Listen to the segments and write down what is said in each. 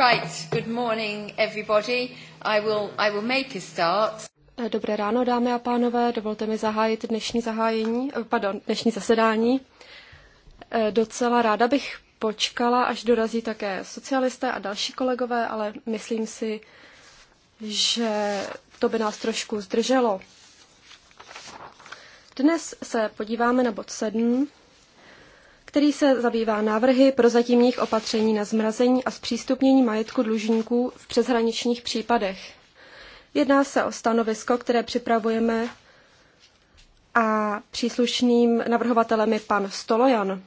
Right, good morning everybody. I will, I will make a start. Eh, dobré ráno, dámy a pánové. Dovolte mi zahájit dnešní zahájení, eh, pardon, dnešní zasedání. Eh, docela ráda bych počkala, až dorazí také socialisté a další kolegové, ale myslím si, že to by nás trošku zdrželo. Dnes se podíváme na bod 7, který se zabývá návrhy prozatímních opatření na zmrazení a zpřístupnění majetku dlužníků v přeshraničních případech. Jedná se o stanovisko, které připravujeme a příslušným navrhovatelem je pan Stolojan.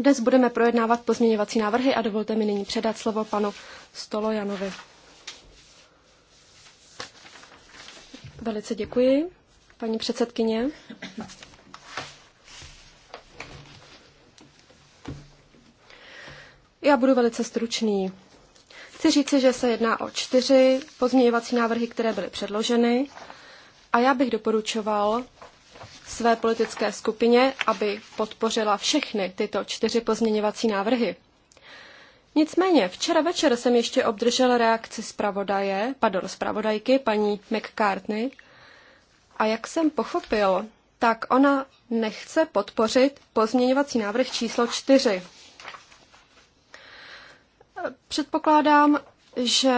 Dnes budeme projednávat pozměňovací návrhy a dovolte mi nyní předat slovo panu Stolojanovi. Velice děkuji, paní předsedkyně. Já budu velice stručný. Chci říci, že se jedná o čtyři pozměňovací návrhy, které byly předloženy a já bych doporučoval své politické skupině, aby podpořila všechny tyto čtyři pozměňovací návrhy. Nicméně včera večer jsem ještě obdržel reakci zpravodaje, pardon, zpravodajky, paní McCartney, a jak jsem pochopil, tak ona nechce podpořit pozměňovací návrh číslo čtyři. Předpokládám, že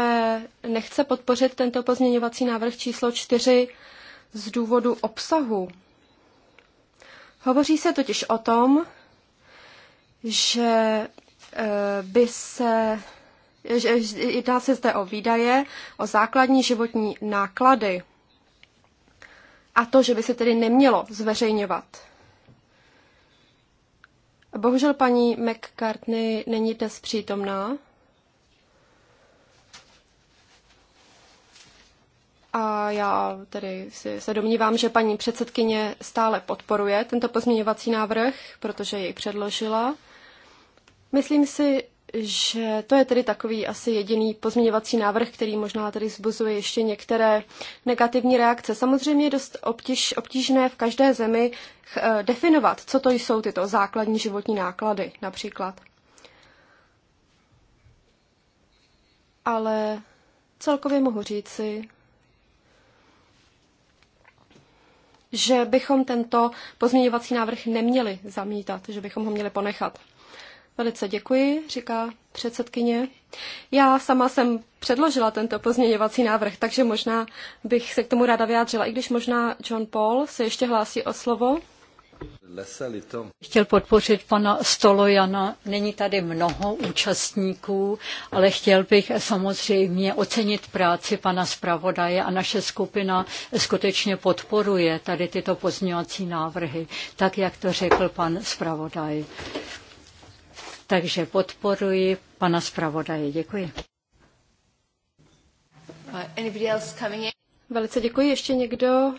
nechce podpořit tento pozměňovací návrh číslo 4 z důvodu obsahu. Hovoří se totiž o tom, že eh, by se že jedná se zde o výdaje, o základní životní náklady a to, že by se tedy nemělo zveřejňovat. Bohužel paní McCartney není dnes přítomná. A já tedy si, se domnívám, že paní předsedkyně stále podporuje tento pozměňovací návrh, protože jej předložila. Myslím si, že to je tedy takový asi jediný pozměňovací návrh, který možná tady zbuzuje ještě některé negativní reakce. Samozřejmě je dost obtíž, obtížné v každé zemi eh, definovat, co to jsou tyto základní životní náklady například. Ale celkově mohu říci, že bychom tento pozměňovací návrh neměli zamítat, že bychom ho měli ponechat. Velice děkuji, říká předsedkyně. Já sama jsem předložila tento pozměňovací návrh, takže možná bych se k tomu ráda vyjádřila, i když možná John Paul se ještě hlásí o slovo. Chtěl podpořit pana Stolojana. Není tady mnoho účastníků, ale chtěl bych samozřejmě ocenit práci pana zpravodaje a naše skupina skutečně podporuje tady tyto pozměňovací návrhy, tak jak to řekl pan zpravodaj. Takže podporuji pana zpravodaje. Děkuji. Uh, Velice děkuji. Ještě někdo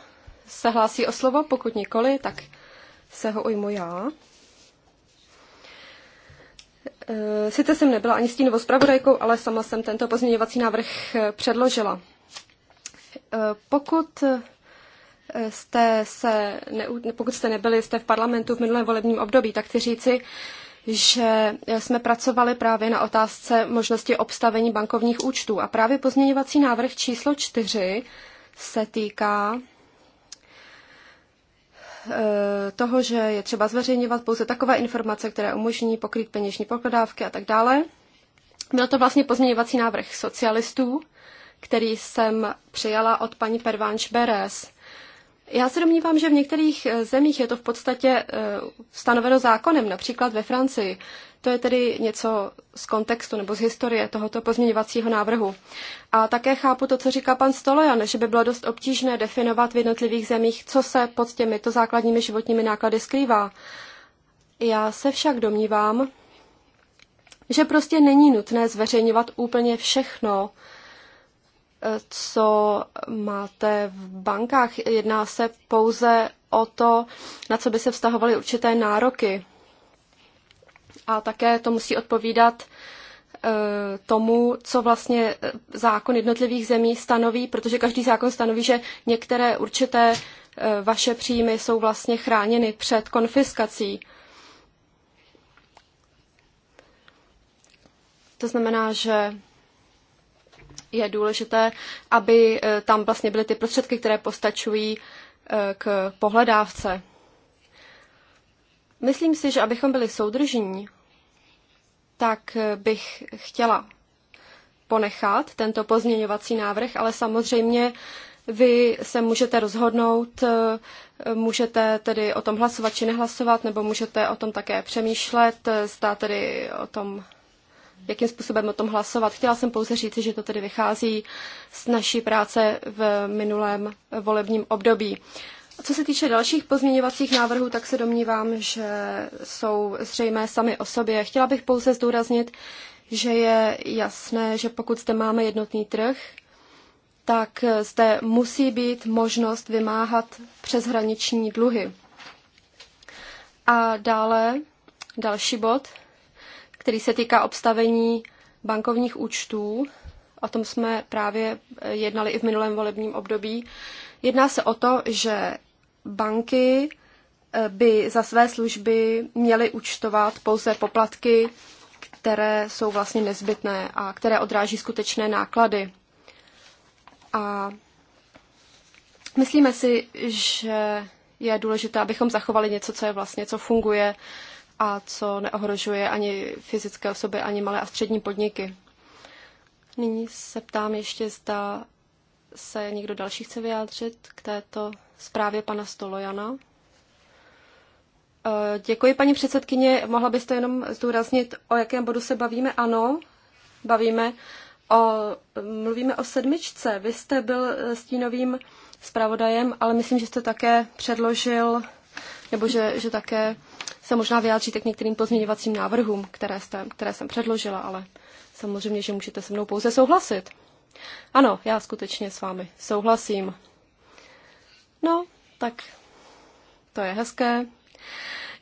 se hlásí o slovo? Pokud nikoli, tak se ho ujmu já. E, sice jsem nebyla ani stínovou zpravodajkou, ale sama jsem tento pozměňovací návrh e, předložila. E, pokud jste, se ne, pokud jste nebyli, jste v parlamentu v minulém volebním období, tak chci říci, že jsme pracovali právě na otázce možnosti obstavení bankovních účtů. A právě pozměňovací návrh číslo 4 se týká Eh, toho, že je třeba zveřejňovat pouze takové informace, které umožní pokrýt peněžní pokladávky a tak dále. Byl to vlastně pozměňovací návrh socialistů, který jsem přijala od paní Pervánč Beres. Já se domnívám, že v některých eh, zemích je to v podstatě eh, stanoveno zákonem, například ve Francii. To je tedy něco z kontextu nebo z historie tohoto pozměňovacího návrhu. A také chápu to, co říká pan Stolojan, že by bylo dost obtížné definovat v jednotlivých zemích, co se pod těmito základními životními náklady skrývá. Já se však domnívám, že prostě není nutné zveřejňovat úplně všechno, eh, co máte v bankách. Jedná se pouze o to, na co by se vztahovaly určité nároky a také to musí odpovídat e, tomu, co vlastně e, zákon jednotlivých zemí stanoví, protože každý zákon stanoví, že některé určité e, vaše příjmy jsou vlastně chráněny před konfiskací. To znamená, že je důležité, aby tam vlastně byly ty prostředky, které postačují k pohledávce. Myslím si, že abychom byli soudržní, tak bych chtěla ponechat tento pozměňovací návrh, ale samozřejmě vy se můžete rozhodnout, eh, můžete tedy o tom hlasovat či nehlasovat, nebo můžete o tom také přemýšlet, eh, zda tedy o tom, jakým způsobem o tom hlasovat. Chtěla jsem pouze říct, že to tedy vychází z naší práce v minulém volebním období. Co se týče dalších pozměňovacích návrhů, tak se domnívám, že jsou zřejmé sami o sobě. Chtěla bych pouze zdůraznit, že je jasné, že pokud zde máme jednotný trh, tak zde musí být možnost vymáhat přeshraniční dluhy. A dále další bod, který se týká obstavení bankovních účtů. O tom jsme právě jednali i v minulém volebním období. Jedná se o to, že banky eh, by za své služby měly účtovat pouze poplatky, které jsou vlastně nezbytné a které odráží skutečné náklady. A myslíme si, že je důležité, abychom zachovali něco, co je vlastně, co funguje a co neohrožuje ani fyzické osoby, ani malé a střední podniky. Nyní se ptám ještě, zda se někdo další chce vyjádřit k této zprávě pana Stolojana? Eh, děkuji, paní předsedkyně. Mohla byste jenom zdůraznit, o jakém bodu se bavíme? Ano, bavíme. O, mluvíme o sedmičce. Vy jste byl eh, stínovým zpravodajem, ale myslím, že jste také předložil, nebo že, že také se možná vyjádříte k některým pozměňovacím návrhům, které, jste, které jsem předložila, ale samozřejmě, že můžete se mnou pouze souhlasit. Ano, já skutečně s vámi souhlasím. No, tak to je hezké.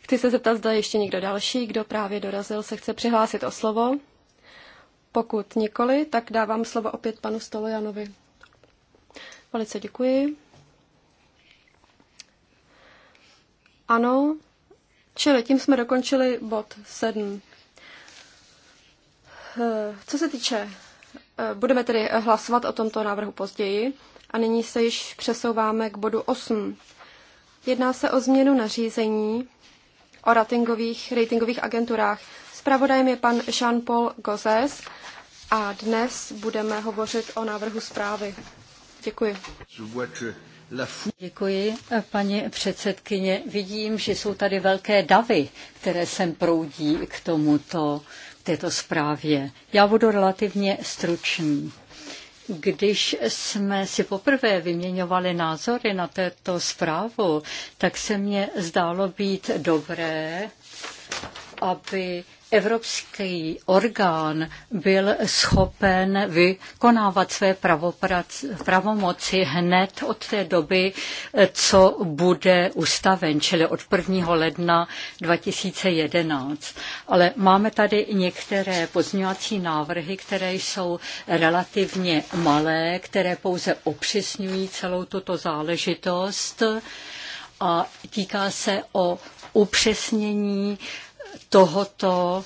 Chci se zeptat, zda ještě někdo další, kdo právě dorazil, se chce přihlásit o slovo. Pokud nikoli, tak dávám slovo opět panu Stolojanovi. Velice děkuji. Ano, čili tím jsme dokončili bod 7. Eh, co se týče Eh, budeme tedy hlasovat o tomto návrhu později a nyní se již přesouváme k bodu 8. Jedná se o změnu nařízení o ratingových, ratingových agenturách. Spravodajem je pan Jean-Paul Gozes a dnes budeme hovořit o návrhu zprávy. Děkuji. Děkuji, paní předsedkyně. Vidím, že jsou tady velké davy, které sem proudí k tomuto této zprávě. Já budu relativně stručný. Když jsme si poprvé vyměňovali názory na této zprávu, tak se mně zdálo být dobré, aby evropský orgán byl schopen vykonávat své pravomoci hned od té doby, co bude ustaven, čili od 1. ledna 2011. Ale máme tady některé pozňovací návrhy, které jsou relativně malé, které pouze opřesňují celou tuto záležitost a týká se o upřesnění tohoto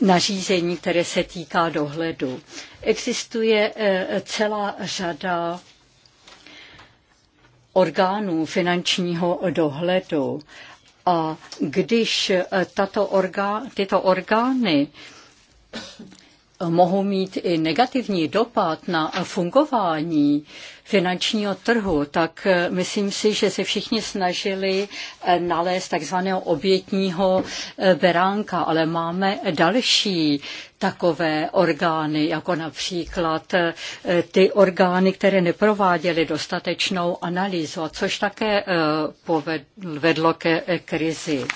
nařízení, které se týká dohledu. Existuje eh, celá řada orgánů finančního dohledu a když eh, tato orgá, tyto orgány mohou mít i negativní dopad na fungování finančního trhu, tak eh, myslím si, že se všichni snažili eh, nalézt takzvaného obětního eh, beránka, ale máme další takové orgány, jako například ty orgány, které neprováděly dostatečnou analýzu, což také vedlo ke krizi.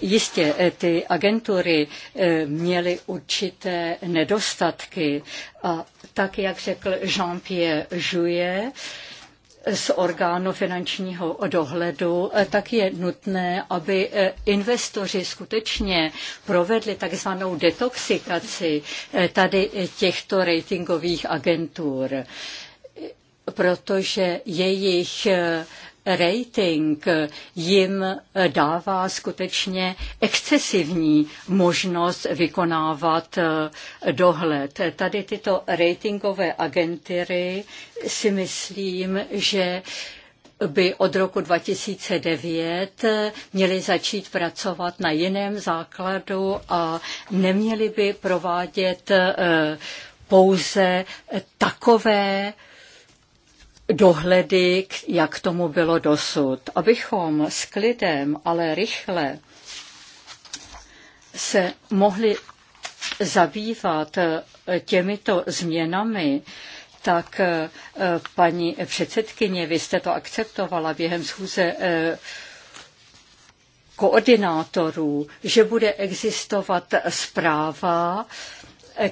Jistě eh, ty agentury eh, měly určité nedostatky a tak, jak řekl Jean-Pierre Jouye, z orgánu finančního dohledu, eh, tak je nutné, aby investoři skutečně provedli takzvanou detoxikaci tady těchto ratingových agentur protože jejich rating jim dává skutečně excesivní možnost vykonávat eh, dohled. Tady tyto ratingové agentury si myslím, že by od roku 2009 měli začít pracovat na jiném základu a neměli by provádět eh, pouze takové dohledy, jak tomu bylo dosud. Abychom s klidem, ale rychle se mohli zabývat eh, těmito změnami, tak eh, paní předsedkyně, vy jste to akceptovala během schůze eh, koordinátorů, že bude existovat zpráva,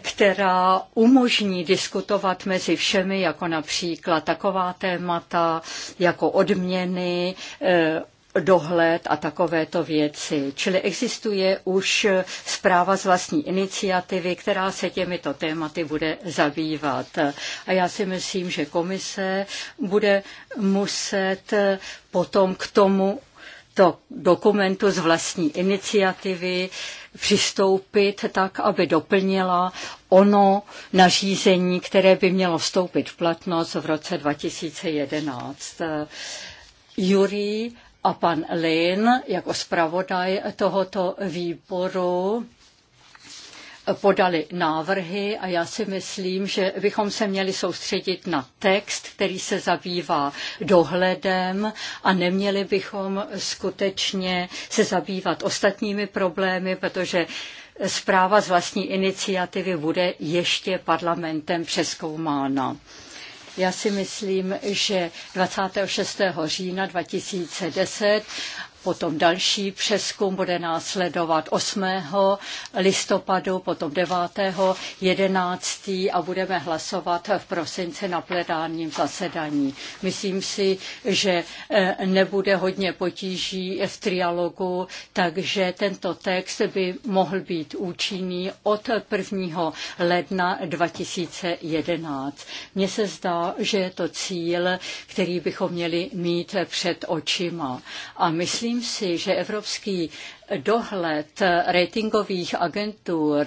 která umožní diskutovat mezi všemi, jako například taková témata, jako odměny, eh, dohled a takovéto věci. Čili existuje už zpráva z vlastní iniciativy, která se těmito tématy bude zabývat. A já si myslím, že komise bude muset potom k tomu to dokumentu z vlastní iniciativy eh, přistoupit tak, aby doplnila ono nařízení, které by mělo vstoupit v platnost v roce 2011. Jury a pan Lin jako zpravodaj tohoto výboru podali návrhy a já si myslím, že bychom se měli soustředit na text, který se zabývá dohledem a neměli bychom skutečně se zabývat ostatními problémy, protože zpráva z vlastní iniciativy bude ještě parlamentem přeskoumána. Já si myslím, že 26. října 2010 potom další přeskum bude následovat 8. listopadu, potom 9. 11. a budeme hlasovat v prosinci na plenárním zasedání. Myslím si, že eh, nebude hodně potíží v trialogu, takže tento text by mohl být účinný od 1. ledna 2011. Mně se zdá, že je to cíl, který bychom měli mít před očima. A myslím, Myslím si, že evropský dohled ratingových agentur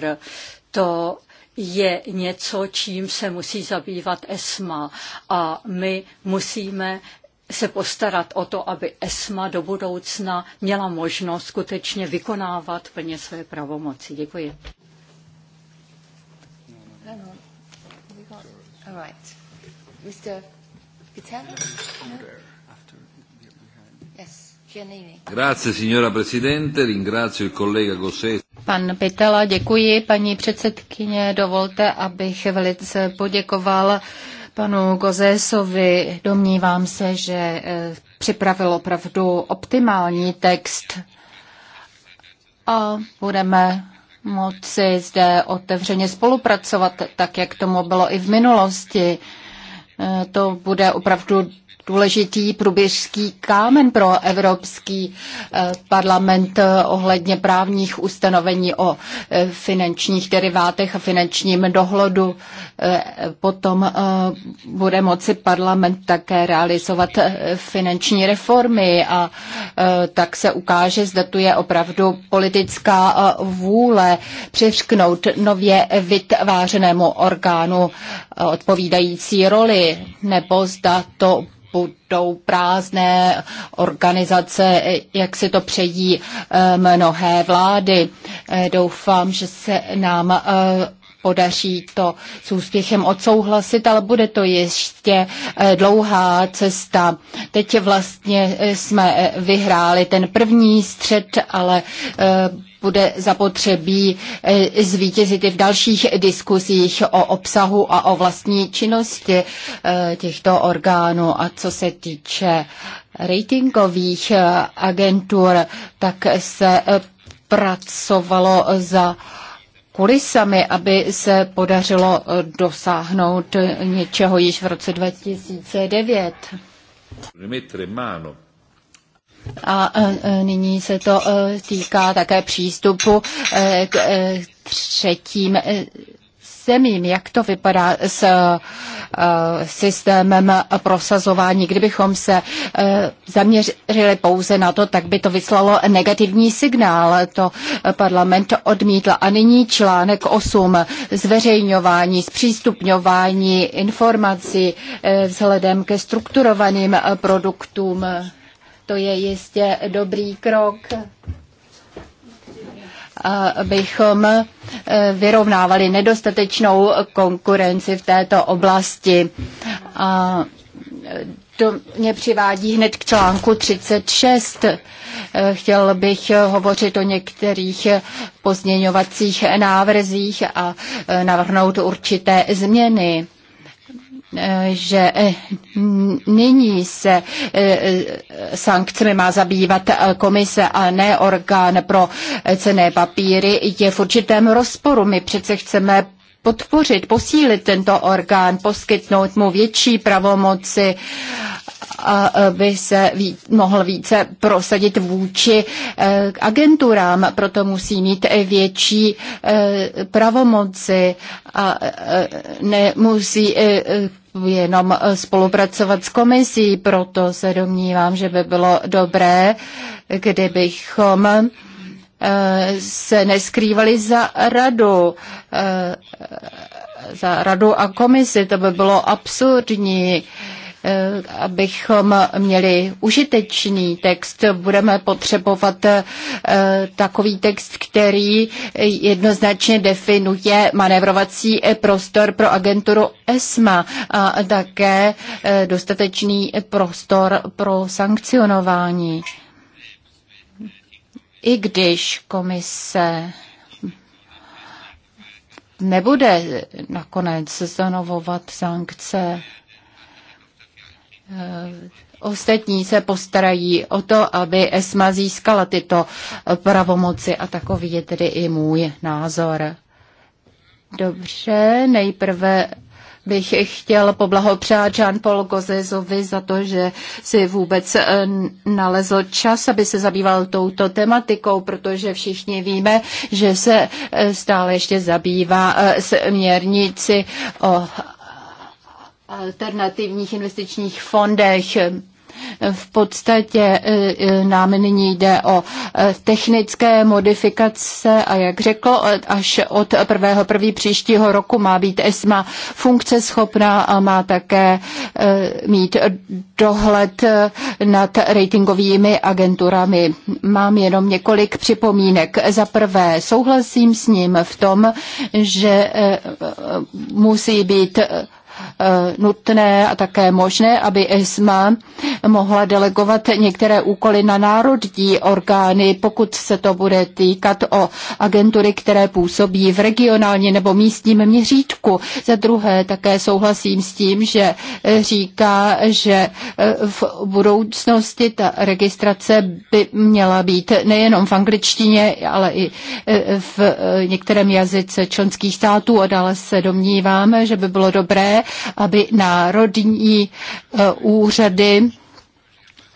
to je něco, čím se musí zabývat ESMA a my musíme se postarat o to, aby ESMA do budoucna měla možnost skutečně vykonávat plně své pravomoci. Děkuji. Yes. Pan Pitela, děkuji, paní předsedkyně. Dovolte, abych velice poděkoval panu Gozésovi. Domnívám se, že eh, připravil opravdu optimální text a budeme moci zde otevřeně spolupracovat, tak jak tomu bylo i v minulosti. Eh, to bude opravdu důležitý průběžský kámen pro Evropský eh, parlament eh, ohledně právních ustanovení o finančních derivátech a finančním dohledu. Potom bude moci parlament také realizovat finanční reformy a tak se ukáže, zda tu je opravdu politická vůle přivřknout nově vytvářenému orgánu odpovídající roli nebo zda to budou prázdné organizace, jak si to přejí eh, mnohé vlády. Eh, doufám, že se nám eh, podaří to s úspěchem odsouhlasit, ale bude to ještě eh, dlouhá cesta. Teď vlastně eh, jsme eh, vyhráli ten první střed, ale bude zapotřebí zvítězit i v dalších diskuzích o obsahu a o vlastní činnosti těchto orgánů. A co se týče ratingových agentur, tak se pracovalo za uh, kulisami, aby se podařilo eh, dosáhnout něčeho již v roce 2009. A eh, eh, nyní se to týká také přístupu k třetím zemím, jak to vypadá s eh, systémem prosazování. Kdybychom se eh, zaměřili pouze na to, tak by to vyslalo negativní signál. To parlament odmítl. A nyní článek 8. Zveřejňování, zpřístupňování informací eh, vzhledem ke strukturovaným produktům. To je jistě dobrý krok abychom eh, vyrovnávali nedostatečnou konkurenci v této oblasti. A eh, to mě přivádí hned k článku 36. Eh, chtěl bych hovořit o některých pozměňovacích návrzích a navrhnout určité změny že eh, nyní se eh, sankcemi má zabývat eh, komise a ne orgán pro cené papíry, je v určitém rozporu. My přece chceme podpořit, posílit tento orgán, poskytnout mu větší pravomoci aby se víc, mohl více prosadit vůči e, agenturám. Proto musí mít větší e, pravomoci a e, nemusí jenom spolupracovat s komisí. Proto se domnívám, že by bylo dobré, kdybychom se neskrývali za radu, za radu a komisi. To by bylo absurdní Eh, abychom měli užitečný text. Budeme potřebovat eh, takový text, který jednoznačně definuje manevrovací eh, prostor pro agenturu ESMA a také dostatečný prostor pro sankcionování. I když komise nebude nakonec stanovovat sankce Eh, ostatní se postarají o to, aby ESMA získala tyto eh, pravomoci a takový je tedy i můj názor. Dobře, nejprve bych chtěl poblahopřát Jean-Paul Gozezovi za to, že si vůbec eh, nalezl čas, aby se zabýval touto tematikou, protože všichni víme, že se stále ještě zabývá směrnici o alternativních investičních fondech. V podstatě e, e, nám nyní jde o e, technické modifikace a jak řekl, až od prvého první příštího roku má být ESMA funkce schopná a má také mít dohled nad ratingovými agenturami. Mám jenom několik připomínek. Za prvé, souhlasím s ním v tom, že musí být Eh, nutné a také možné, aby ESMA mohla delegovat některé úkoly na národní orgány, pokud se to bude týkat o agentury, které působí v regionálně nebo místním měřítku. Za druhé také souhlasím s tím, že říká, že eh, v budoucnosti ta registrace by měla být nejenom v angličtině, ale i eh, v některém jazyce členských států a dále se domníváme, že by bylo dobré, aby národní eh, úřady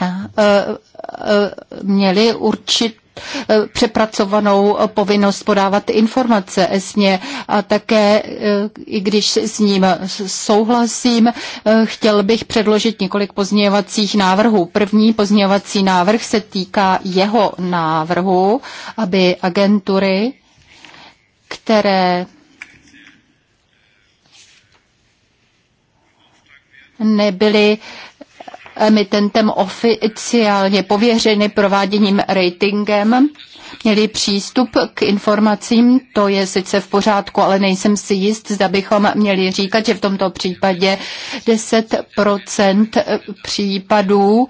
eh, eh, měly určit přepracovanou povinnost podávat informace esně a také, i když s ním souhlasím, chtěl bych předložit několik pozměňovacích návrhů. První pozměňovací návrh se týká jeho návrhu, aby agentury, které nebyly emitentem oficiálně pověřeny prováděním ratingem, měli přístup k informacím, to je sice v pořádku, ale nejsem si jist, zda bychom měli říkat, že v tomto případě 10% případů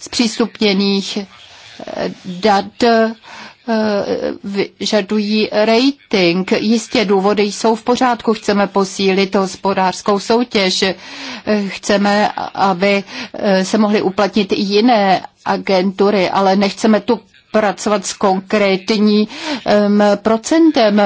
zpřístupněných dat Eh, vyžadují rating. Jistě důvody jsou v pořádku. Chceme posílit hospodářskou soutěž. Eh, chceme, aby eh, se mohly uplatnit i jiné agentury, ale nechceme tu pracovat s konkrétním procentem,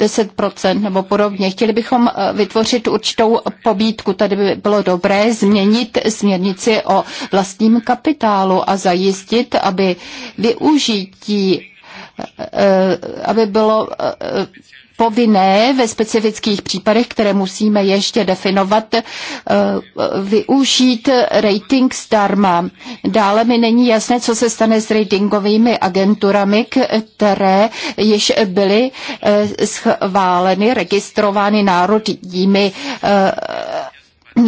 10% nebo podobně. Chtěli bychom vytvořit určitou pobídku. Tady by bylo dobré změnit směrnici o vlastním kapitálu a zajistit, aby využití Eh, aby bylo eh, povinné ve specifických případech, které musíme ještě definovat, eh, využít rating zdarma. Dále mi není jasné, co se stane s ratingovými agenturami, které již byly schváleny, registrovány národními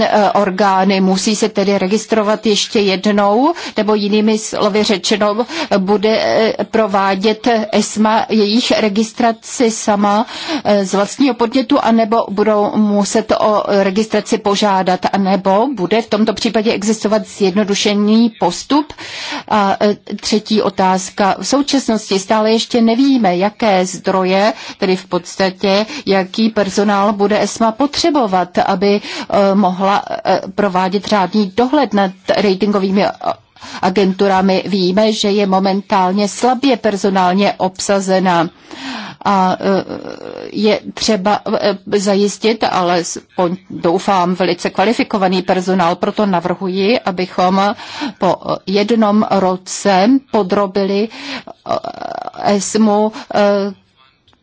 Eh, orgány. Musí se tedy registrovat ještě jednou, nebo jinými slovy řečeno, bude eh, provádět ESMA jejich registraci sama eh, z vlastního podnětu, anebo budou muset o registraci požádat, anebo bude v tomto případě existovat zjednodušený postup. A třetí otázka. V současnosti stále ještě nevíme, jaké zdroje, tedy v podstatě, jaký personál bude ESMA potřebovat, aby mohl mohla eh, provádět řádný dohled nad ratingovými eh, agenturami. Víme, že je momentálně slabě personálně obsazena a eh, je třeba zajistit, ale doufám velice kvalifikovaný personál, proto navrhuji, abychom po jednom roce podrobili ESMu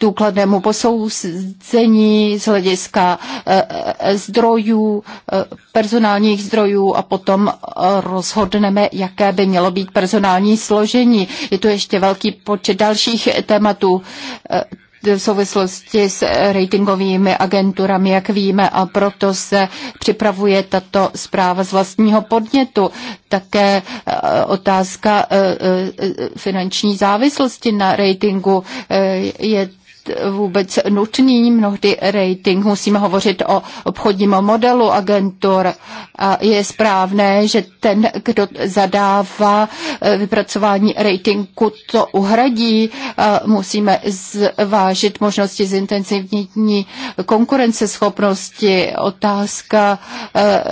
důkladnému posouzení z hlediska eh, eh, zdrojů, eh, personálních zdrojů a potom rozhodneme, jaké by mělo být personální složení. Je tu ještě velký počet dalších tématů v souvislosti s ratingovými agenturami, jak víme, a proto se připravuje tato zpráva z vlastního podnětu. Také otázka finanční závislosti na ratingu je vůbec nutný. Mnohdy rating musíme hovořit o obchodním modelu agentur. A je správné, že ten, kdo zadává eh, vypracování ratingu, to uhradí. A musíme zvážit možnosti zintenzivnění konkurenceschopnosti, otázka eh,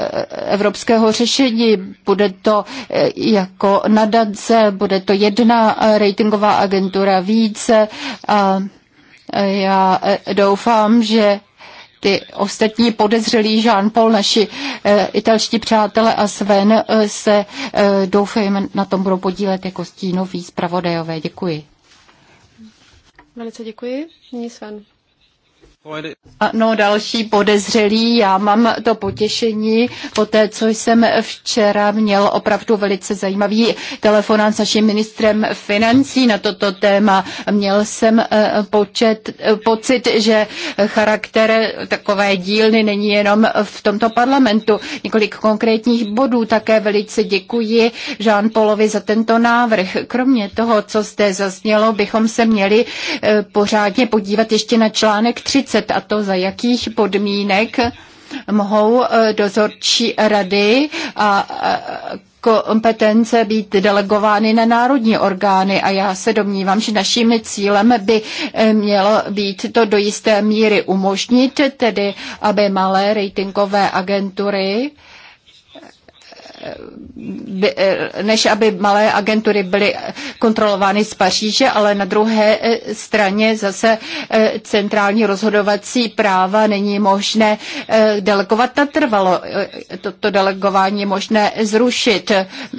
evropského řešení. Bude to eh, jako nadace, bude to jedna ratingová agentura více. A Eh, já eh, doufám, že ty ostatní podezřelí Jean-Paul, naši eh, italští přátelé a Sven se doufejme na tom budou podílet jako stínoví zpravodajové. Děkuji. Velice děkuji. Nyní Sven. Ano, další podezřelý. Já mám to potěšení po té, co jsem včera měl opravdu velice zajímavý telefonát s naším ministrem financí na toto téma. Měl jsem eh, počet, eh, pocit, že charakter takové dílny není jenom v tomto parlamentu. Několik konkrétních bodů také velice děkuji Žán Polovi za tento návrh. Kromě toho, co zde zaznělo, bychom se měli eh, pořádně podívat ještě na článek 30 2020 a to za jakých podmínek mohou eh, dozorčí rady a kompetence být delegovány na národní orgány a já se domnívám, že naším cílem by eh, mělo být to do jisté míry umožnit, tedy aby malé ratingové agentury Eh, než aby malé agentury byly kontrolovány z Paříže, ale na druhé eh, straně zase eh, centrální rozhodovací práva není možné delegovat natrvalo. Toto delegování je možné zrušit.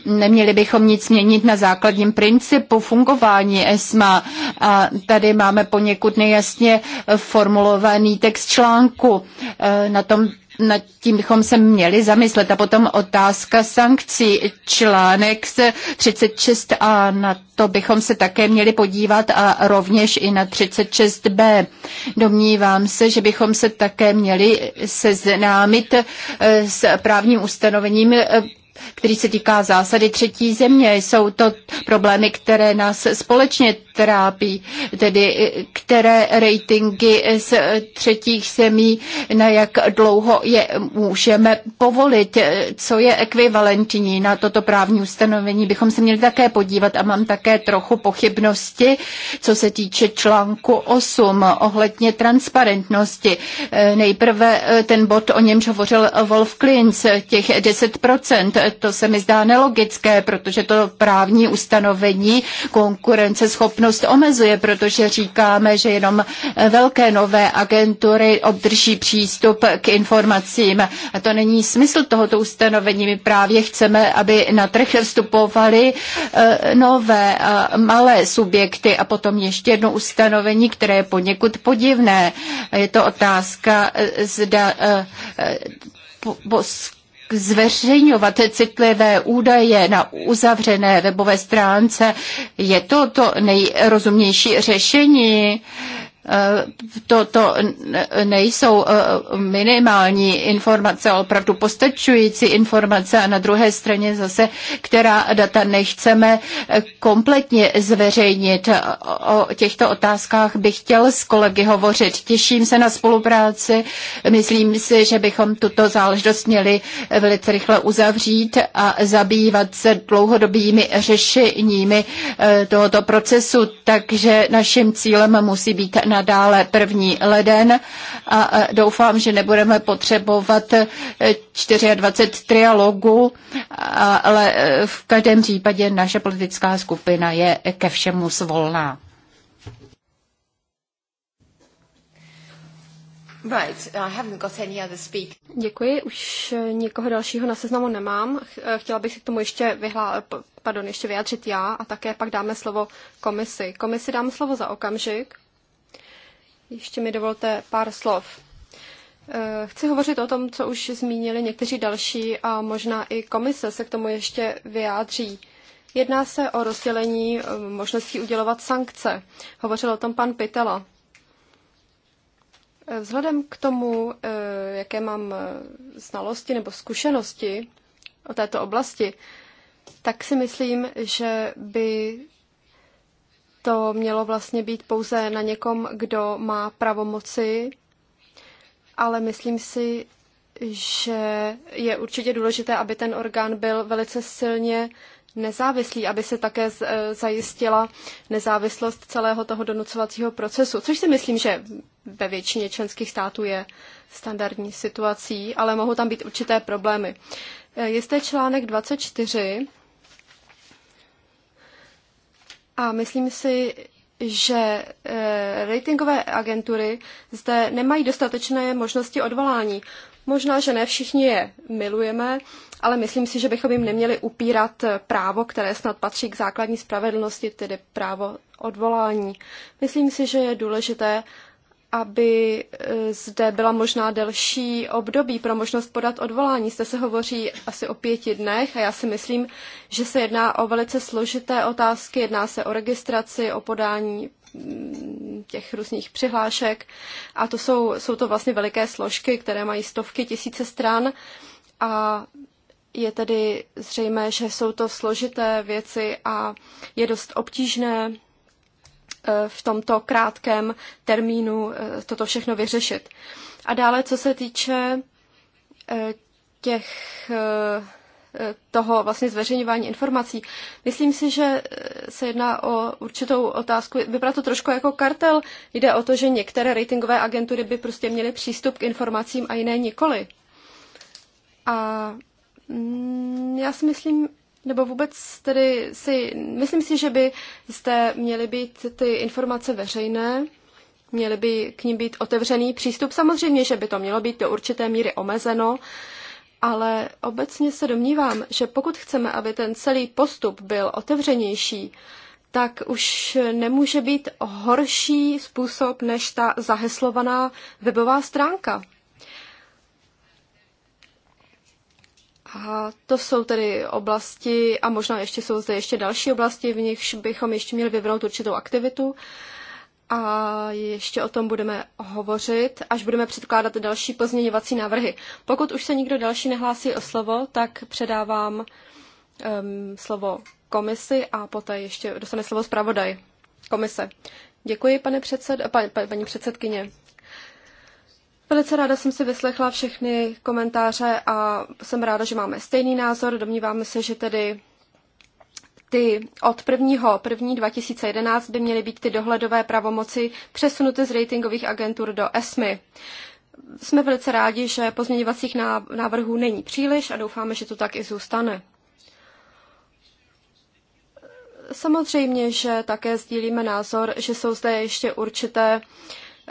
Neměli bychom nic měnit na základním principu fungování ESMA. A tady máme poněkud nejasně formulovaný text článku. Na tom nad tím bychom se měli zamyslet. A potom otázka sankcí, článek 36a, na to bychom se také měli podívat a rovněž i na 36b. Domnívám se, že bychom se také měli seznámit eh, s právním ustanovením eh, který se týká zásady třetí země. Jsou to problémy, které nás společně trápí, tedy které ratingy z třetích zemí, na jak dlouho je můžeme povolit, co je ekvivalentní na toto právní ustanovení. Bychom se měli také podívat a mám také trochu pochybnosti, co se týče článku 8 ohledně transparentnosti. Nejprve ten bod, o němž hovořil Wolf Klins, těch 10%, to se mi zdá nelogické, protože to právní ustanovení konkurenceschopnost omezuje, protože říkáme, že jenom velké nové agentury obdrží přístup k informacím. A to není smysl tohoto ustanovení. My právě chceme, aby na trh vstupovaly e, nové a malé subjekty a potom ještě jedno ustanovení, které je poněkud podivné. Je to otázka, e, zda e, zveřejňovat citlivé údaje na uzavřené webové stránce. Je to to nejrozumnější řešení. Eh, to, to nejsou eh, minimální informace, ale opravdu postačující informace a na druhé straně zase, která data nechceme eh, kompletně zveřejnit. O těchto otázkách bych chtěl s kolegy hovořit. Těším se na spolupráci. Myslím si, že bychom tuto záležitost měli velice rychle uzavřít a zabývat se dlouhodobými řešeními tohoto procesu, takže naším cílem musí být na nadále první leden a doufám, že nebudeme potřebovat 24 eh, trialogů, ale eh, v každém případě naše politická skupina je ke všemu svolná. Right, I haven't got any other speak. Děkuji, už eh, někoho dalšího na seznamu nemám. Chtěla bych se k tomu ještě, vyhlá, pardon, ještě vyjádřit já a také pak dáme slovo komisi. Komisi dám slovo za okamžik. Ještě mi dovolte pár slov. Eh, chci hovořit o tom, co už zmínili někteří další a možná i komise se k tomu ještě vyjádří. Jedná se o rozdělení eh, možností udělovat sankce. Hovořil o tom pan Pitela. Eh, vzhledem k tomu, jaké mám znalosti nebo zkušenosti o této oblasti, tak si myslím, že by to mělo vlastně být pouze na někom, kdo má pravomoci, ale myslím si, že je určitě důležité, aby ten orgán byl velice silně nezávislý, aby se také e, zajistila nezávislost celého toho donucovacího procesu, což si myslím, že ve většině členských států je standardní situací, ale mohou tam být určité problémy. E, Jisté článek 24 a myslím si, že e, ratingové agentury zde nemají dostatečné možnosti odvolání. Možná, že ne všichni je milujeme, ale myslím si, že bychom jim neměli upírat právo, které snad patří k základní spravedlnosti, tedy právo odvolání. Myslím si, že je důležité, aby e, zde byla možná delší období pro možnost podat odvolání. Zde se hovoří asi o pěti dnech a já si myslím, že se jedná o velice složité otázky. Jedná se o registraci, o podání mm, těch různých přihlášek a to jsou, jsou to vlastně veliké složky, které mají stovky, tisíce stran a je tedy zřejmé, že jsou to složité věci a je dost obtížné Eh, v tomto krátkém termínu eh, toto všechno vyřešit. A dále, co se týče eh, těch toho vlastně zveřejňování informací. Myslím si, že se jedná o určitou otázku. Vypadá to trošku jako kartel. Jde o to, že některé ratingové agentury by prostě měly přístup k informacím a jiné nikoli. A mm, já si myslím, nebo vůbec tedy si, myslím si, že by jste měly být ty informace veřejné, měly by k ním být otevřený přístup. Samozřejmě, že by to mělo být do určité míry omezeno, ale obecně se domnívám, že pokud chceme, aby ten celý postup byl otevřenější, tak už nemůže být horší způsob než ta zaheslovaná webová stránka. A to jsou tedy oblasti, a možná ještě jsou zde ještě další oblasti, v nichž bychom ještě měli vyvinout určitou aktivitu. A ještě o tom budeme hovořit, až budeme předkládat další pozměňovací návrhy. Pokud už se nikdo další nehlásí o slovo, tak předávám um, slovo komisi a poté ještě dostane slovo zpravodaj komise. Děkuji, pane předsed, pa, pa, paní předsedkyně. Velice ráda jsem si vyslechla všechny komentáře a jsem ráda, že máme stejný názor. Domníváme se, že tedy ty od 1.1.2011 2011 by měly být ty dohledové pravomoci přesunuty z ratingových agentur do ESMY. Jsme velice rádi, že pozměňovacích návrhů není příliš a doufáme, že to tak i zůstane. Samozřejmě, že také sdílíme názor, že jsou zde ještě určité uh,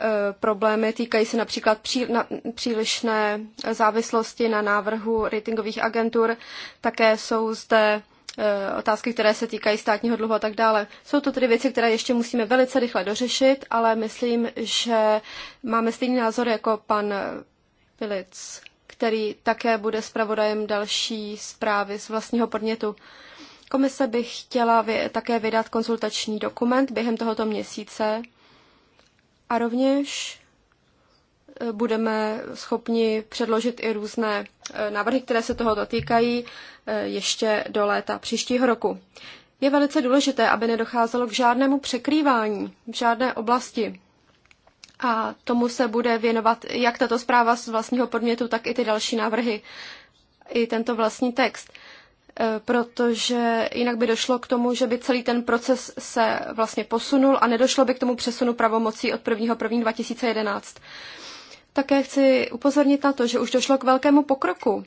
Eh, problémy. Týkají se například pří, na, přílišné závislosti na návrhu ratingových agentur. Také jsou zde eh, otázky, které se týkají státního dluhu a tak dále. Jsou to tedy věci, které ještě musíme velice rychle dořešit, ale myslím, že máme stejný názor jako pan Pilic, který také bude zpravodajem další zprávy z vlastního podnětu. Komise by chtěla také vydat konzultační dokument během tohoto měsíce a rovněž eh, budeme schopni předložit i různé eh, návrhy, které se toho dotýkají eh, ještě do léta příštího roku. Je velice důležité, aby nedocházelo k žádnému překrývání v žádné oblasti. A tomu se bude věnovat jak tato zpráva z vlastního podmětu, tak i ty další návrhy, i tento vlastní text. Eh, protože jinak by došlo k tomu, že by celý ten proces se vlastně posunul a nedošlo by k tomu přesunu pravomocí od 1. 1. 2011. Také chci upozornit na to, že už došlo k velkému pokroku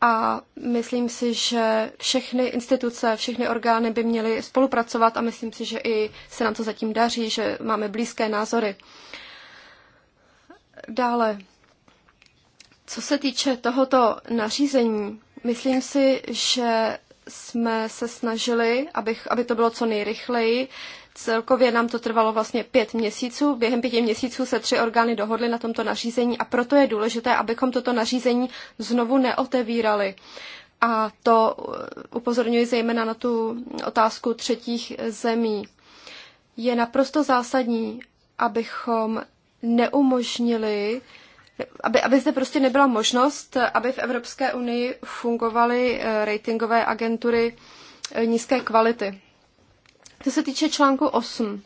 a myslím si, že všechny instituce, všechny orgány by měly spolupracovat a myslím si, že i se nám to zatím daří, že máme blízké názory. Dále, co se týče tohoto nařízení, Myslím si, že jsme se snažili, abych, aby to bylo co nejrychleji. Celkově nám to trvalo vlastně pět měsíců. Během pěti měsíců se tři orgány dohodly na tomto nařízení a proto je důležité, abychom toto nařízení znovu neotevírali. A to uh, upozorňuji zejména na tu otázku třetích zemí. Je naprosto zásadní, abychom neumožnili uh, aby, aby zde prostě nebyla možnost, aby v Evropské unii fungovaly eh, ratingové agentury eh, nízké kvality. Co se týče článku 8,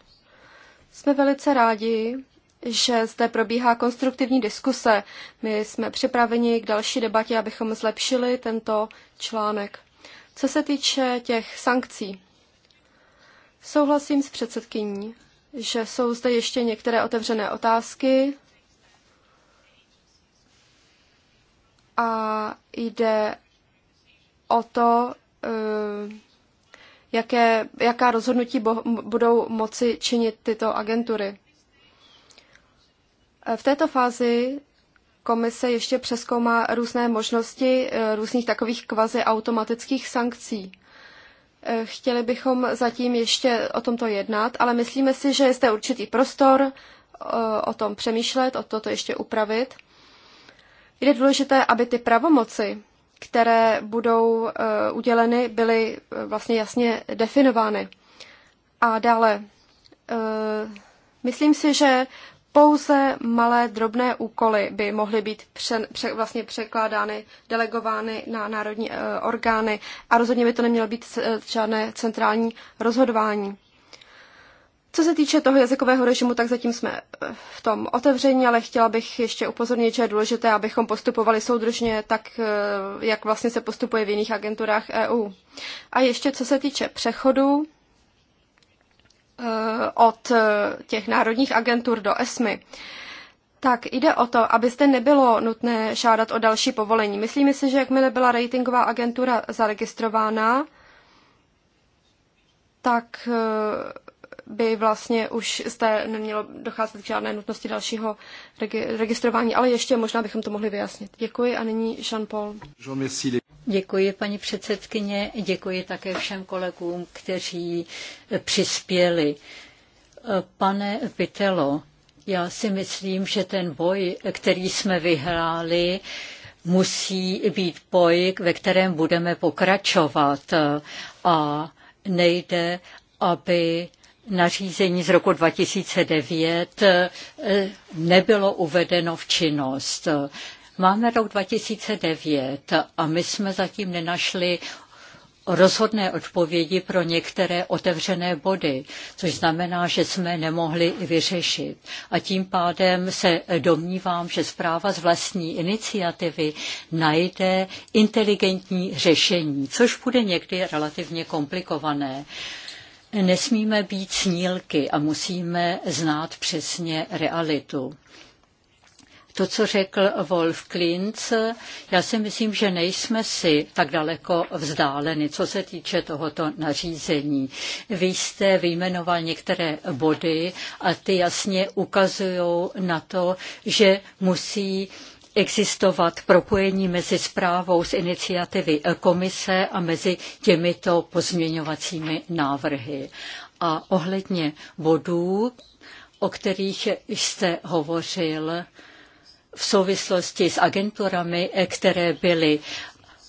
jsme velice rádi, že zde probíhá konstruktivní diskuse. My jsme připraveni k další debatě, abychom zlepšili tento článek. Co se týče těch sankcí, souhlasím s předsedkyní, že jsou zde ještě některé otevřené otázky, a jde o to, eh, jaké, jaká rozhodnutí budou moci činit tyto agentury. Eh, v této fázi komise ještě přeskoumá různé možnosti eh, různých takových kvazi automatických sankcí. Chtěli bychom zatím ještě o tomto jednat, ale myslíme si, že je zde určitý prostor o tom přemýšlet, o toto ještě upravit. Je důležité, aby ty pravomoci, které budou eh, uděleny, byly eh, vlastně jasně definovány. A dále, eh, myslím si, že pouze malé drobné úkoly by mohly být pře, pře, vlastně překládány, delegovány na národní e, orgány a rozhodně by to nemělo být c, žádné centrální rozhodování. Co se týče toho jazykového režimu, tak zatím jsme eh, v tom otevření, ale chtěla bych ještě upozornit, že je důležité, abychom postupovali soudržně tak, eh, jak vlastně se postupuje v jiných agenturách EU. A ještě co se týče přechodu eh, od těch národních agentur do ESMY, tak jde o to, abyste nebylo nutné žádat o další povolení. Myslíme si, že jakmile byla ratingová agentura zaregistrována, tak by vlastně už zde nemělo docházet k žádné nutnosti dalšího registrování, ale ještě možná bychom to mohli vyjasnit. Děkuji a nyní Jean-Paul. Děkuji, paní předsedkyně, děkuji také všem kolegům, kteří eh, přispěli. Eh, pane Pitelo, já si myslím, že ten boj, který jsme vyhráli, musí být boj, ve kterém budeme pokračovat. Eh, a nejde, aby nařízení z roku 2009 eh, nebylo uvedeno v činnost. Máme rok 2009 a my jsme zatím nenašli rozhodné odpovědi pro některé otevřené body, což znamená, že jsme nemohli vyřešit. A tím pádem se domnívám, že zpráva z vlastní iniciativy najde inteligentní řešení, což bude někdy relativně komplikované. Nesmíme být snílky a musíme znát přesně realitu. To, co řekl Wolf Klinz, já si myslím, že nejsme si tak daleko vzdáleni, co se týče tohoto nařízení. Vy jste vyjmenoval některé body a ty jasně ukazují na to, že musí existovat propojení mezi zprávou z iniciativy komise a mezi těmito pozměňovacími návrhy. A ohledně bodů, o kterých jste hovořil, v souvislosti s agenturami, které byly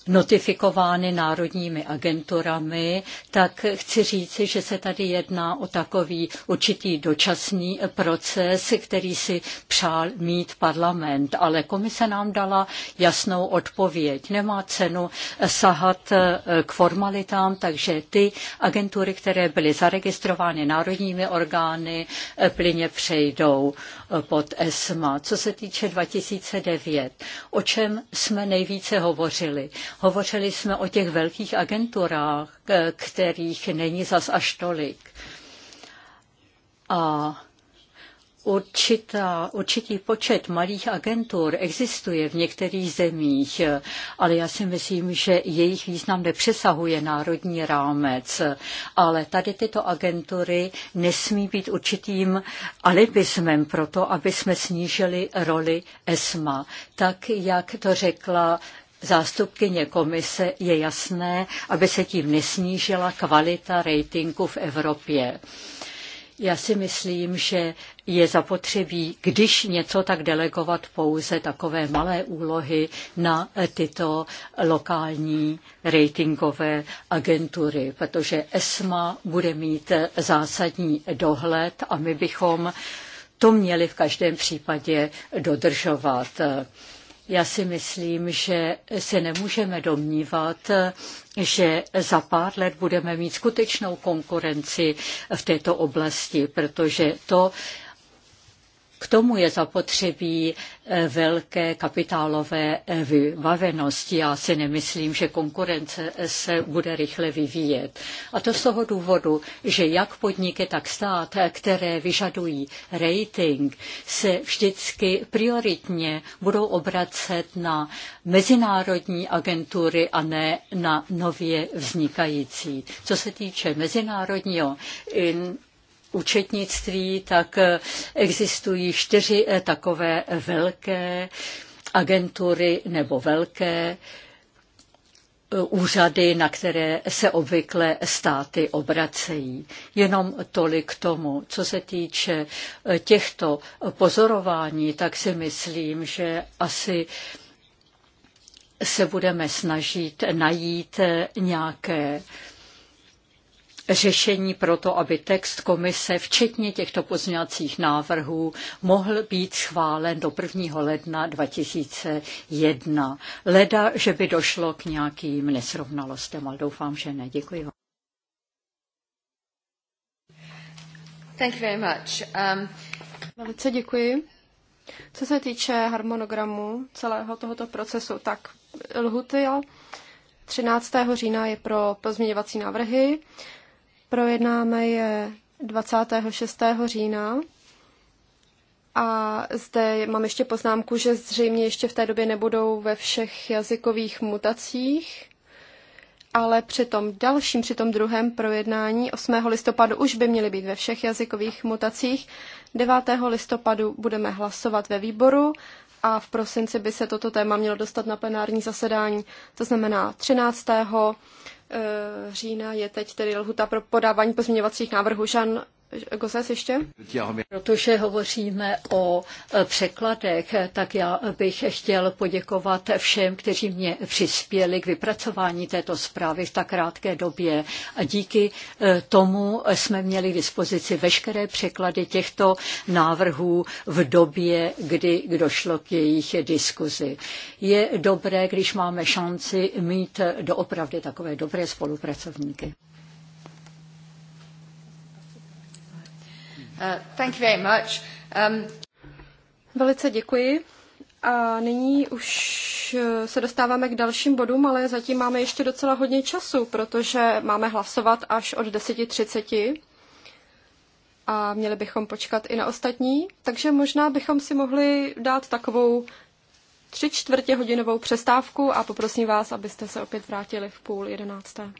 notifikovány národními agenturami, tak chci říci, že se tady jedná o takový určitý dočasný proces, který si přál mít parlament. Ale komise nám dala jasnou odpověď. Nemá cenu sahat eh, k formalitám, takže ty agentury, které byly zaregistrovány národními orgány, eh, plyně přejdou eh, pod ESMA. Co se týče 2009, o čem jsme nejvíce hovořili? Hovořili jsme o těch velkých agenturách, eh, kterých není zas až tolik. A Určitá, určitý počet malých agentur existuje v některých zemích, eh, ale já si myslím, že jejich význam nepřesahuje národní rámec. Ale tady tyto agentury nesmí být určitým alibismem pro to, aby jsme snížili roli ESMA. Tak, jak to řekla zástupkyně komise je jasné, aby se tím nesnížila kvalita ratingu v Evropě. Já si myslím, že je zapotřebí, když něco tak delegovat pouze takové malé úlohy na tyto lokální ratingové agentury, protože ESMA bude mít zásadní dohled a my bychom to měli v každém případě dodržovat. Já si myslím, že se nemůžeme domnívat, že za pár let budeme mít skutečnou konkurenci v této oblasti, protože to k tomu je zapotřebí eh, velké kapitálové eh, vybavenosti. Já si nemyslím, že konkurence eh, se bude rychle vyvíjet. A to z toho důvodu, že jak podniky, tak stát, které vyžadují rating, se vždycky prioritně budou obracet na mezinárodní agentury a ne na nově vznikající. Co se týče mezinárodního in, účetnictví, tak eh, existují čtyři eh, takové velké agentury nebo velké eh, úřady, na které se obvykle státy obracejí. Jenom tolik tomu. Co se týče těchto pozorování, tak si myslím, že asi se budeme snažit najít nějaké řešení pro to, aby text komise, včetně těchto pozměňovacích návrhů, mohl být schválen do 1. ledna 2001. Leda, že by došlo k nějakým nesrovnalostem, ale doufám, že ne. Děkuji vám. Thank you very much. Um... Velice děkuji. Co se týče harmonogramu celého tohoto procesu, tak lhuty 13. října je pro pozměňovací návrhy projednáme je 26. října. A zde mám ještě poznámku, že zřejmě ještě v té době nebudou ve všech jazykových mutacích, ale při tom dalším, při tom druhém projednání 8. listopadu už by měly být ve všech jazykových mutacích. 9. listopadu budeme hlasovat ve výboru a v prosinci by se toto téma mělo dostat na plenární zasedání, to znamená 13 Eh, října je teď tedy lhuta pro podávání pozměňovacích návrhů. Žan Gozes ještě? Protože hovoříme o e, překladech, tak já bych chtěl poděkovat všem, kteří mě přispěli k vypracování této zprávy v tak krátké době. A díky e, tomu jsme měli k dispozici veškeré překlady těchto návrhů v době, kdy došlo k jejich diskuzi. Je dobré, když máme šanci mít doopravdy takové dobré spolupracovníky. Uh, thank you very much. Um... Velice děkuji. A nyní už uh, se dostáváme k dalším bodům, ale zatím máme ještě docela hodně času, protože máme hlasovat až od 10.30 a měli bychom počkat i na ostatní, takže možná bychom si mohli dát takovou tři čtvrtě hodinovou přestávku a poprosím vás, abyste se opět vrátili v půl jedenácté.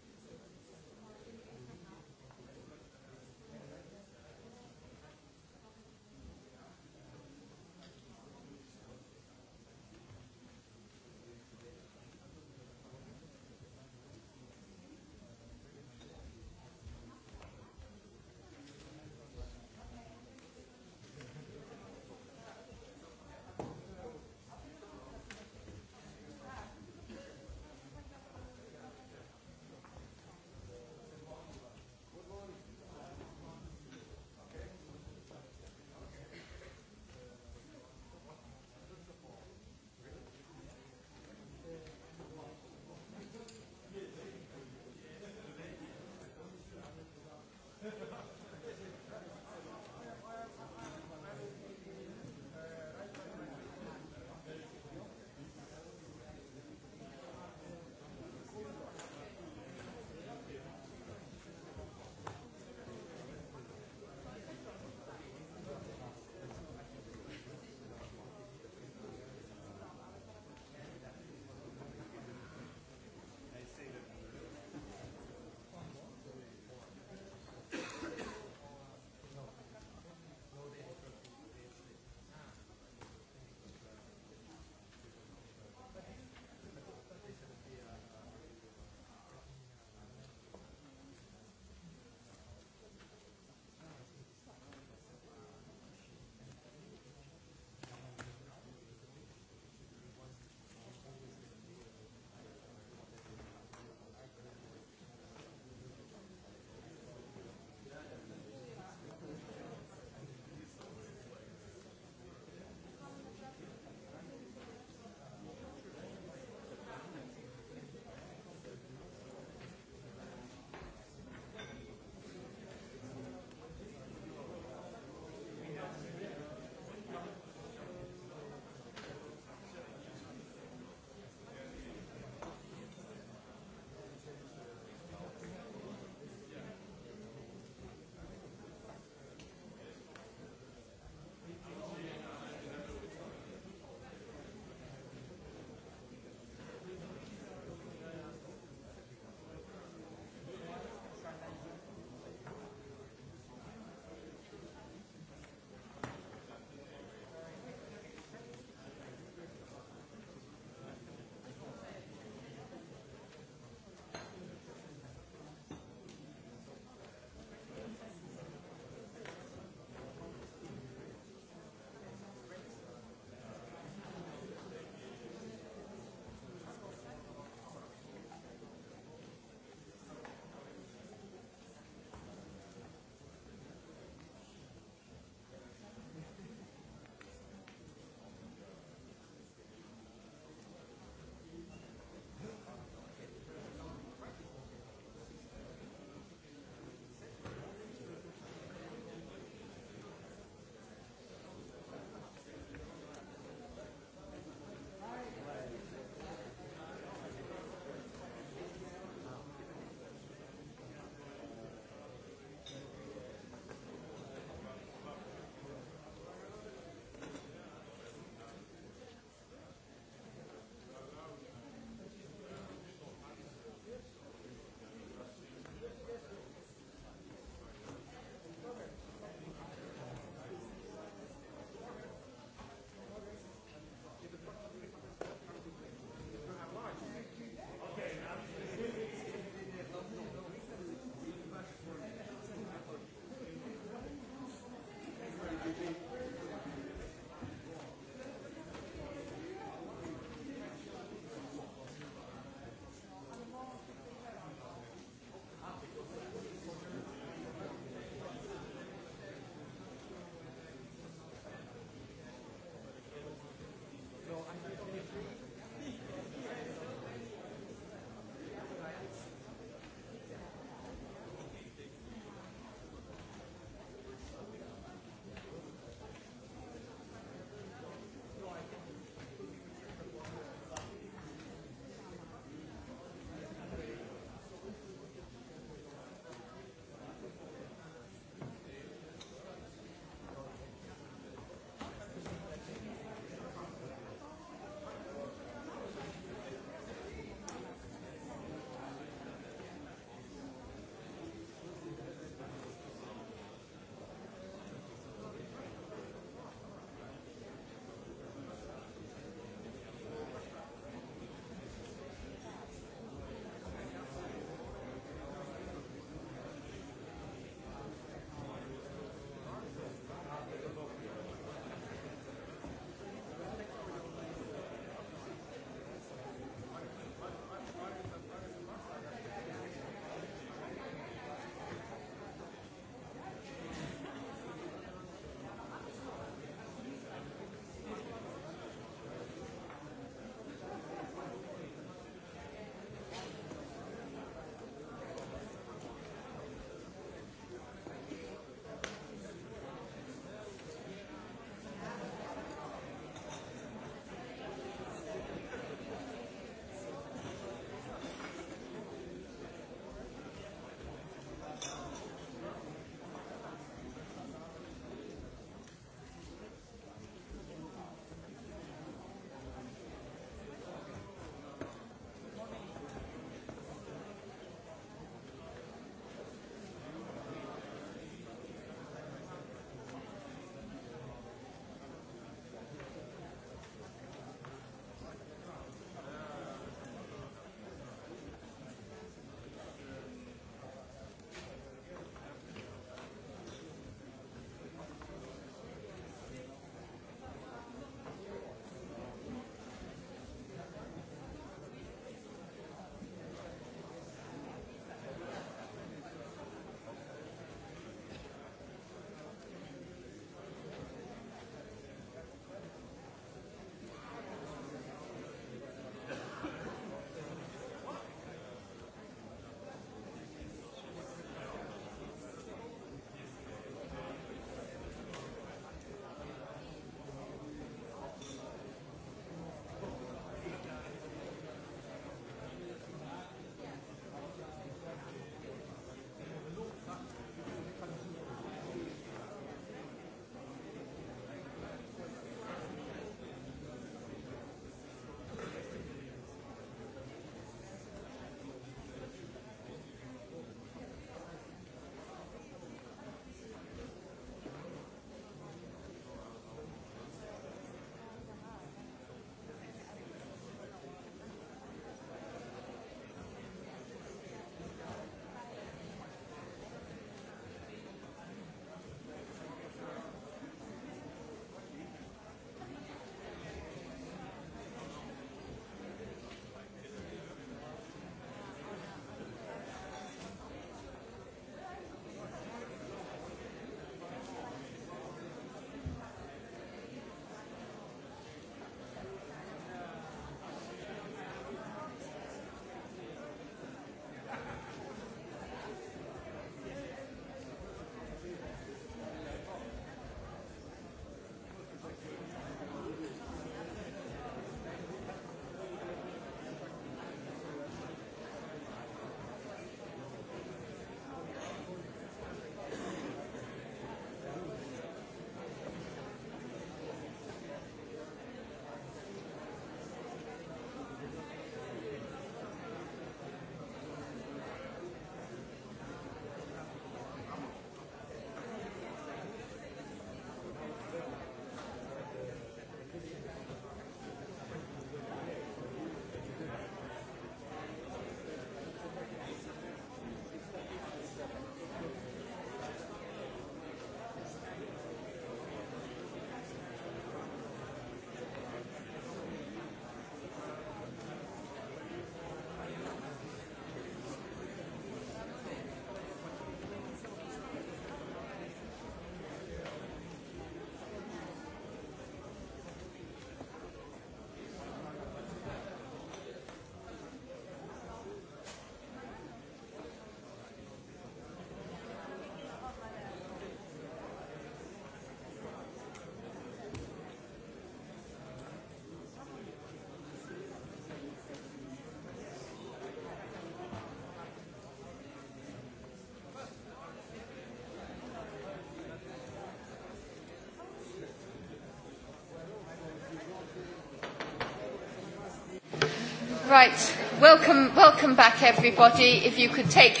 Right, welcome, welcome back everybody, if you could take...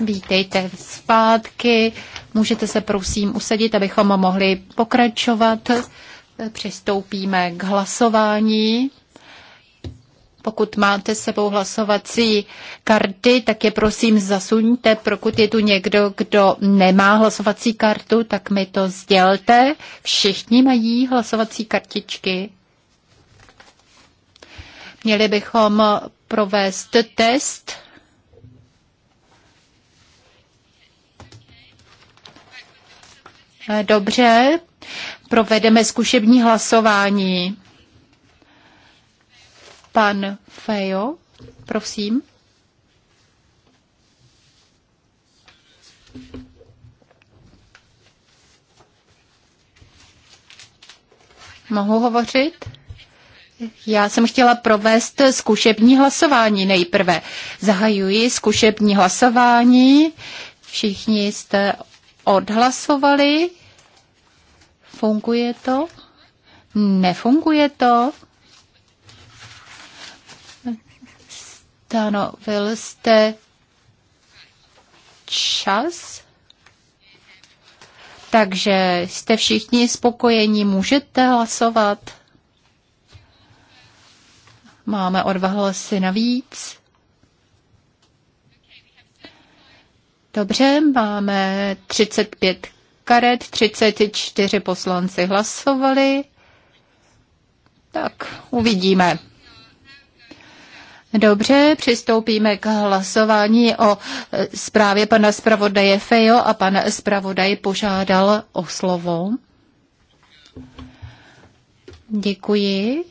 Vítejte zpátky, můžete se prosím usadit, abychom mohli pokračovat. Přistoupíme k hlasování. Pokud máte s sebou hlasovací karty, tak je prosím zasuňte. Pokud je tu někdo, kdo nemá hlasovací kartu, tak mi to sdělte. Všichni mají hlasovací kartičky. Měli bychom provést test. Dobře, provedeme zkušební hlasování. Pan Fejo, prosím. Mohu hovořit? Já jsem chtěla provést zkušební hlasování nejprve. Zahajuji zkušební hlasování. Všichni jste odhlasovali. Funguje to? Nefunguje to? Stanovil jste čas? Takže jste všichni spokojeni, můžete hlasovat? Máme o dva hlasy navíc. Dobře, máme 35 karet, 34 poslanci hlasovali. Tak, uvidíme. Dobře, přistoupíme k hlasování o e, zprávě pana zpravodaje Fejo a pan zpravodaj požádal o slovo. Děkuji.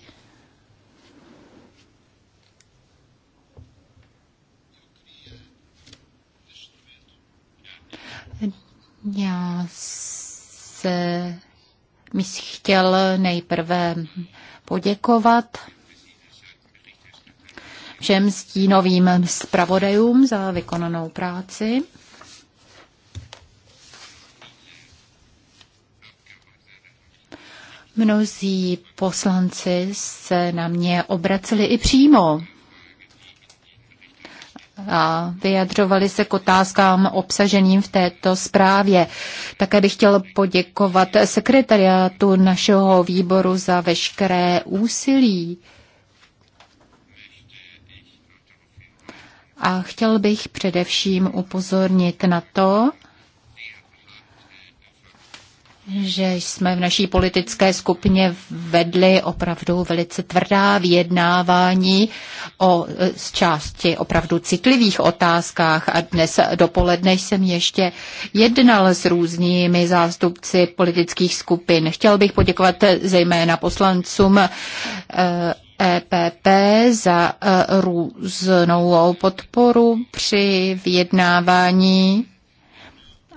Já se mi chtěl nejprve poděkovat všem stínovým zpravodajům za vykonanou práci. Mnozí poslanci se na mě obraceli i přímo a vyjadřovali se k otázkám obsaženým v této zprávě. Také bych chtěl poděkovat sekretariátu našeho výboru za veškeré úsilí. A chtěl bych především upozornit na to, že jsme v naší politické skupině vedli opravdu velice tvrdá vyjednávání o e, z části opravdu citlivých otázkách a dnes dopoledne jsem ještě jednal s různými zástupci politických skupin. Chtěl bych poděkovat zejména poslancům EPP e za e, různou podporu při vyjednávání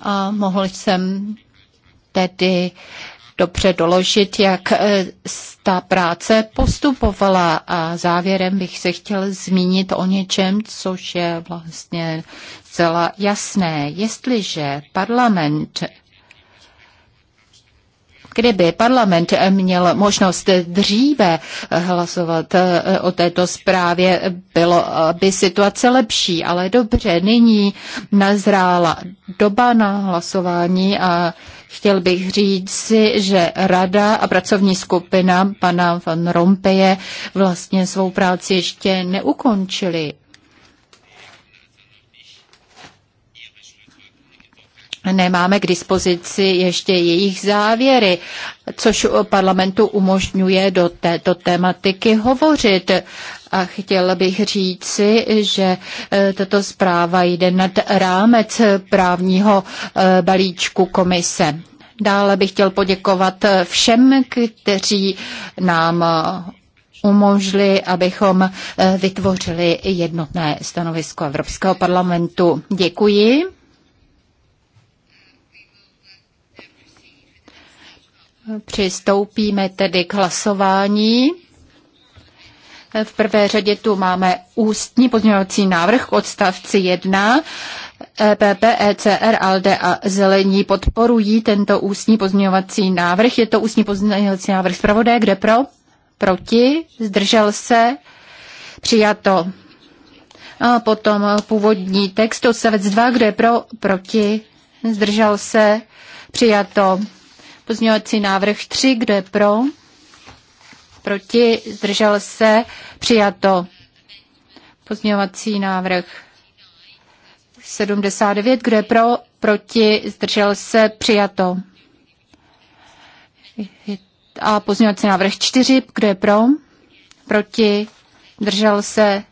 a mohl jsem tedy dobře doložit, jak eh, ta práce postupovala. A závěrem bych se chtěl zmínit o něčem, což je vlastně zcela jasné. Jestliže parlament Kdyby parlament měl možnost dříve hlasovat eh, o této zprávě, bylo by situace lepší, ale dobře, nyní nazrála doba na hlasování a Chtěl bych říct si, že rada a pracovní skupina pana Van Rompeje vlastně svou práci ještě neukončili. nemáme k dispozici ještě jejich závěry, což parlamentu umožňuje do této tematiky hovořit. A chtěl bych říci, že e, tato zpráva jde nad rámec právního e, balíčku komise. Dále bych chtěl poděkovat e, všem, kteří nám umožli, abychom vytvořili jednotné stanovisko Evropského parlamentu. Děkuji. Přistoupíme tedy k hlasování. V prvé řadě tu máme ústní pozměňovací návrh k odstavci 1. EPP, ECR, ALDE a Zelení podporují tento ústní pozměňovací návrh. Je to ústní pozměňovací návrh zpravodaje, kde pro? Proti? Zdržel se? Přijato. A potom původní text, odstavec 2, kde pro? Proti? Zdržel se? Přijato. Pozměňovací návrh 3, kde pro? proti, zdržel se, přijato. Pozměňovací návrh 79, kdo je pro, proti, zdržel se, přijato. A pozměňovací návrh 4, kdo je pro, proti, zdržel se,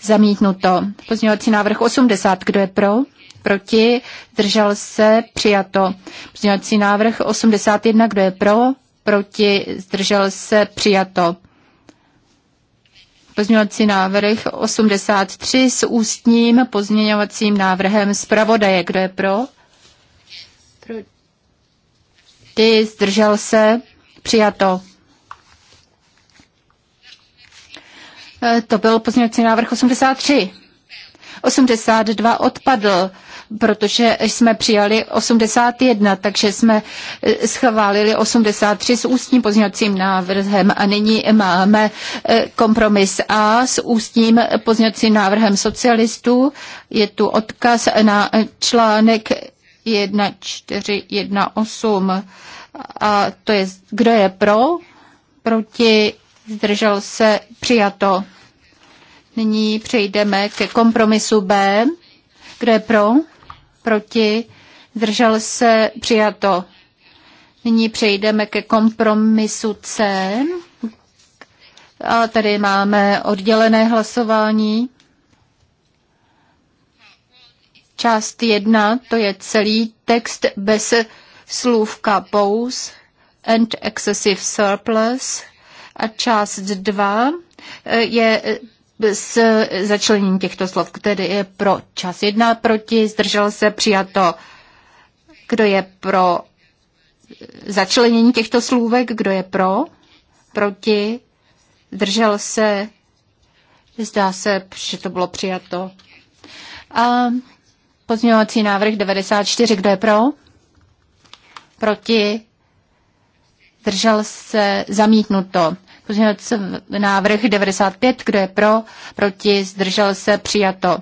zamítnuto. Pozměňovací návrh 80, kdo je pro, proti, zdržel se, přijato. Pozměňovací návrh 81, kdo je pro, proti, zdržel se, přijato. Pozměňovací návrh 83 s ústním pozměňovacím návrhem zpravodaje. Kdo je pro? Ty zdržel se, přijato. E, to byl pozměňovací návrh 83. 82 odpadl protože jsme přijali 81, takže jsme eh, schválili 83 s ústním pozměňovacím návrhem a nyní máme eh, kompromis A s ústním pozměňovacím návrhem socialistů. Je tu odkaz na eh, článek 1418 a to je, kdo je pro, proti, zdržel se, přijato. Nyní přejdeme ke kompromisu B. Kdo je pro? proti, zdržel se, přijato. Nyní přejdeme ke kompromisu C. A tady máme oddělené hlasování. Část jedna, to je celý text bez slůvka pose and excessive surplus. A část dva je s začlením těchto slov, který je pro čas jedna proti, zdržel se přijato, kdo je pro začlenění těchto slůvek, kdo je pro, proti, zdržel se, zdá se, že to bylo přijato. A pozměňovací návrh 94, kdo je pro, proti, zdržel se, zamítnuto. Pozměňovací návrh 95, kdo je pro, proti, zdržel se, přijato.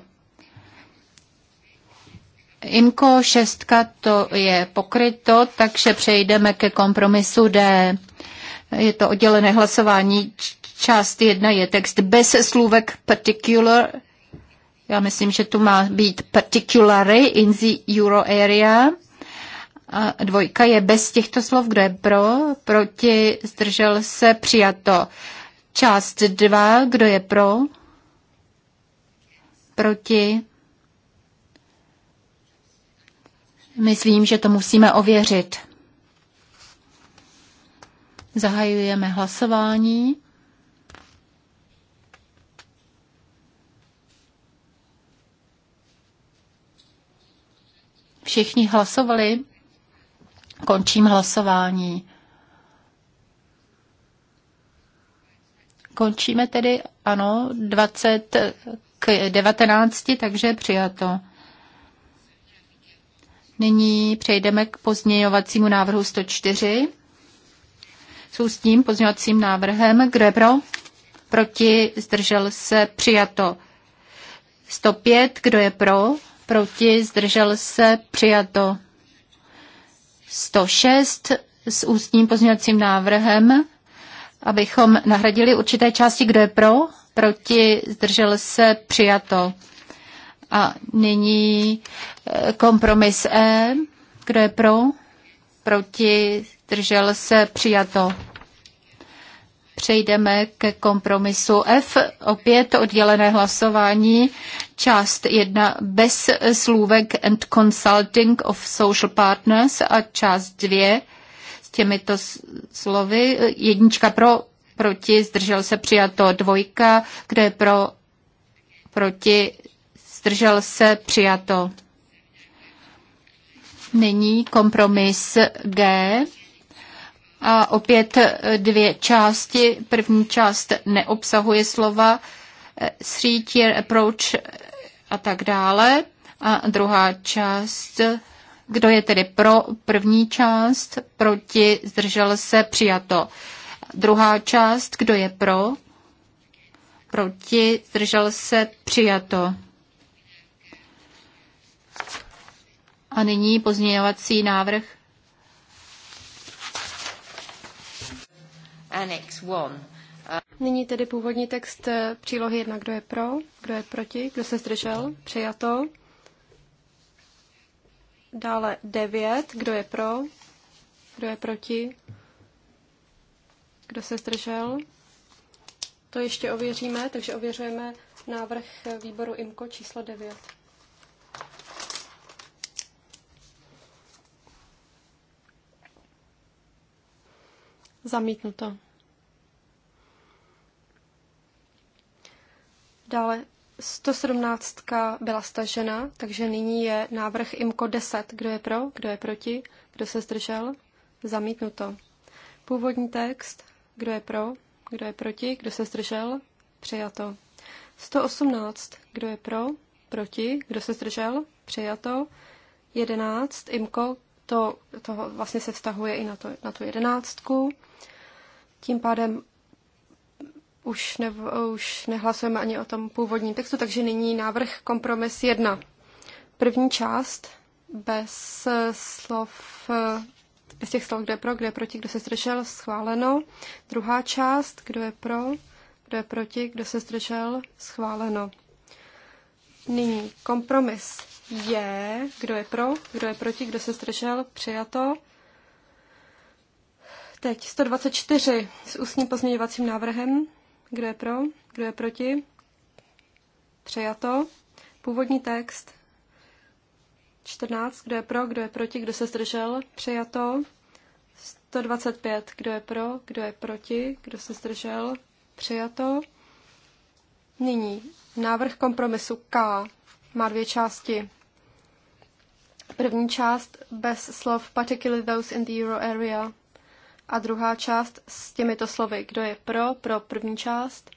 Imko 6 to je pokryto, takže přejdeme ke kompromisu D. Je to oddělené hlasování. Část 1 je text bez slůvek particular. Já myslím, že tu má být particulary in the euro area dvojka je bez těchto slov, kdo je pro, proti, zdržel se, přijato. Část dva, kdo je pro, proti. Myslím, že to musíme ověřit. Zahajujeme hlasování. Všichni hlasovali. Končím hlasování. Končíme tedy, ano, 20 k 19, takže přijato. Nyní přejdeme k pozměňovacímu návrhu 104. Jsou s tím pozměňovacím návrhem. Kdo je pro? Proti? Zdržel se? Přijato. 105. Kdo je pro? Proti? Zdržel se? Přijato. 106 s ústním pozměňovacím návrhem, abychom nahradili určité části, kdo je pro, proti, zdržel se, přijato. A nyní eh, kompromis E, kdo je pro, proti, zdržel se, přijato. Přejdeme ke kompromisu F, opět oddělené hlasování, část jedna bez slůvek and consulting of social partners a část dvě s těmito slovy. Jednička pro, proti, zdržel se přijato dvojka, kde pro, proti, zdržel se přijato. Nyní kompromis G a opět eh, dvě části. První část neobsahuje slova eh, three tier approach eh, a tak dále. A druhá část, kdo je tedy pro první část, proti, zdržel se, přijato. Druhá část, kdo je pro, proti, zdržel se, přijato. A nyní pozměňovací návrh Nyní tedy původní text eh, přílohy 1. Kdo je pro? Kdo je proti? Kdo se zdržel? Přijato. Dále 9. Kdo je pro? Kdo je proti? Kdo se zdržel? To ještě ověříme, takže ověřujeme návrh eh, výboru IMKO číslo 9. Zamítnuto. Dále 117 byla stažena, takže nyní je návrh IMKO 10. Kdo je pro, kdo je proti, kdo se zdržel? Zamítnuto. Původní text, kdo je pro, kdo je proti, kdo se zdržel? Přijato. 118, kdo je pro, proti, kdo se zdržel? Přijato. 11, IMKO, to, to vlastně se vztahuje i na, to, na tu jedenáctku. Tím pádem už, ne, už nehlasujeme ani o tom původním textu, takže nyní návrh kompromis 1. První část bez slov, bez těch slov, kde je pro, kde je proti, kdo se zdržel, schváleno. Druhá část, kdo je pro, kdo je proti, kdo se zdržel, schváleno. Nyní kompromis je, kdo je pro, kdo je proti, kdo se zdržel, přijato. Teď 124 s ústním pozměňovacím návrhem. Kdo je pro, kdo je proti, přijato. Původní text 14, kdo je pro, kdo je proti, kdo se zdržel, přijato. 125, kdo je pro, kdo je proti, kdo se zdržel, přijato. Nyní návrh kompromisu K má dvě části. První část bez slov particularly those in the euro area a druhá část s těmito slovy. Kdo je pro, pro první část,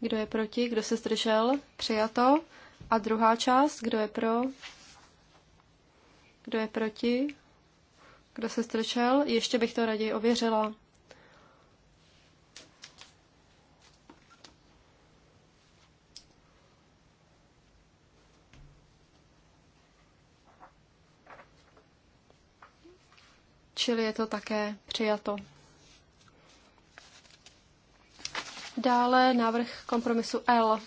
kdo je proti, kdo se zdržel, přijato. A druhá část, kdo je pro, kdo je proti, kdo se zdržel, ještě bych to raději ověřila. čili je to také přijato. Dále návrh kompromisu L.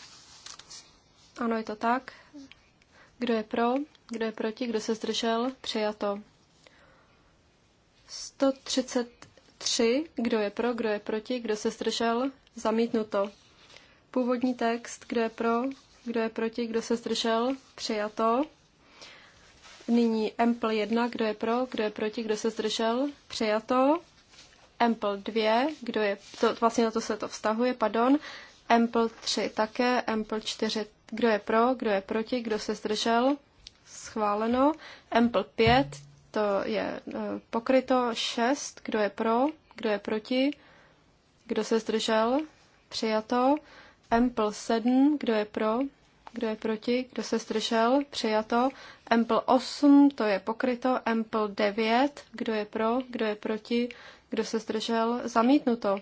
Ano, je to tak. Kdo je pro, kdo je proti, kdo se zdržel, přijato. 133. Kdo je pro, kdo je proti, kdo se zdržel, zamítnuto. Původní text, kdo je pro, kdo je proti, kdo se zdržel, přijato. Nyní Empl 1, kdo je pro, kdo je proti, kdo se zdržel, přijato. Empl 2, kdo je, to, vlastně na to se to vztahuje, pardon. Empl 3 také, Empl 4, kdo je pro, kdo je proti, kdo se zdržel, schváleno. Empl 5, to je e, pokryto 6, kdo je pro, kdo je proti, kdo se zdržel, přijato. Empl 7, kdo je pro, kdo je proti, kdo se zdržel, přijato. Ample 8, to je pokryto. Ample 9, kdo je pro, kdo je proti, kdo se zdržel, zamítnuto.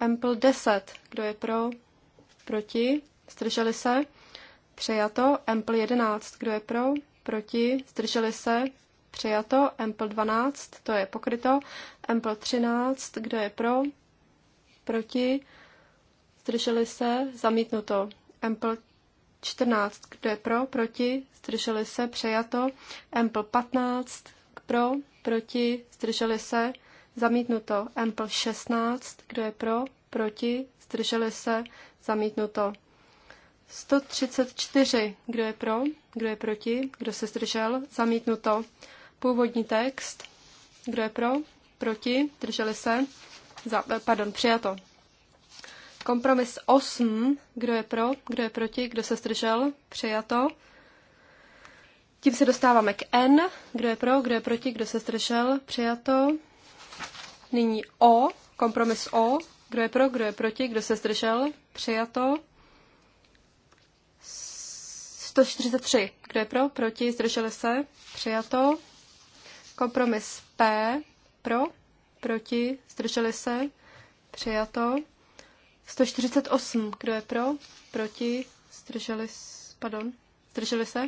Ample 10, kdo je pro, proti, zdrželi se, přijato. Ample 11, kdo je pro, proti, zdrželi se, přijato. Ample 12, to je pokryto. Ample 13, kdo je pro, proti, zdrželi se, zamítnuto. Ample 14, kdo je pro, proti, zdrželi se, přejato. Empl 15, pro, proti, zdrželi se, zamítnuto. Empl 16, kdo je pro, proti, zdrželi se, zamítnuto. 134, kdo je pro, kdo je proti, kdo se zdržel, zamítnuto. Původní text, kdo je pro, proti, drželi se, za, pardon, přijato. Kompromis 8, kdo je pro, kdo je proti, kdo se zdržel, přijato. Tím se dostáváme k N, kdo je pro, kdo je proti, kdo se zdržel, přijato. Nyní O, kompromis O, kdo je pro, kdo je proti, kdo se zdržel, přijato. 143, kdo je pro, proti, zdrželi se, přijato. Kompromis P, pro, proti, zdrželi se, přijato. 148. Kdo je pro? Proti? Zdrželi, pardon, zdrželi se?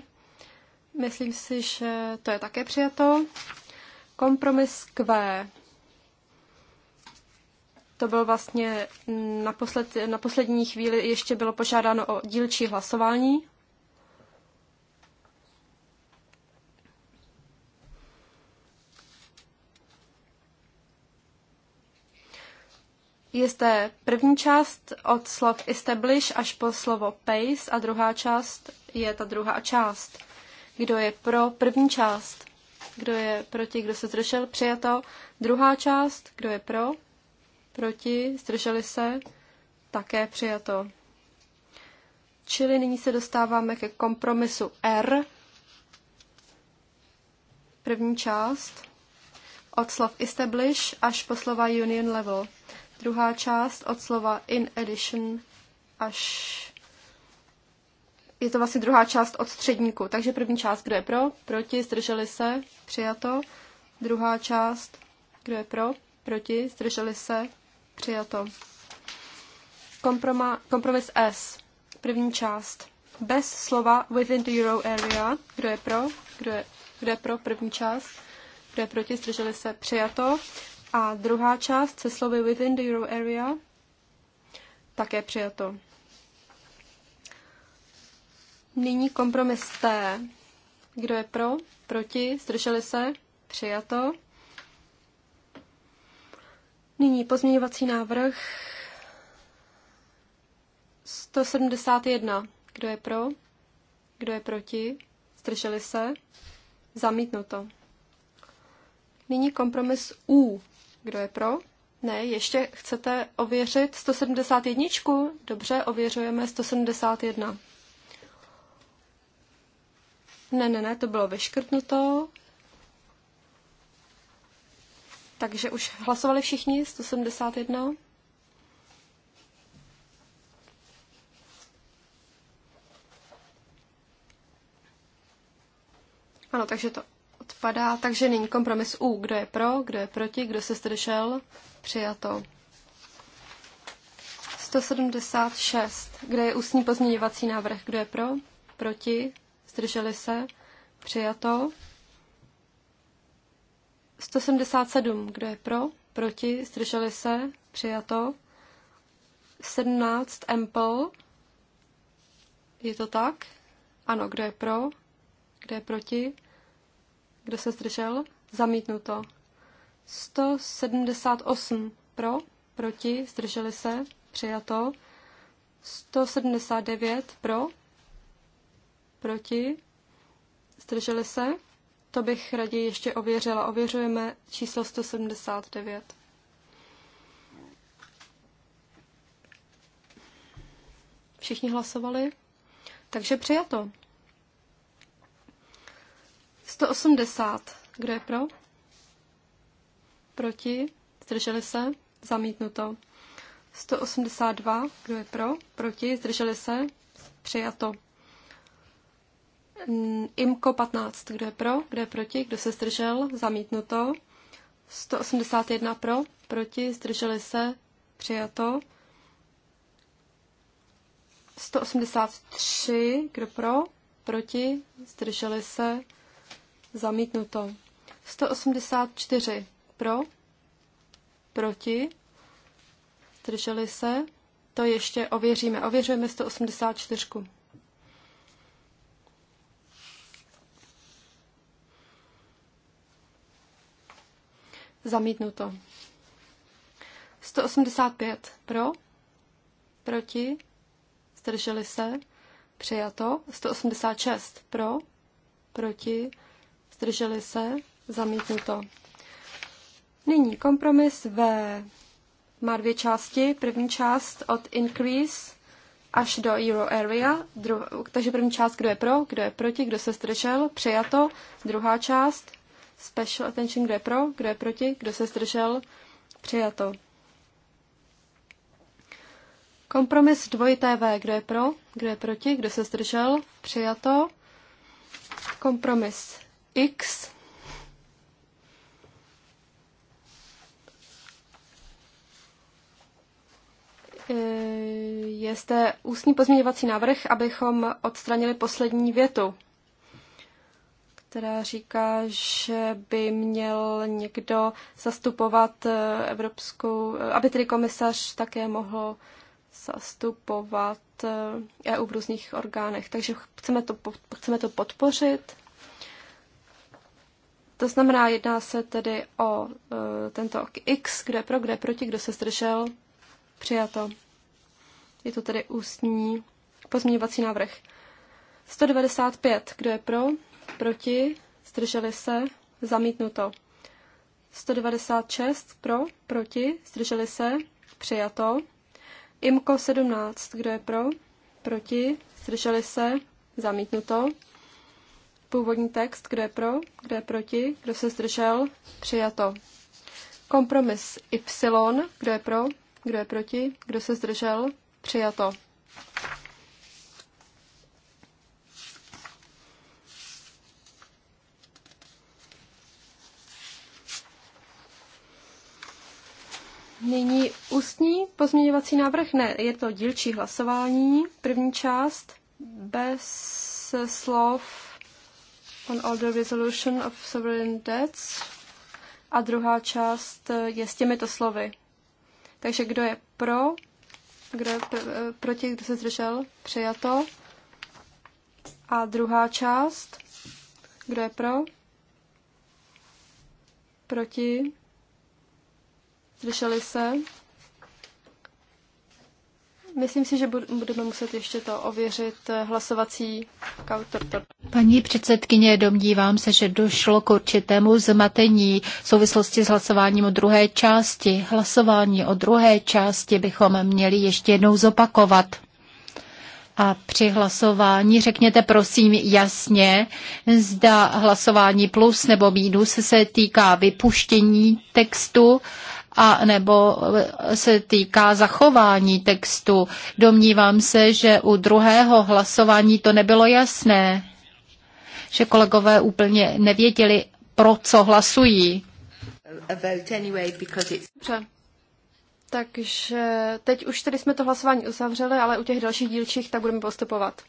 Myslím si, že to je také přijato. Kompromis Q. To bylo vlastně na posled, na poslední chvíli ještě bylo požádáno o dílčí hlasování. Je zde první část od slov establish až po slovo pace a druhá část je ta druhá část. Kdo je pro první část? Kdo je proti? Kdo se zdržel? Přijato. Druhá část. Kdo je pro? Proti? Zdrželi se? Také přijato. Čili nyní se dostáváme ke kompromisu R. První část. Od slov establish až po slova union level. Druhá část od slova in addition až je to vlastně druhá část od středníku. Takže první část, kdo je pro, proti, zdrželi se, přijato. Druhá část, kdo je pro, proti, zdrželi se, přijato. Komproma, kompromis S, první část. Bez slova within the euro area, kdo je pro, kdo je, kdo je pro, první část, kdo je proti, zdrželi se, přijato. A druhá část se slovy within the euro area také přijato. Nyní kompromis T. Kdo je pro? Proti? Zdrželi se? Přijato. Nyní pozměňovací návrh 171. Kdo je pro? Kdo je proti? Zdrželi se? Zamítnuto. Nyní kompromis U. Kdo je pro? Ne, ještě chcete ověřit 171? Dobře, ověřujeme 171. Ne, ne, ne, to bylo vyškrtnuto. Takže už hlasovali všichni 171. Ano, takže to rozpadá, takže nyní kompromis U. Kdo je pro, kdo je proti, kdo se zdržel? Přijato. 176. Kde je ústní pozměňovací návrh? Kdo je pro? Proti? Zdrželi se? Přijato. 177. Kdo je pro? Proti? Zdrželi se? Přijato. 17. Ample. Je to tak? Ano, kdo je pro? Kdo je proti? Kdo se zdržel? Zamítnuto. 178 pro, proti, zdrželi se, přijato. 179 pro, proti, zdrželi se. To bych raději ještě ověřila. Ověřujeme číslo 179. Všichni hlasovali? Takže přijato. 180. Kdo je pro? Proti? Zdrželi se? Zamítnuto. 182. Kdo je pro? Proti? Zdrželi se? Přijato. Mm, IMKO 15. Kdo je pro? Kdo je proti? Kdo se zdržel? Zamítnuto. 181 pro, proti, zdrželi se, přijato. 183, kdo pro, proti, zdrželi se, Zamítnuto. 184 pro, proti, zdrželi se. To ještě ověříme. Ověřujeme 184. Zamítnuto. 185 pro, proti, zdrželi se, přijato. 186 pro, proti, zdrželi se, zamítnuto. Nyní kompromis V má dvě části. První část od increase až do euro area. Dru- takže první část, kdo je pro, kdo je proti, kdo se zdržel, přijato. Druhá část, special attention, kdo je pro, kdo je proti, kdo se zdržel, přijato. Kompromis dvojité V, kdo je pro, kdo je proti, kdo se zdržel, přijato. Kompromis X. E, je zde ústní pozměňovací návrh, abychom odstranili poslední větu, která říká, že by měl někdo zastupovat e, Evropskou, e, aby tedy komisař také mohl zastupovat EU v různých orgánech. Takže chceme to, chceme to podpořit. To znamená, jedná se tedy o e, tento x, kde pro, kde proti, kdo se zdržel, přijato. Je to tedy ústní pozměňovací návrh. 195, kdo je pro, proti, zdrželi se, zamítnuto. 196, pro, proti, zdrželi se, přijato. IMKO 17, kdo je pro, proti, zdrželi se, zamítnuto. Původní text, kdo je pro, kdo je proti, kdo se zdržel, přijato. Kompromis Y, kdo je pro, kdo je proti, kdo se zdržel, přijato. Nyní ústní pozměňovací návrh, ne, je to dílčí hlasování, první část bez slov on the Resolution of Sovereign Debts a druhá část eh, je s těmito slovy. Takže kdo je pro, kdo je pr- eh, proti, kdo se zdržel, přijato. A druhá část, kdo je pro, proti, zdrželi se, Myslím si, že budeme muset ještě to ověřit eh, hlasovací kautor. Paní předsedkyně, domnívám se, že došlo k určitému zmatení v souvislosti s hlasováním o druhé části. Hlasování o druhé části bychom měli ještě jednou zopakovat. A při hlasování řekněte prosím jasně, zda hlasování plus nebo mínus se týká vypuštění textu a nebo se týká zachování textu. Domnívám se, že u druhého hlasování to nebylo jasné, že kolegové úplně nevěděli, pro co hlasují. Dobře. Takže teď už tedy jsme to hlasování uzavřeli, ale u těch dalších dílčích tak budeme postupovat.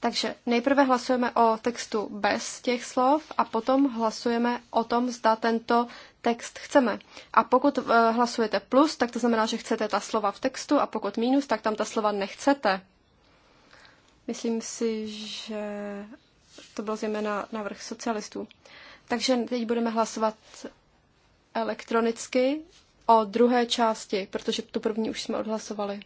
Takže nejprve hlasujeme o textu bez těch slov a potom hlasujeme o tom, zda tento text chceme. A pokud eh, hlasujete plus, tak to znamená, že chcete ta slova v textu a pokud minus, tak tam ta slova nechcete. Myslím si, že to byl zejména návrh socialistů. Takže teď budeme hlasovat elektronicky o druhé části, protože tu první už jsme odhlasovali.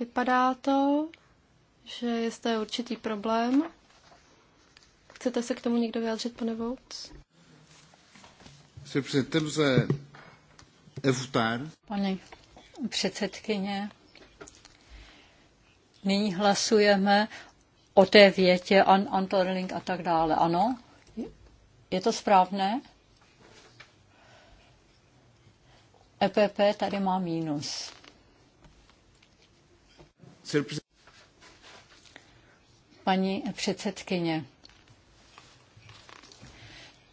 Vypadá to, že je zde určitý problém. Chcete se k tomu někdo vyjádřit, pane Vouc? Euh, pane předsedkyně, nyní hlasujeme o té větě an, Antorling a tak dále. Ano? Je to správné? EPP tady má mínus. Paní předsedkyně,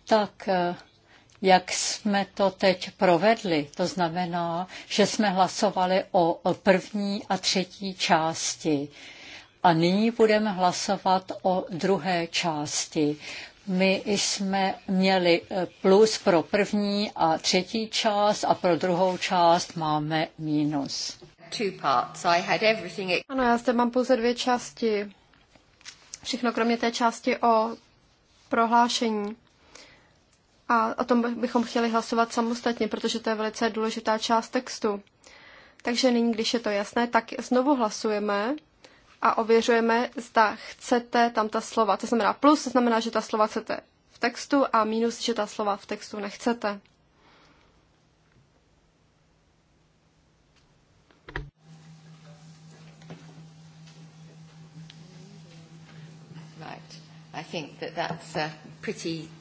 tak eh, jak jsme to teď provedli. To znamená, že jsme hlasovali o první a třetí části. A nyní budeme hlasovat o druhé části. My jsme měli eh, plus pro první a třetí část a pro druhou část máme mínus two parts. I had everything... Ano, já zde mám pouze dvě části. Všechno kromě té části o prohlášení. A o tom bychom chtěli hlasovat samostatně, protože to je velice důležitá část textu. Takže nyní, když je to jasné, tak znovu hlasujeme a ověřujeme, zda chcete tam ta slova. To znamená plus, to znamená, že ta slova chcete v textu a minus, že ta slova v textu nechcete.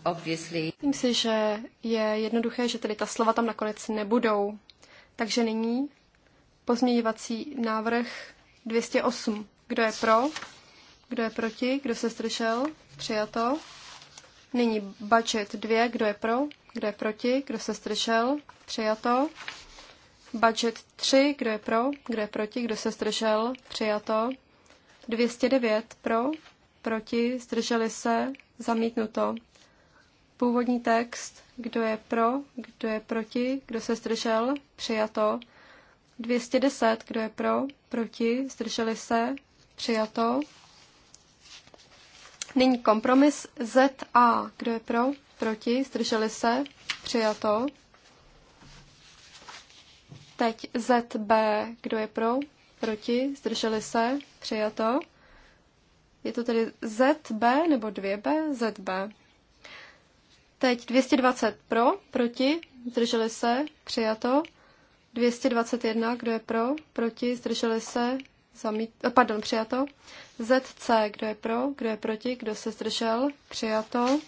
Uh, Myslím si, že je jednoduché, že tedy ta slova tam nakonec nebudou. Takže nyní pozměňovací návrh 208. Kdo je pro? Kdo je proti? Kdo se zdržel? Přijato. Nyní budget 2. Kdo je pro? Kdo je proti? Kdo se zdržel? Přijato. Budget 3. Kdo je pro? Kdo je proti? Kdo se zdržel? Přijato. 209 pro, proti, zdrželi se, zamítnuto. Původní text, kdo je pro, kdo je proti, kdo se zdržel, přijato. 210, kdo je pro, proti, zdrželi se, přijato. Nyní kompromis ZA, kdo je pro, proti, zdrželi se, přijato. Teď ZB, kdo je pro, proti, zdrželi se, přijato. Je to tedy ZB nebo 2B? ZB. Teď 220 pro, proti, zdrželi se, přijato. 221, kdo je pro, proti, zdrželi se, zamít, eh, pardon, přijato. ZC, kdo je pro, kdo je proti, kdo se zdržel, přijato.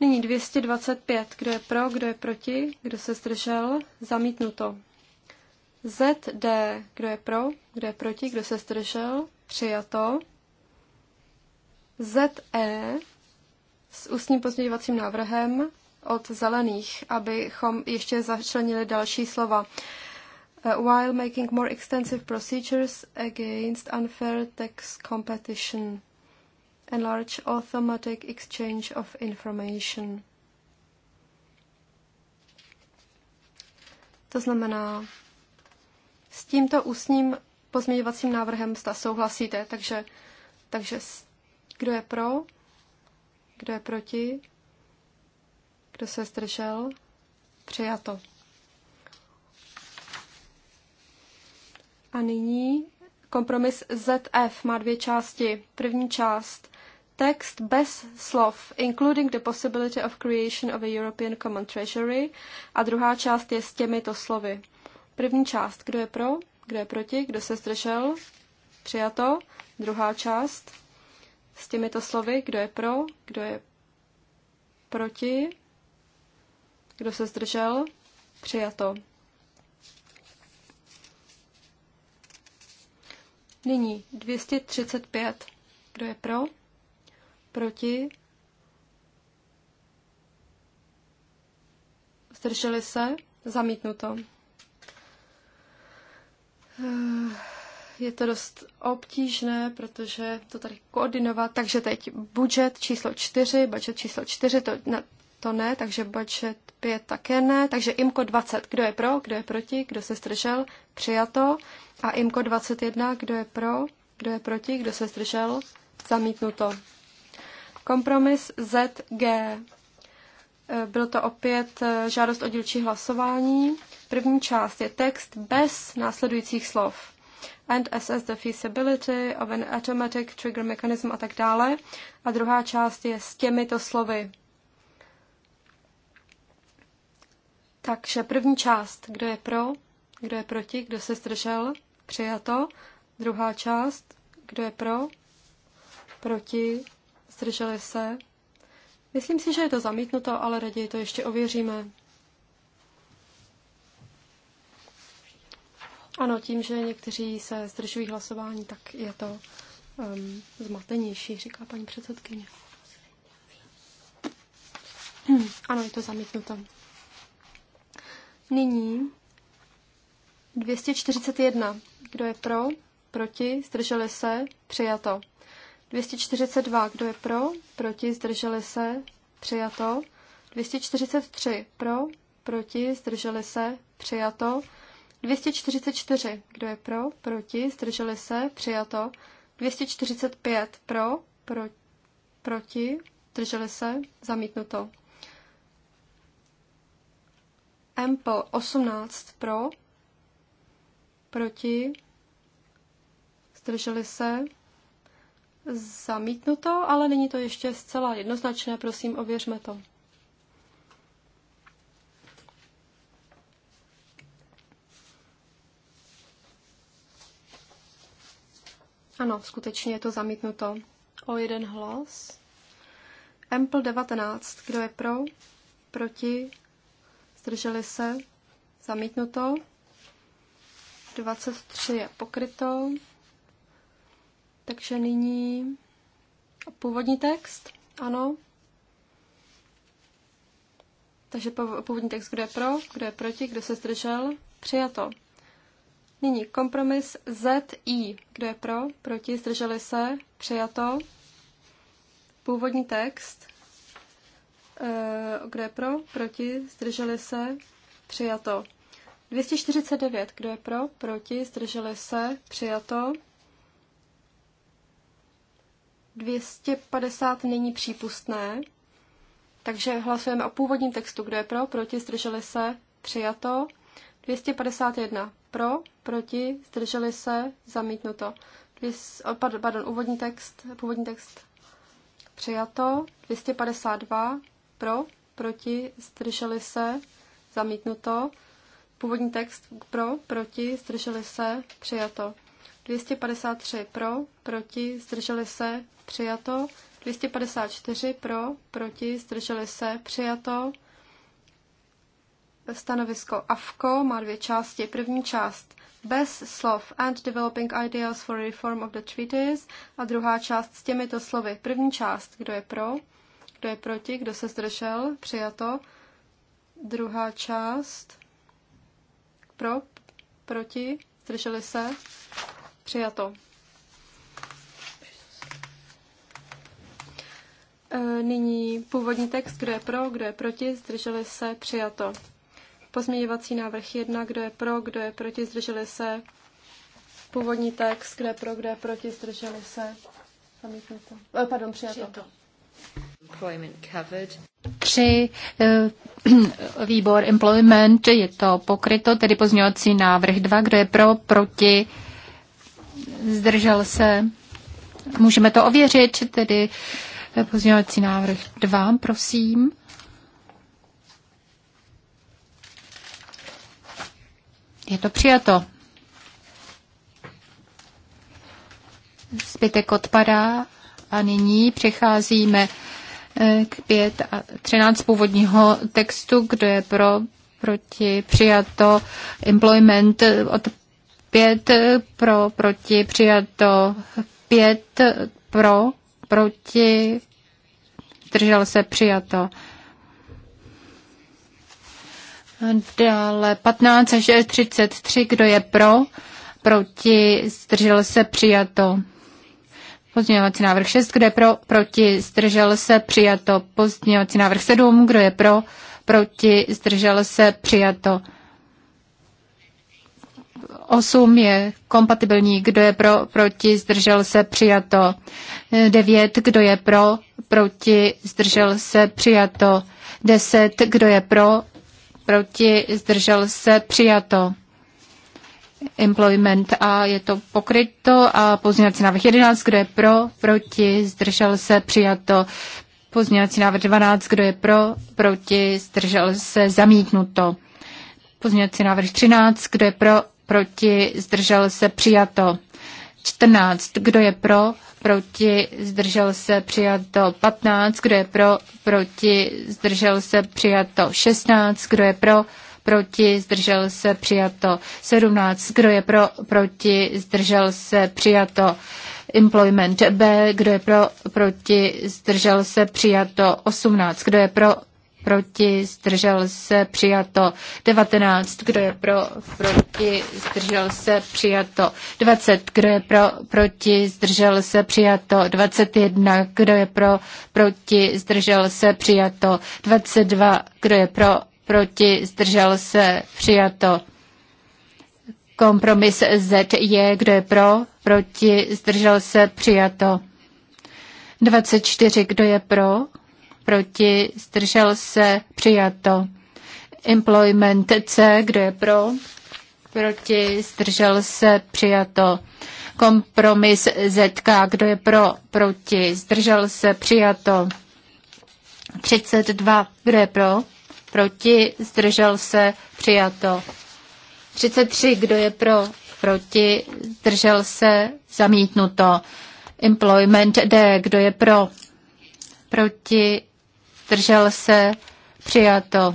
Nyní 225, kdo je pro, kdo je proti, kdo se zdržel, zamítnuto. ZD, kdo je pro, kdo je proti, kdo se zdržel, Přijato. ZE s ústním pozměňovacím návrhem od zelených, abychom ještě začlenili další slova. E, while making more extensive procedures against unfair tax competition, enlarge automatic exchange of information. To znamená, s tímto ústním pozměňovacím návrhem souhlasíte, takže, takže kdo je pro, kdo je proti, kdo se zdržel, přijato. A nyní kompromis ZF má dvě části. První část text bez slov, including the possibility of creation of a European Common Treasury. A druhá část je s těmito slovy. První část, kdo je pro? Kdo je proti? Kdo se zdržel? Přijato. Druhá část. S těmito slovy, kdo je pro, kdo je proti, kdo se zdržel, přijato. Nyní 235. Kdo je pro? Proti? Zdrželi se? Zamítnuto. Eh, je to dost obtížné, protože to tady koordinovat. Takže teď budget číslo čtyři, budget číslo čtyři, to, ne, to ne, takže budget pět také ne. Takže IMKO 20, kdo je pro, kdo je proti, kdo se zdržel, přijato. A IMKO 21, kdo je pro, kdo je proti, kdo se zdržel, zamítnuto. Kompromis ZG. Eh, Bylo to opět eh, žádost o dílčí hlasování. První část je text bez následujících slov. And assess the feasibility of an automatic trigger mechanism a tak dále. A druhá část je s těmito slovy. Takže první část, kdo je pro, kdo je proti, kdo se zdržel, přijato. Druhá část, kdo je pro, proti, zdrželi se. Myslím si, že je to zamítnuto, ale raději to ještě ověříme. Ano, tím, že někteří se zdržují hlasování, tak je to um, zmatenější, říká paní předsedkyně. Ano, je to zamítnuto. Nyní 241. Kdo je pro? Proti? Zdrželi se? Přijato. 242. Kdo je pro? Proti? Zdrželi se? Přijato. 243. Pro? Proti? Zdrželi se? Přijato. 244. Kdo je pro? Proti? Zdrželi se? Přijato. 245. Pro? pro proti? Zdrželi se? Zamítnuto. MP 18. Pro? Proti? Zdrželi se? Zamítnuto, ale není to ještě zcela jednoznačné, prosím, ověřme to. Ano, skutečně je to zamítnuto. O jeden hlas. Ample 19. Kdo je pro? Proti? Zdrželi se? Zamítnuto. 23 je pokryto. Takže nyní původní text. Ano. Takže původní text, kdo je pro, kdo je proti, kdo se zdržel. Přijato. Nyní kompromis ZI. Kdo je pro? Proti? Zdrželi se? Přijato. Původní text. Eh, kdo je pro? Proti? Zdrželi se? Přijato. 249. Kdo je pro? Proti? Zdrželi se? Přijato. 250 není přípustné. Takže hlasujeme o původním textu. Kdo je pro? Proti? Zdrželi se? Přijato. 251 pro, proti, zdrželi se, zamítnuto. Pardon, úvodní text, původní text přijato, 252 pro, proti, zdrželi se, zamítnuto. Původní text pro, proti, zdrželi se, přijato. 253 pro, proti, zdrželi se, přijato. 254 pro, proti, zdrželi se, přijato. Stanovisko AFCO má dvě části. První část bez slov and developing ideas for reform of the treaties a druhá část s těmito slovy. První část, kdo je pro, kdo je proti, kdo se zdržel, přijato. Druhá část, pro, proti, zdrželi se, přijato. E, nyní původní text, kdo je pro, kdo je proti, zdrželi se, přijato. Pozměňovací návrh 1, kdo je pro, kdo je proti, zdrželi se. Původní text, kde pro, kde proti, zdrželi se. Zamítnuto. Eh, pardon, přijato. přijato. Tři eh, výbor employment, je to pokryto, tedy pozměňovací návrh dva, kdo je pro, proti, zdržel se. Můžeme to ověřit, tedy eh, pozměňovací návrh dva, prosím. Je to přijato. Zbytek odpadá a nyní přecházíme eh, k pět a třináct původního textu, kdo je pro, proti, přijato, employment eh, od pět eh, pro, proti, přijato, pět pro, proti, držel se přijato. Dále 15 až 33, kdo je pro, proti, zdržel se, přijato. Pozměňovací návrh 6, kdo je pro, proti, zdržel se, přijato. Pozměňovací návrh 7, kdo je pro, proti, zdržel se, přijato. 8 je kompatibilní, kdo je pro, proti, zdržel se, přijato. 9, kdo je pro, proti, zdržel se, přijato. 10, kdo je pro, proti, zdržel se, přijato. Employment A je to pokryto a pozměňovací návrh 11, kdo je pro, proti, zdržel se, přijato. Pozměňovací návrh 12, kdo je pro, proti, zdržel se, zamítnuto. Pozměňovací návrh 13, kdo je pro, proti, zdržel se, přijato. 14. Kdo je pro? Proti? Zdržel se? Přijato 15. Kdo je pro? Proti? Zdržel se? Přijato 16. Kdo je pro? Proti? Zdržel se? Přijato 17. Kdo je pro? Proti? Zdržel se? Přijato Employment B, kdo je pro, proti, zdržel se, přijato 18, kdo je pro, proti, zdržel se, přijato 19, kdo je pro, proti, zdržel se, přijato 20, kdo je pro, proti, zdržel se, přijato 21, kdo je pro, proti, zdržel se, přijato 22, kdo je pro, proti, zdržel se, přijato Kompromis Z je, kdo je pro, proti, zdržel se, přijato. 24, kdo je pro, proti, zdržel se, přijato. Employment C, kdo je pro, proti, zdržel se, přijato. Kompromis ZK, kdo je pro, proti, zdržel se, přijato. 32, kdo je pro, proti, zdržel se, přijato. 33, kdo je pro, proti, zdržel se, zamítnuto. Employment D, kdo je pro, proti, zdržel se, přijato.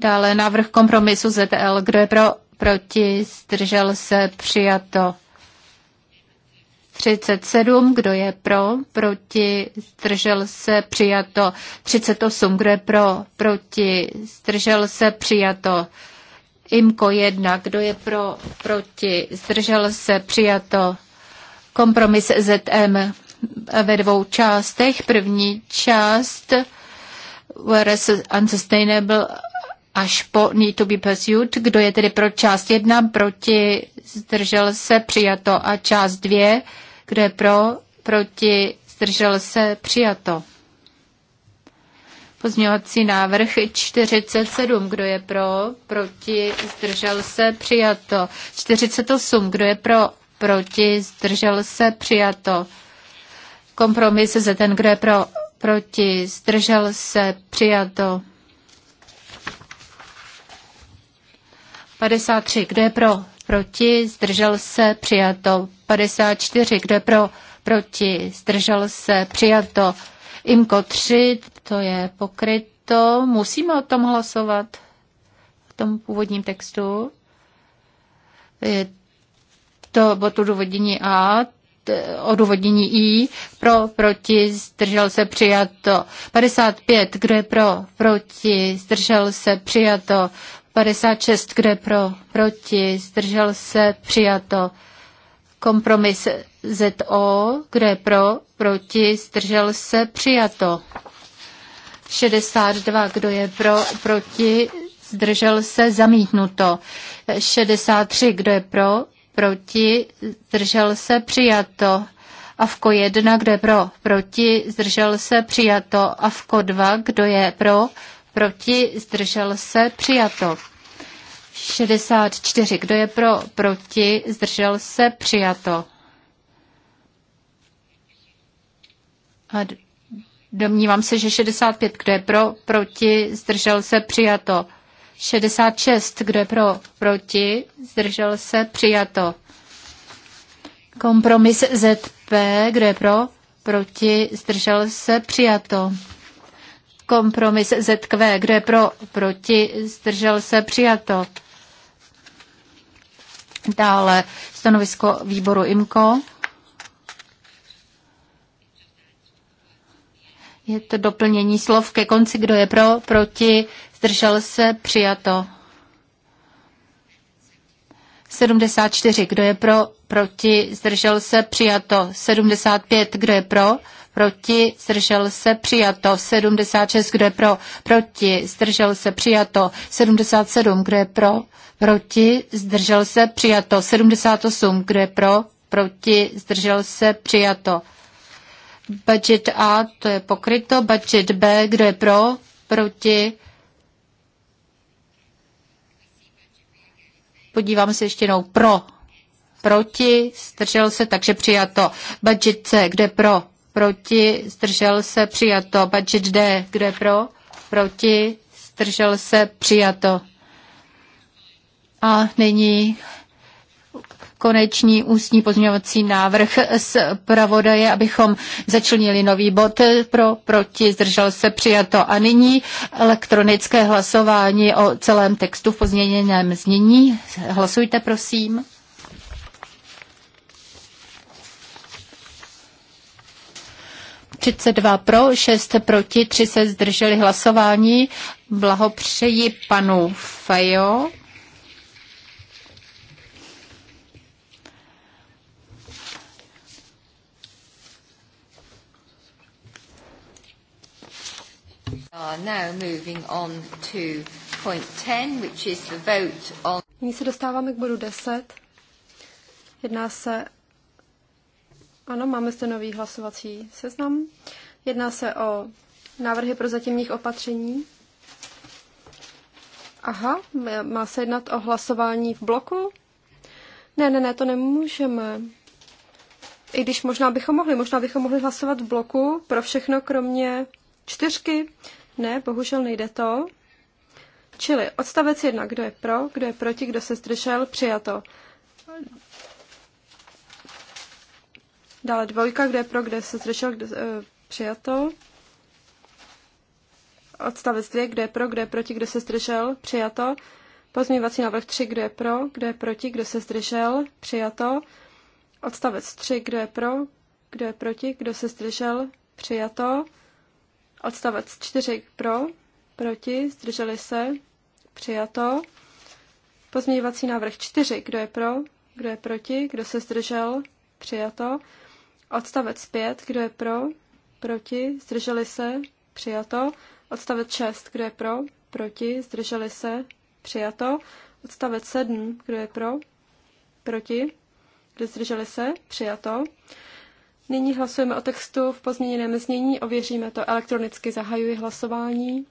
Dále návrh kompromisu ZL, kdo je pro, proti, zdržel se, přijato. 37, kdo je pro, proti, zdržel se, přijato. 38, kdo je pro, proti, zdržel se, přijato. IMKO 1, kdo je pro, proti, zdržel se, přijato. Kompromis ZM, ve dvou částech. První část is Unsustainable až po Need to be Pursued. Kdo je tedy pro část jedna, proti, zdržel se, přijato. A část dvě, kdo je pro, proti, zdržel se, přijato. Pozměňovací návrh 47. Kdo je pro? Proti? Zdržel se? Přijato. 48. Kdo je pro? Proti? Zdržel se? Přijato. Kompromis za ten, kdo je pro, proti, zdržel se, přijato. 53, kdo je pro, proti, zdržel se, přijato. 54, kdo je pro, proti, zdržel se, přijato. IMKO 3, to je pokryto. Musíme o tom hlasovat, v tom původním textu. Je to bod odůvodnění A, Eh, odůvodnění I, pro, proti, zdržel se, přijato. 55, kdo je pro, proti, zdržel se, přijato. 56, kdo je pro, proti, zdržel se, přijato. Kompromis ZO, kdo je pro, proti, zdržel se, přijato. 62, kdo je pro, proti, zdržel se, zamítnuto. 63, kdo je pro, proti, zdržel se, přijato. Avko 1, kdo je pro, proti, zdržel se, přijato. Avko 2, kdo je pro, proti, zdržel se, přijato. 64, kdo je pro, proti, zdržel se, přijato. A domnívám se, že 65, kdo je pro, proti, zdržel se, přijato. 66. Kdo je pro? Proti? Zdržel se? Přijato. Kompromis ZP. Kdo je pro? Proti? Zdržel se? Přijato. Kompromis ZQ. Kdo je pro? Proti? Zdržel se? Přijato. Dále stanovisko výboru IMKO. Je to doplnění slov ke konci, kdo je pro, proti, zdržel se, přijato. 74, kdo je pro, proti, zdržel se, přijato. 75, kdo je pro, proti, zdržel se, přijato. 76, kdo je pro, proti, zdržel se, přijato. 77, kdo je pro, proti, zdržel se, přijato. 78, kdo je pro, proti, zdržel se, přijato. Budget A, to je pokryto. Budget B, kdo je pro, proti, Podíváme se ještě jednou pro, proti, zdržel se, takže přijato. Budget C, kde pro, proti, zdržel se, přijato. Budget D, kde pro, proti, zdržel se, přijato. A nyní konečný ústní pozměňovací návrh z pravodaje, abychom začlenili nový bod pro, proti, zdržel se přijato. A nyní elektronické hlasování o celém textu v pozměněném znění. Hlasujte, prosím. dva pro, 6 proti, 3 se zdrželi hlasování. Blahopřeji panu Fejo. Nyní se dostáváme k bodu 10. Jedná se... Ano, máme zde nový hlasovací seznam. Jedná se o návrhy pro zatímních opatření. Aha, má se jednat o hlasování v bloku? Ne, ne, ne, to nemůžeme. I když možná bychom mohli, možná bychom mohli hlasovat v bloku pro všechno, kromě čtyřky? Ne, bohužel nejde to. Čili odstavec jedna, kdo je pro, kdo je proti, kdo se zdržel, přijato. Dále dvojka, kdo je pro, kdo se zdržel, kdo, uh, přijato. Odstavec dvě, kdo je pro, kdo je proti, kdo se zdržel, přijato. Pozměňovací návrh tři, kdo je pro, kdo je proti, kdo se zdržel, přijato. Odstavec tři, kdo je pro, kdo je proti, kdo se zdržel, přijato. Odstavec 4 pro, proti, zdrželi se, přijato. Pozměňovací návrh 4, kdo je pro, kdo je proti, kdo se zdržel, přijato. Odstavec 5, kdo je pro, proti, zdrželi se, přijato. Odstavec 6, kdo je pro, proti, zdrželi se, přijato. Odstavec 7, kdo je pro, proti, kdo zdrželi se, přijato. Nyní hlasujeme o textu v pozměněném znění, ověříme to elektronicky, zahajuji hlasování.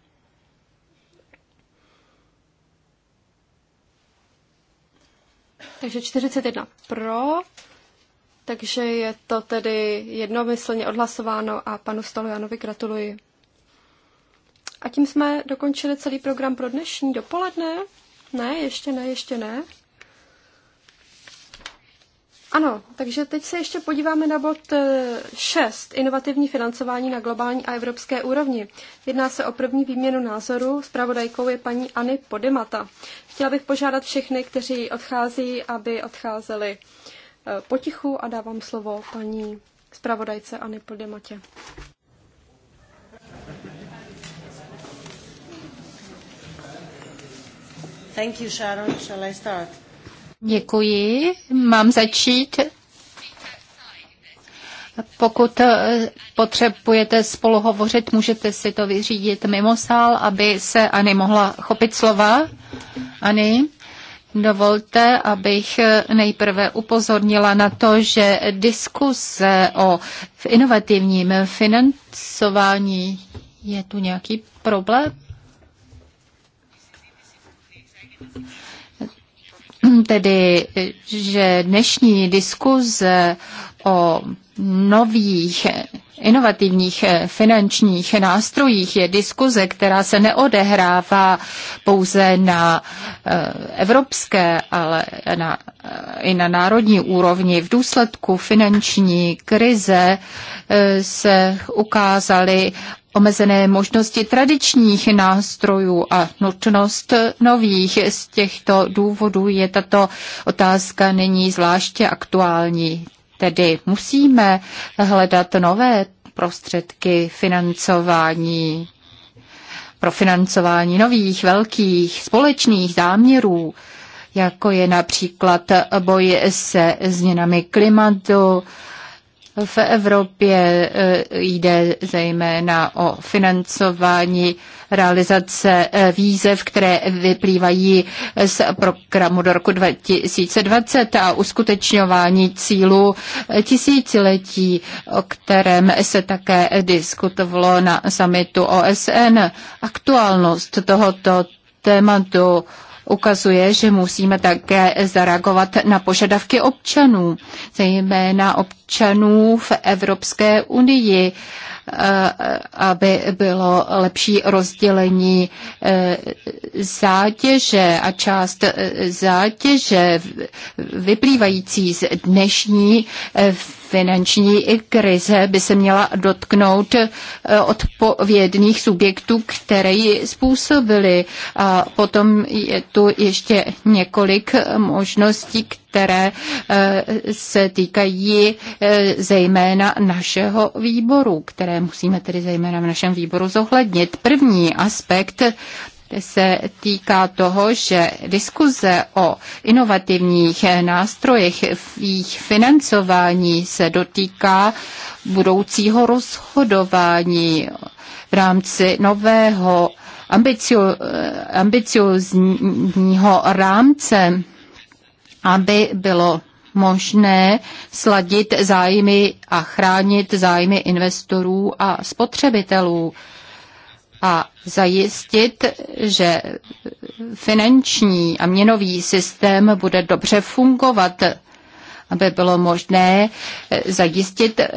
Takže 41 pro, takže je to tedy jednomyslně odhlasováno a panu Stolojanovi gratuluji. A tím jsme dokončili celý program pro dnešní dopoledne. Ne, ještě ne, ještě ne. Ano, takže teď se ještě podíváme na bod 6, eh, inovativní financování na globální a evropské úrovni. Jedná se o první výměnu názoru, Spravodajkou je paní Anny Podemata. Chtěla bych požádat všechny, kteří odchází, aby odcházeli eh, potichu a dávám slovo paní zpravodajce Anny Podematě. Thank you, Sharon. Shall I start? Děkuji. Mám začít. Pokud eh, potřebujete spolu hovořit, můžete si to vyřídit mimo sál, aby se Ani mohla chopit slova. Ani, dovolte, abych eh, nejprve upozornila na to, že diskuse o inovativním financování je tu nějaký problém? tedy, že dnešní diskuze o nových inovativních finančních nástrojích je diskuze, která se neodehrává pouze na eh, evropské, ale na, eh, i na národní úrovni. V důsledku finanční krize eh, se ukázaly omezené možnosti tradičních nástrojů a nutnost nových. Z těchto důvodů je tato otázka nyní zvláště aktuální. Tedy musíme hledat nové prostředky financování pro financování nových velkých společných záměrů, jako je například boj se změnami klimatu, v Evropě e, jde zejména o financování realizace e, výzev, které vyplývají z programu do roku 2020 a uskutečňování cílů tisíciletí, o kterém se také diskutovalo na samitu OSN. Aktuálnost tohoto tématu ukazuje, že musíme také zareagovat na požadavky občanů, zejména občanů v Evropské unii eh, aby bylo lepší rozdělení eh, zátěže a část eh, zátěže vyplývající z dnešní finanční krize by se měla dotknout eh, odpovědných subjektů, které ji způsobily. A potom je tu ještě několik možností, které eh, se týkají eh, zejména našeho výboru, které musíme tedy zejména v našem výboru zohlednit. První aspekt se týká toho, že diskuze o inovativních nástrojech v jejich financování se dotýká budoucího rozhodování v rámci nového ambicio, ambiciozního rámce, aby bylo možné sladit zájmy a chránit zájmy investorů a spotřebitelů a zajistit, že finanční a měnový systém bude dobře fungovat, aby bylo možné eh, zajistit eh,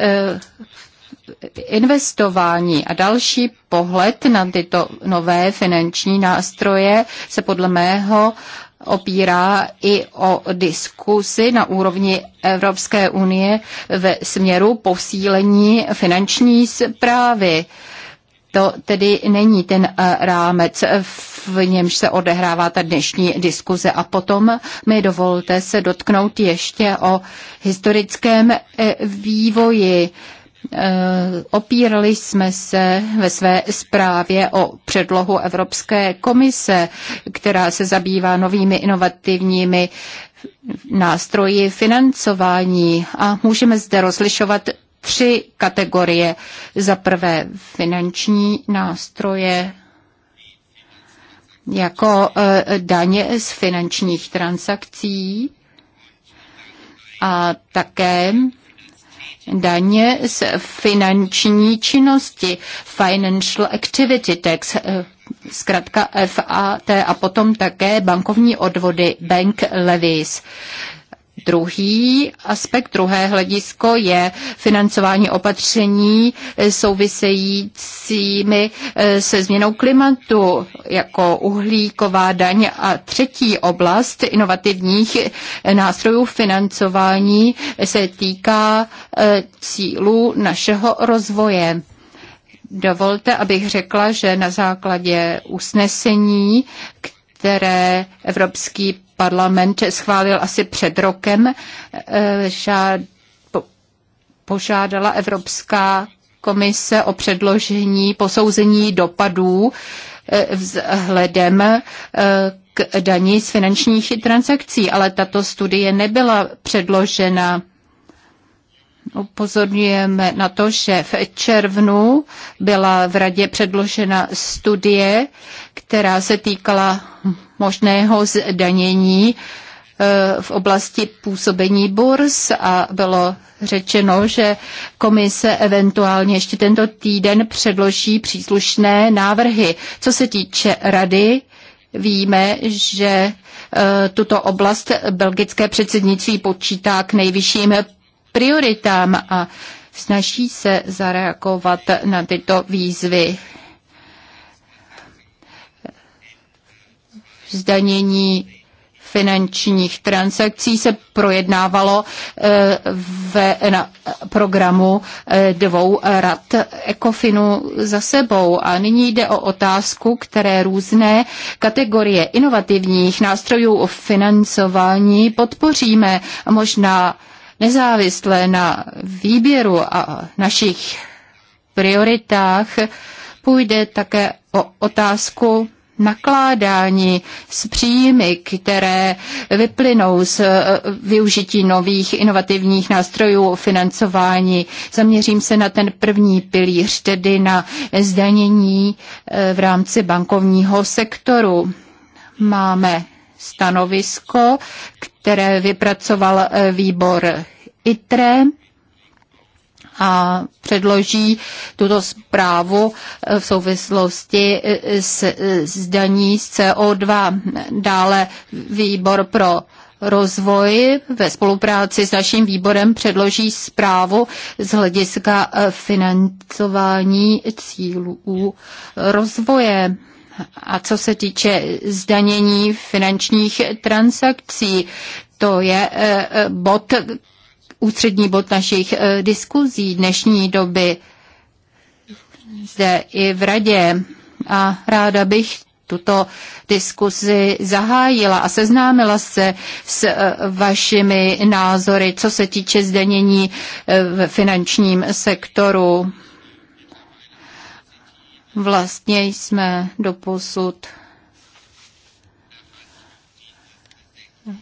investování a další pohled na tyto nové finanční nástroje se podle mého opírá i o diskusy na úrovni Evropské unie ve směru posílení finanční zprávy. To tedy není ten eh, rámec, v němž se odehrává ta dnešní diskuze. A potom mi dovolte se dotknout ještě o historickém eh, vývoji eh, Opírali jsme se ve své zprávě o předlohu Evropské komise, která se zabývá novými inovativními nástroji financování a můžeme zde rozlišovat tři kategorie. Za prvé finanční nástroje jako e, daně z finančních transakcí a také daně z finanční činnosti, Financial Activity Tax, e, zkrátka FAT, a potom také bankovní odvody, Bank Levies. Druhý aspekt, druhé hledisko je financování opatření souvisejícími eh, se změnou klimatu, jako uhlíková daň a třetí oblast inovativních eh, nástrojů financování se týká eh, cílů našeho rozvoje. Dovolte, abych řekla, že na základě usnesení, které Evropský parlament schválil asi před rokem, eh, žád, požádala Evropská komise o předložení posouzení dopadů eh, vzhledem eh, k daní z finančních transakcí, ale tato studie nebyla předložena Upozorňujeme na to, že v červnu byla v radě předložena studie, která se týkala možného zdanění e, v oblasti působení burz a bylo řečeno, že komise eventuálně ještě tento týden předloží příslušné návrhy. Co se týče rady, víme, že e, tuto oblast belgické předsednictví počítá k nejvyšším prioritám a snaží se zareagovat na tyto výzvy. Zdanění finančních transakcí se projednávalo eh, v na programu eh, dvou rad ECOFINu za sebou. A nyní jde o otázku, které různé kategorie inovativních nástrojů o financování podpoříme. Možná nezávisle na výběru a našich prioritách půjde také o otázku nakládání s příjmy, které vyplynou z eh, využití nových inovativních nástrojů financování. Zaměřím se na ten první pilíř, tedy na zdanění eh, v rámci bankovního sektoru. Máme stanovisko, které vypracoval eh, výbor ITRE a předloží tuto zprávu eh, v souvislosti eh, s zdaní z CO2. Dále výbor pro rozvoj ve spolupráci s naším výborem předloží zprávu z hlediska financování cílů rozvoje. A co se týče zdanění finančních transakcí, to je eh, eh, bod, ústřední bod našich eh, diskuzí dnešní doby zde i v radě. A ráda bych tuto diskuzi zahájila a seznámila se s vašimi názory, co se týče zdanění v finančním sektoru. Vlastně jsme doposud eh,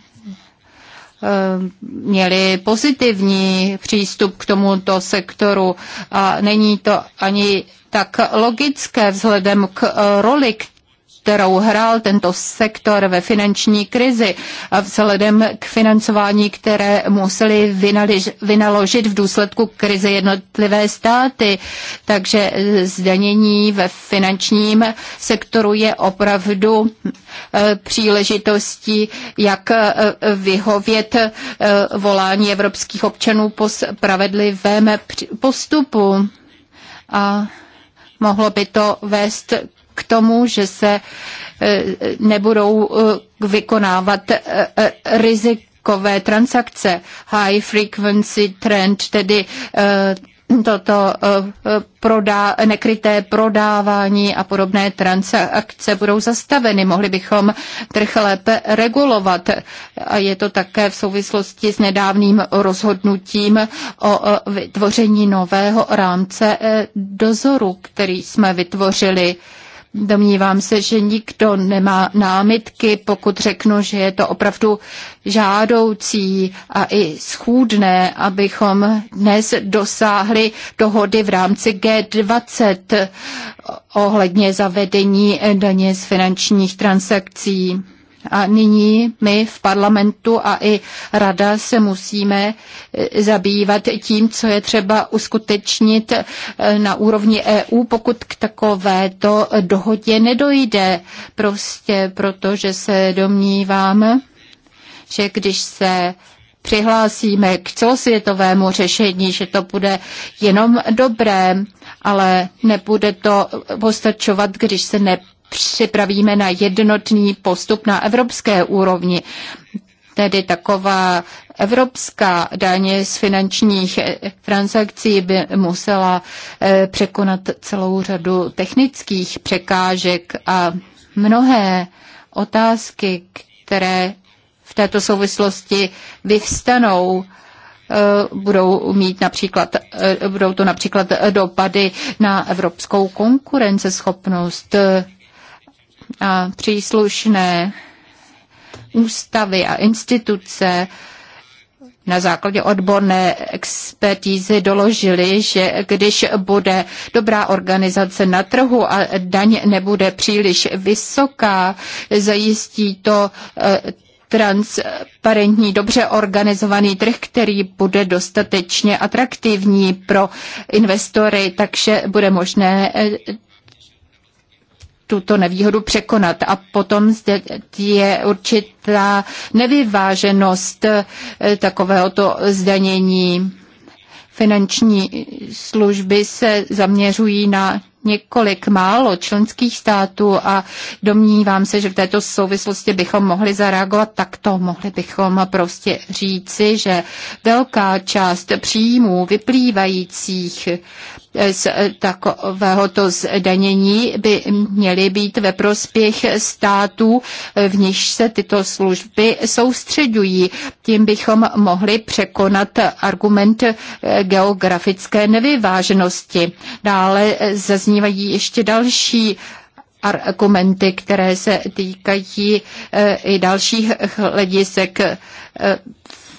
měli pozitivní přístup k tomuto sektoru a není to ani tak logické vzhledem k roli, kterou hrál tento sektor ve finanční krizi a vzhledem k financování, které museli vynaložit v důsledku krize jednotlivé státy. Takže zdanění ve finančním sektoru je opravdu e, příležitostí, jak e, vyhovět e, volání evropských občanů po spravedlivém postupu. A mohlo by to vést k tomu, že se e, nebudou e, vykonávat e, rizikové transakce. High frequency trend, tedy toto prodá, nekryté prodávání a podobné transakce budou zastaveny. Mohli bychom trh lépe regulovat. A je to také v souvislosti s nedávným rozhodnutím o vytvoření nového rámce dozoru, který jsme vytvořili. Domnívám se, že nikdo nemá námitky, pokud řeknu, že je to opravdu žádoucí a i schůdné, abychom dnes dosáhli dohody v rámci G20 ohledně zavedení daně z finančních transakcí. A nyní my v parlamentu a i rada se musíme eh, zabývat tím, co je třeba uskutečnit eh, na úrovni EU, pokud k takovéto dohodě nedojde. Prostě proto, že se domnívám, že když se přihlásíme k celosvětovému řešení, že to bude jenom dobré, ale nebude to postačovat, když se ne připravíme na jednotný postup na evropské úrovni. Tedy taková evropská daně z finančních eh, transakcí by musela eh, překonat celou řadu technických překážek a mnohé otázky, které v této souvislosti vyvstanou, eh, budou mít například, budou to například dopady na evropskou konkurenceschopnost, a příslušné ústavy a instituce na základě odborné expertízy doložili, že když bude dobrá organizace na trhu a daň nebude příliš vysoká, zajistí to e, transparentní, dobře organizovaný trh, který bude dostatečně atraktivní pro investory, takže bude možné e, tuto nevýhodu překonat. A potom zde je určitá nevyváženost eh, takovéhoto zdanění. Finanční služby se zaměřují na několik málo členských států a domnívám se, že v této souvislosti bychom mohli zareagovat takto. Mohli bychom prostě říci, že velká část příjmů vyplývajících z takovéhoto zdanění by měly být ve prospěch států, v níž se tyto služby soustředují. Tím bychom mohli překonat argument geografické nevyváženosti. Dále zazní zaznívají ještě další argumenty, které se týkají eh, i dalších hledisek eh,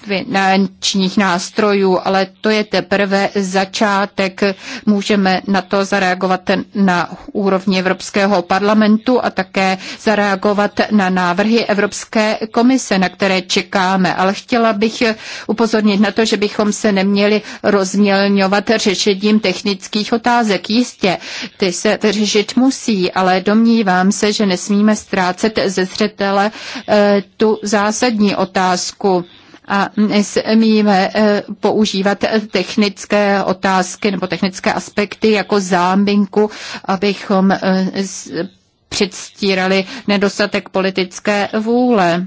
finančních nástrojů, ale to je teprve začátek. Můžeme na to zareagovat na úrovni Evropského parlamentu a také zareagovat na návrhy Evropské komise, na které čekáme. Ale chtěla bych upozornit na to, že bychom se neměli rozmělňovat řešením technických otázek. Jistě, ty se vyřešit musí, ale domnívám se, že nesmíme ztrácet ze zřetele eh, tu zásadní otázku a nesmíme eh, používat technické otázky nebo technické aspekty jako záminku, abychom eh, předstírali nedostatek politické vůle.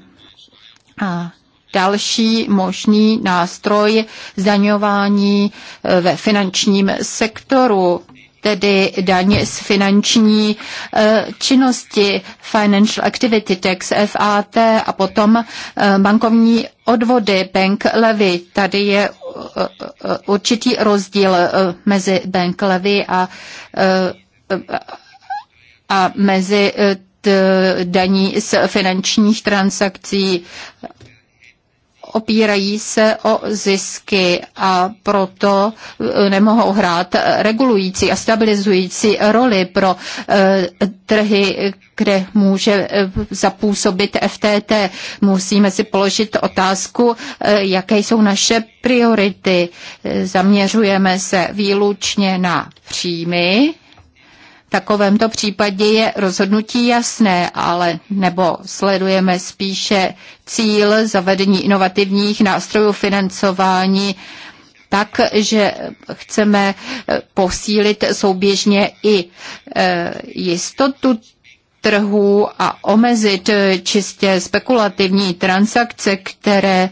A další možný nástroj zdaňování eh, ve finančním sektoru tedy daň z finanční eh, činnosti, Financial Activity Tax, FAT, a potom eh, bankovní odvody, bank levy. Tady je eh, určitý rozdíl mezi bank levy a, a mezi daní z finančních transakcí opírají se o zisky a proto e, nemohou hrát regulující a stabilizující roli pro e, trhy, kde může e, zapůsobit FTT. Musíme si položit otázku, jaké jsou naše priority. Zaměřujeme se výlučně na příjmy takovémto případě je rozhodnutí jasné, ale nebo sledujeme spíše cíl zavedení inovativních nástrojů financování tak, že chceme eh, posílit souběžně i eh, jistotu trhu a omezit eh, čistě spekulativní transakce, které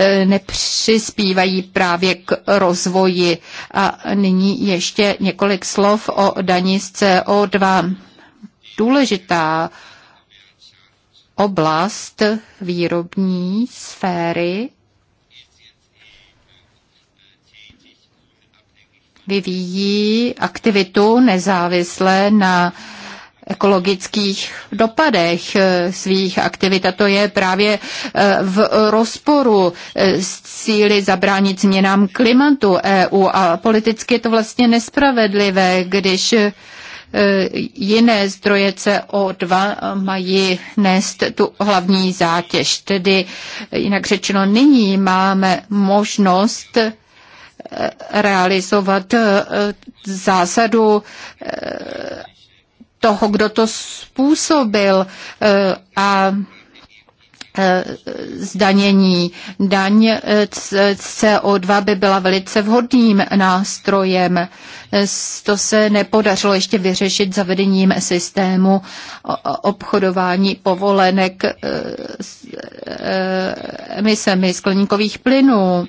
E, nepřispívají právě k rozvoji. A nyní ještě několik slov o daní z CO2. Důležitá oblast výrobní sféry vyvíjí aktivitu nezávisle na ekologických dopadech eh, svých aktivit. A to je právě eh, v rozporu eh, s cíly zabránit změnám klimatu EU. A politicky je to vlastně nespravedlivé, když jiné zdroje CO2 mají nést tu hlavní zátěž. Tedy jinak řečeno, nyní máme možnost realizovat zásadu toho, kdo to způsobil eh, a eh, zdanění. Daň eh, CO2 by byla velice vhodným nástrojem. To se nepodařilo ještě vyřešit zavedením systému obchodování povolenek s emisemi skleníkových plynů.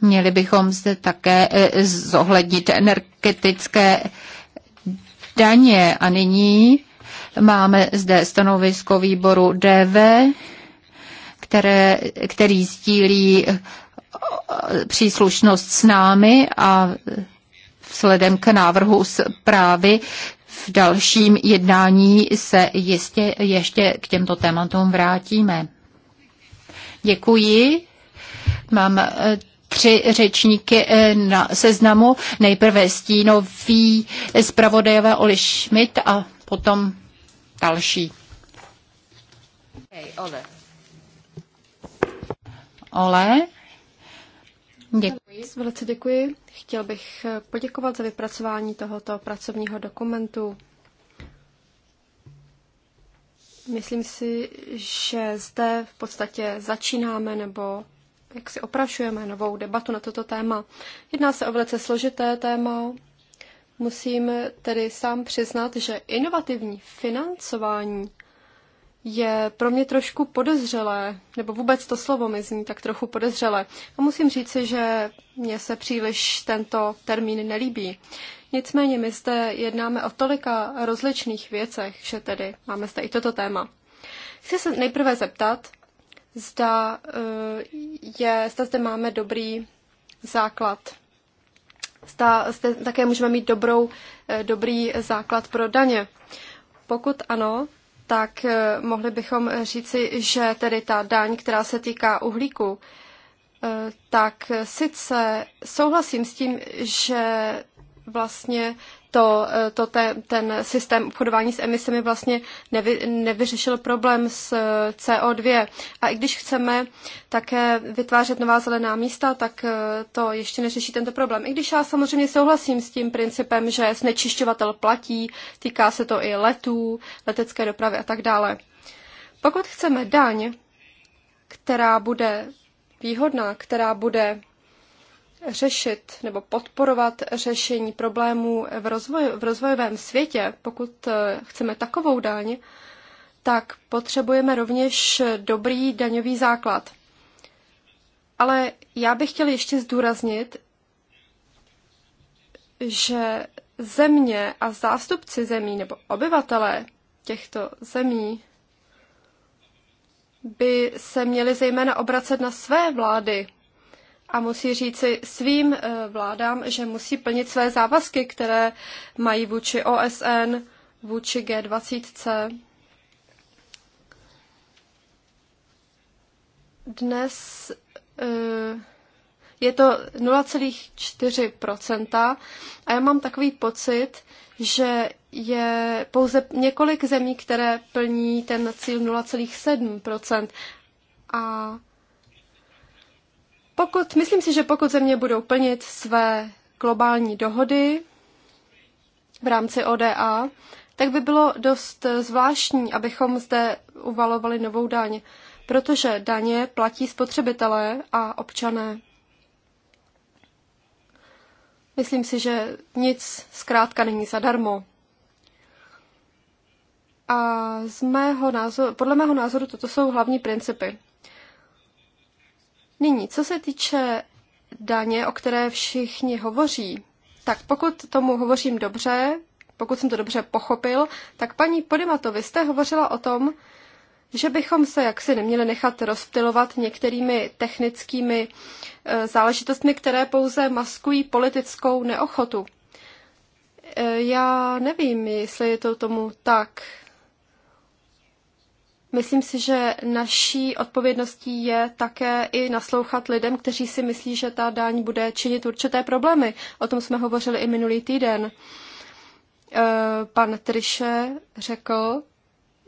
Měli bychom zde také zohlednit energetické daně. A nyní máme zde stanovisko výboru DV, které, který sdílí eh, příslušnost s námi a vzhledem k návrhu zprávy v dalším jednání se jistě ještě k těmto tématům vrátíme. Děkuji. Mám eh, tři řečníky eh, na seznamu. Nejprve stínový zpravodajové Oli Schmidt a potom další. Hey, Ole. Ole. Děkuji. Velice děkuji. Chtěl bych eh, poděkovat za vypracování tohoto pracovního dokumentu. Myslím si, že zde v podstatě začínáme nebo jak si oprašujeme novou debatu na toto téma. Jedná se o velice složité téma. Musím tedy sám přiznat, že inovativní financování je pro mě trošku podezřelé, nebo vůbec to slovo mi zní tak trochu podezřelé. A musím říci, že mně se příliš tento termín nelíbí. Nicméně my zde jednáme o tolika rozličných věcech, že tedy máme zde i toto téma. Chci se nejprve zeptat, zda, eh, je, zda zde máme dobrý základ. Zda zde také můžeme mít dobrou, eh, dobrý základ pro daně. Pokud ano, tak eh, mohli bychom říci, že tedy ta daň, která se týká uhlíku, tak sice souhlasím s tím, že vlastně to, eh, to te, ten systém obchodování s emisemi vlastně nevy, nevyřešil problém s eh, CO2. A i když chceme také vytvářet nová zelená místa, tak eh, to ještě neřeší tento problém. I když já samozřejmě souhlasím s tím principem, že znečišťovatel platí, týká se to i letů, letecké dopravy a tak dále. Pokud chceme daň, která bude výhodná, která bude řešit nebo podporovat řešení problémů v, rozvoj, v rozvojovém světě, pokud eh, chceme takovou daň, tak potřebujeme rovněž dobrý daňový základ. Ale já bych chtěla ještě zdůraznit, že země a zástupci zemí nebo obyvatelé těchto zemí by se měli zejména obracet na své vlády a musí říci svým eh, vládám, že musí plnit své závazky, které mají vůči OSN, vůči G20. Dnes eh, je to 0,4% a já mám takový pocit, že je pouze několik zemí, které plní ten cíl 0,7%. A pokud, myslím si, že pokud země budou plnit své globální dohody v rámci ODA, tak by bylo dost zvláštní, abychom zde uvalovali novou daň, protože daně platí spotřebitelé a občané. Myslím si, že nic zkrátka není zadarmo. A z mého názoru, podle mého názoru toto jsou hlavní principy. Nyní, co se týče daně, o které všichni hovoří, tak pokud tomu hovořím dobře, pokud jsem to dobře pochopil, tak paní Podimato, vy jste hovořila o tom, že bychom se jaksi neměli nechat rozptilovat některými technickými e, záležitostmi, které pouze maskují politickou neochotu. E, já nevím, jestli je to tomu tak. Myslím si, že naší odpovědností je také i naslouchat lidem, kteří si myslí, že ta daň bude činit určité problémy. O tom jsme hovořili i minulý týden. E, pan Triše řekl,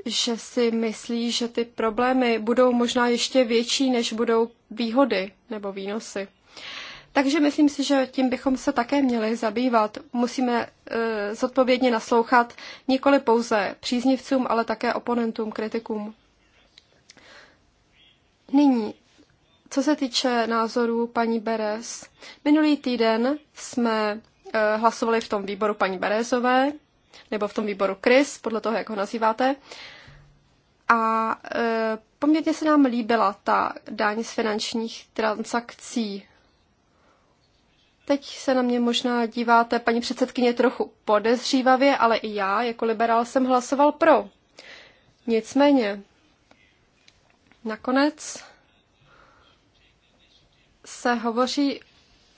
že si myslí, že ty problémy budou možná ještě větší, než budou výhody nebo výnosy. Takže myslím si, že tím bychom se také měli zabývat. Musíme e, zodpovědně naslouchat nikoli pouze příznivcům, ale také oponentům, kritikům. Nyní, co se týče názorů paní Beres. Minulý týden jsme e, hlasovali v tom výboru paní Berezové, nebo v tom výboru KRIS, podle toho, jak ho nazýváte. A e, poměrně se nám líbila ta daň z finančních transakcí Teď se na mě možná díváte, paní předsedkyně, trochu podezřívavě, ale i já jako liberál jsem hlasoval pro. Nicméně, nakonec se hovoří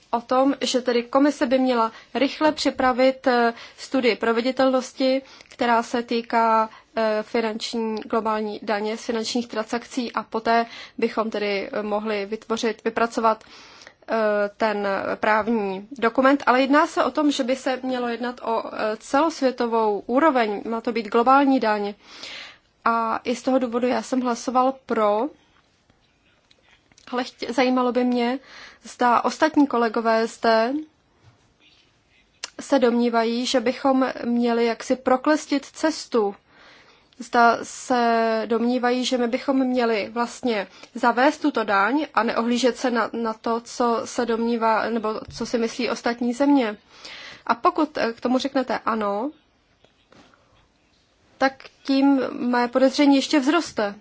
o tom, že tedy komise by měla rychle připravit eh, studii proveditelnosti, která se týká eh, finanční globální daně z finančních transakcí a poté bychom tedy eh, mohli vytvořit, vypracovat Eh, ten právní dokument, ale jedná se o tom, že by se mělo jednat o eh, celosvětovou úroveň, má to být globální daň. A i z toho důvodu já jsem hlasoval pro, ale chtě, zajímalo by mě, zda ostatní kolegové zde se domnívají, že bychom měli jaksi proklestit cestu zda se domnívají, že my bychom měli vlastně zavést tuto daň a neohlížet se na, na to, co se domnívá nebo co si myslí ostatní země. A pokud eh, k tomu řeknete ano, tak tím moje podezření ještě vzroste.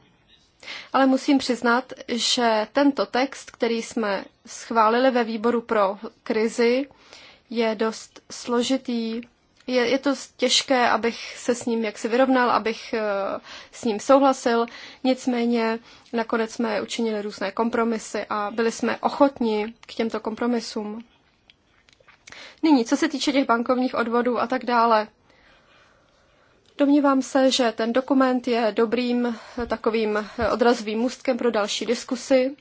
Ale musím přiznat, že tento text, který jsme schválili ve výboru pro krizi, je dost složitý je, je to těžké, abych se s ním jaksi vyrovnal, abych eh, s ním souhlasil. Nicméně nakonec jsme učinili různé kompromisy a byli jsme ochotni k těmto kompromisům. Nyní, co se týče těch bankovních odvodů a tak dále, domnívám se, že ten dokument je dobrým eh, takovým eh, odrazovým můstkem pro další diskusy,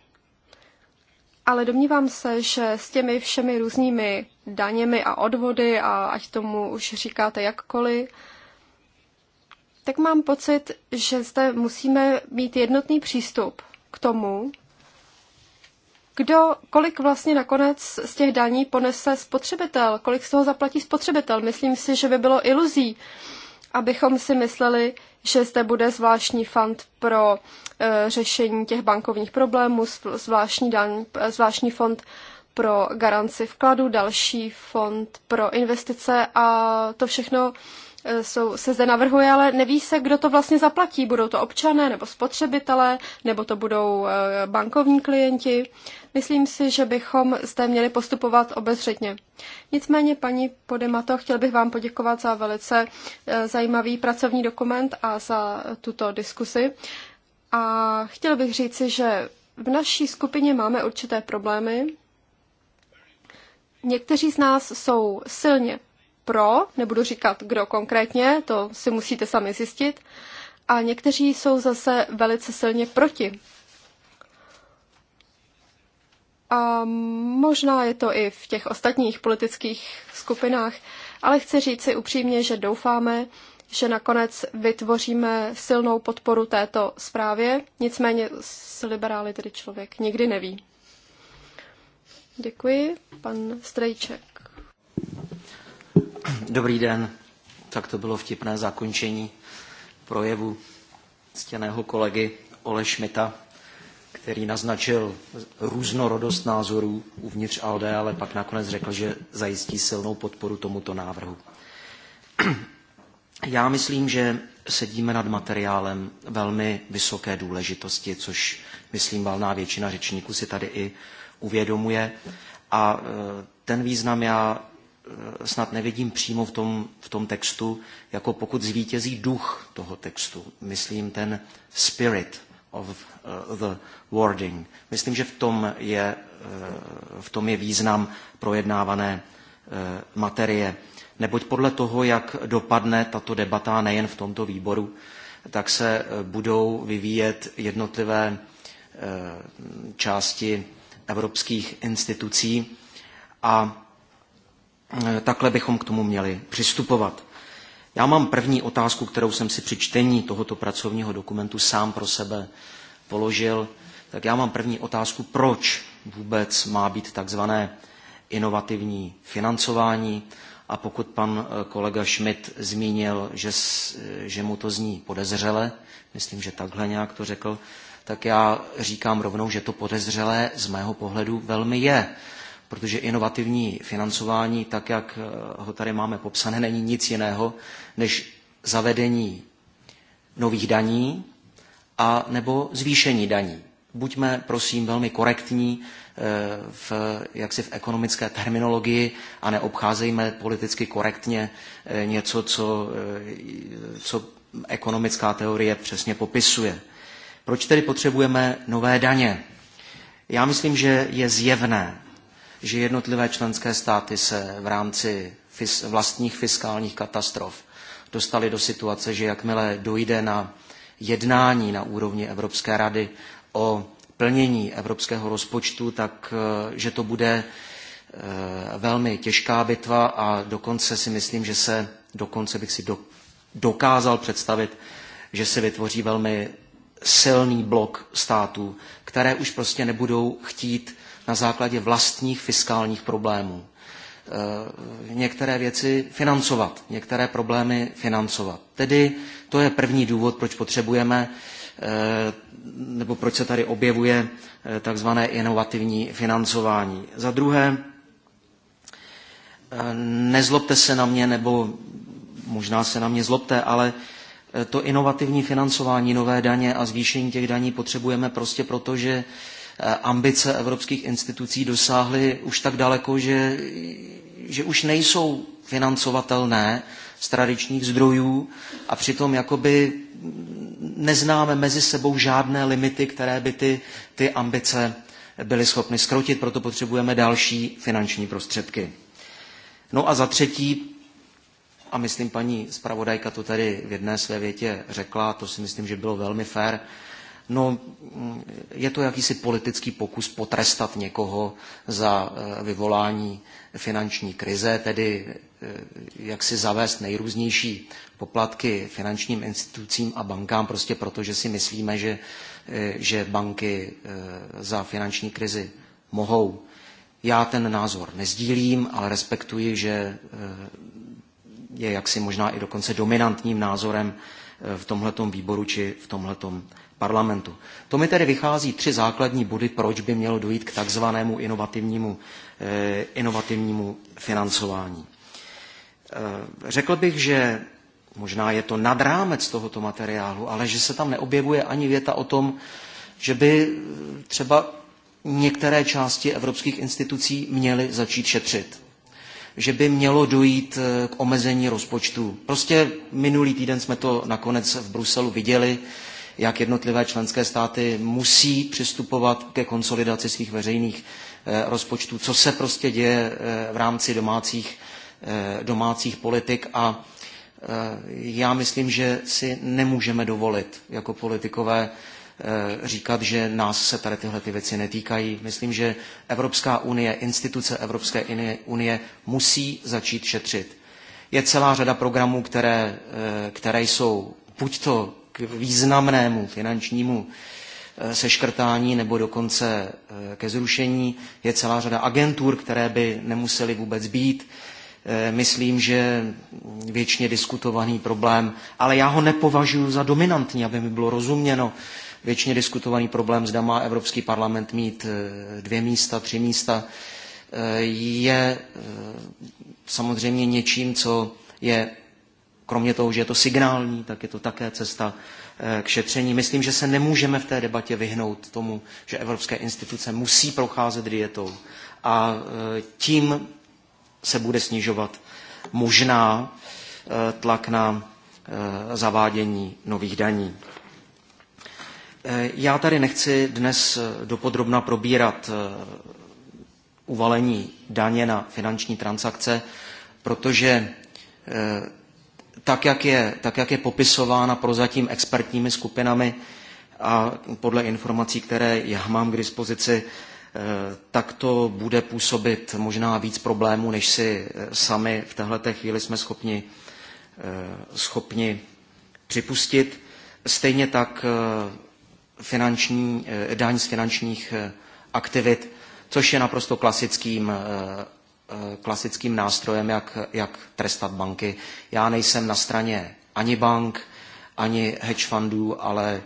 ale domnívám se, že s těmi všemi různými daněmi a odvody a ať tomu už říkáte jakkoliv, tak mám pocit, že zde musíme mít jednotný přístup k tomu, kdo, kolik vlastně nakonec z těch daní ponese spotřebitel, kolik z toho zaplatí spotřebitel. Myslím si, že by bylo iluzí, abychom si mysleli, že zde bude zvláštní fond pro e, řešení těch bankovních problémů, zvláštní, daň, eh, zvláštní fond pro garanci vkladu, další fond pro investice a to všechno e, jsou, se zde navrhuje, ale neví se, kdo to vlastně zaplatí. Budou to občané nebo spotřebitelé, nebo to budou e, bankovní klienti. Myslím si, že bychom zde měli postupovat obezřetně. Nicméně, paní Podemato, chtěl bych vám poděkovat za velice e, zajímavý pracovní dokument a za tuto diskusi. A chtěl bych říci, že v naší skupině máme určité problémy, Někteří z nás jsou silně pro, nebudu říkat, kdo konkrétně, to si musíte sami zjistit, a někteří jsou zase velice silně proti. A možná je to i v těch ostatních politických skupinách, ale chci říct si upřímně, že doufáme, že nakonec vytvoříme silnou podporu této zprávě. Nicméně s liberály tedy člověk nikdy neví. Děkuji. Pan Strejček. Dobrý den. Tak to bylo vtipné zakončení projevu ctěného kolegy Ole Šmita, který naznačil různorodost názorů uvnitř ALDE, ale pak nakonec řekl, že zajistí silnou podporu tomuto návrhu. Já myslím, že sedíme nad materiálem velmi vysoké důležitosti, což myslím valná většina řečníků si tady i uvědomuje. A e, ten význam já e, snad nevidím přímo v tom, v tom textu, jako pokud zvítězí duch toho textu. Myslím ten spirit of e, the wording. Myslím, že v tom je, v tom je význam projednávané materie. Neboť podle toho, jak dopadne tato debata nejen v tomto výboru, tak se budou vyvíjet jednotlivé části evropských institucí a e, takhle bychom k tomu měli přistupovat. Já mám první otázku, kterou jsem si při čtení tohoto pracovního dokumentu sám pro sebe položil. Tak já mám první otázku, proč vůbec má být takzvané inovativní financování. A pokud pan e, kolega Schmidt zmínil, že, e, že mu to zní podezřele, myslím, že takhle nějak to řekl, tak já říkám rovnou, že to podezřelé z mého pohledu velmi je. Protože inovativní financování, tak jak eh, ho tady máme popsané, není nic jiného než zavedení nových daní a nebo zvýšení daní. Buďme, prosím, velmi korektní eh, v, jaksi v ekonomické terminologii a neobcházejme politicky korektně eh, něco, co, co ekonomická teorie přesně popisuje. Proč tedy potřebujeme nové daně? Já myslím, že je zjevné, že jednotlivé členské státy se v rámci vlastních fiskálních katastrof dostali do situace, že jakmile dojde na jednání na úrovni Evropské rady o plnění evropského rozpočtu, tak eh, že to bude eh, velmi těžká bitva a dokonce si myslím, že se, dokonce bych si do, dokázal představit, že se vytvoří velmi silný blok států, které už prostě nebudou chtít na základě vlastních fiskálních problémů eh, některé věci financovat, některé problémy financovat. Tedy to je první důvod, proč potřebujeme eh, nebo proč se tady objevuje eh, takzvané inovativní financování. Za druhé, nezlobte se na mě, nebo možná se na mě zlobte, ale Eh, to inovativní financování nové daně a zvýšení těch daní potřebujeme prostě proto, že eh, ambice evropských institucí dosáhly už tak daleko, že, že už nejsou financovatelné z tradičních zdrojů a přitom jakoby neznáme mezi sebou žádné limity, které by ty, ty ambice byly schopny skrotit, proto potřebujeme další finanční prostředky. No a za třetí, a myslím, paní zpravodajka to tady v jedné své větě řekla, to si myslím, že bylo velmi fér, No, mm, je to jakýsi politický pokus potrestat někoho za eh, vyvolání finanční krize, tedy eh, jak si zavést nejrůznější poplatky finančním institucím a bankám, prostě proto, že si myslíme, že, eh, že banky za finanční krizi mohou. Já ten názor nezdílím, ale respektuji, že je jaksi možná i dokonce dominantním názorem eh, v tomhletom výboru či v tomhletom parlamentu. To mi tedy vychází tři základní body, proč by mělo dojít k takzvanému inovativnímu, eh, inovativnímu financování. Eh, řekl bych, že možná je to nad rámec tohoto materiálu, ale že se tam neobjevuje ani věta o tom, že by třeba některé části evropských institucí měly začít šetřit že by mělo dojít eh, k omezení rozpočtu. Prostě minulý týden jsme to nakonec v Bruselu viděli, jak jednotlivé členské státy musí přistupovat ke konsolidaci svých veřejných eh, rozpočtů, co se prostě děje eh, v rámci domácích, domácích politik a já myslím, že si nemůžeme dovolit jako politikové Eh, říkat, že nás se tady tyhle ty věci netýkají. Myslím, že Evropská unie, instituce Evropské unie musí začít šetřit. Je celá řada programů, které, eh, které jsou buď to k významnému finančnímu eh, seškrtání nebo dokonce ke zrušení. Je celá řada agentur, které by nemusely vůbec být. Myslím, že věčně diskutovaný problém, ale já ho nepovažuji za dominantní, aby mi bylo rozuměno, věčně diskutovaný problém, zda má Evropský parlament mít eh, dvě místa, tři místa, eh, je eh, samozřejmě něčím, co je kromě toho, že je to signální, tak je to také cesta k šetření. Myslím, že se nemůžeme v té debatě vyhnout tomu, že evropské instituce musí procházet dietou a tím se bude snižovat možná tlak na zavádění nových daní. Eh, já tady nechci dnes eh, dopodrobna probírat eh, uvalení daně na finanční transakce, protože tak, jak je, tak, jak je popisována prozatím expertními skupinami a podle informací, které já mám k dispozici, tak to bude působit možná víc problémů, než si sami v této chvíli jsme schopni, schopni připustit. Stejně tak finanční, eh, daň z finančních eh, aktivit, což je naprosto klasickým, eh, klasickým nástrojem, jak, jak trestat banky. Já nejsem na straně ani bank, ani hedge fundů, ale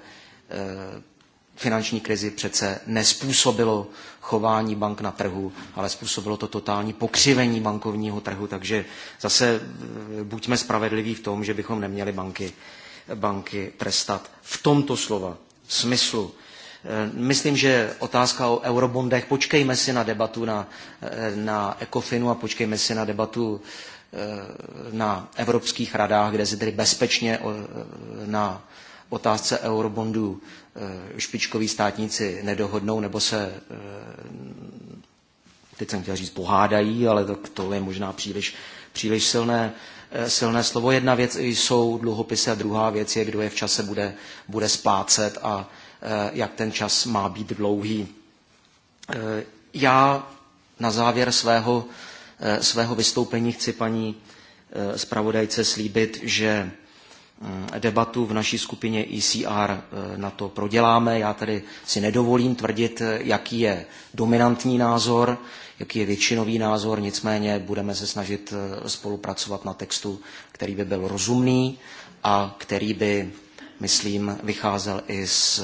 finanční krizi přece nespůsobilo chování bank na trhu, ale způsobilo to totální pokřivení bankovního trhu, takže zase buďme spravedliví v tom, že bychom neměli banky, banky trestat v tomto slova smyslu. Eh, myslím, že otázka o eurobondech, počkejme si na debatu na, eh, na ECOFINu a počkejme si na debatu eh, na evropských radách, kde se tedy bezpečně na otázce eurobondů špičkoví státníci nedohodnou nebo se, teď jsem chtěl říct, pohádají, ale to, to je možná příliš, příliš silné Eh, silné slovo. Jedna věc jsou dluhopisy a druhá věc je, kdo je v čase bude, bude splácet a eh, jak ten čas má být dlouhý. Eh, já na závěr svého, svého vystoupení chci paní zpravodajce slíbit, že Eh, debatu v naší skupině ECR eh, na to proděláme. Já tady si nedovolím tvrdit, eh, jaký je dominantní názor, jaký je většinový názor, nicméně budeme se snažit spolupracovat na textu, který by byl rozumný a který by, myslím, vycházel i z,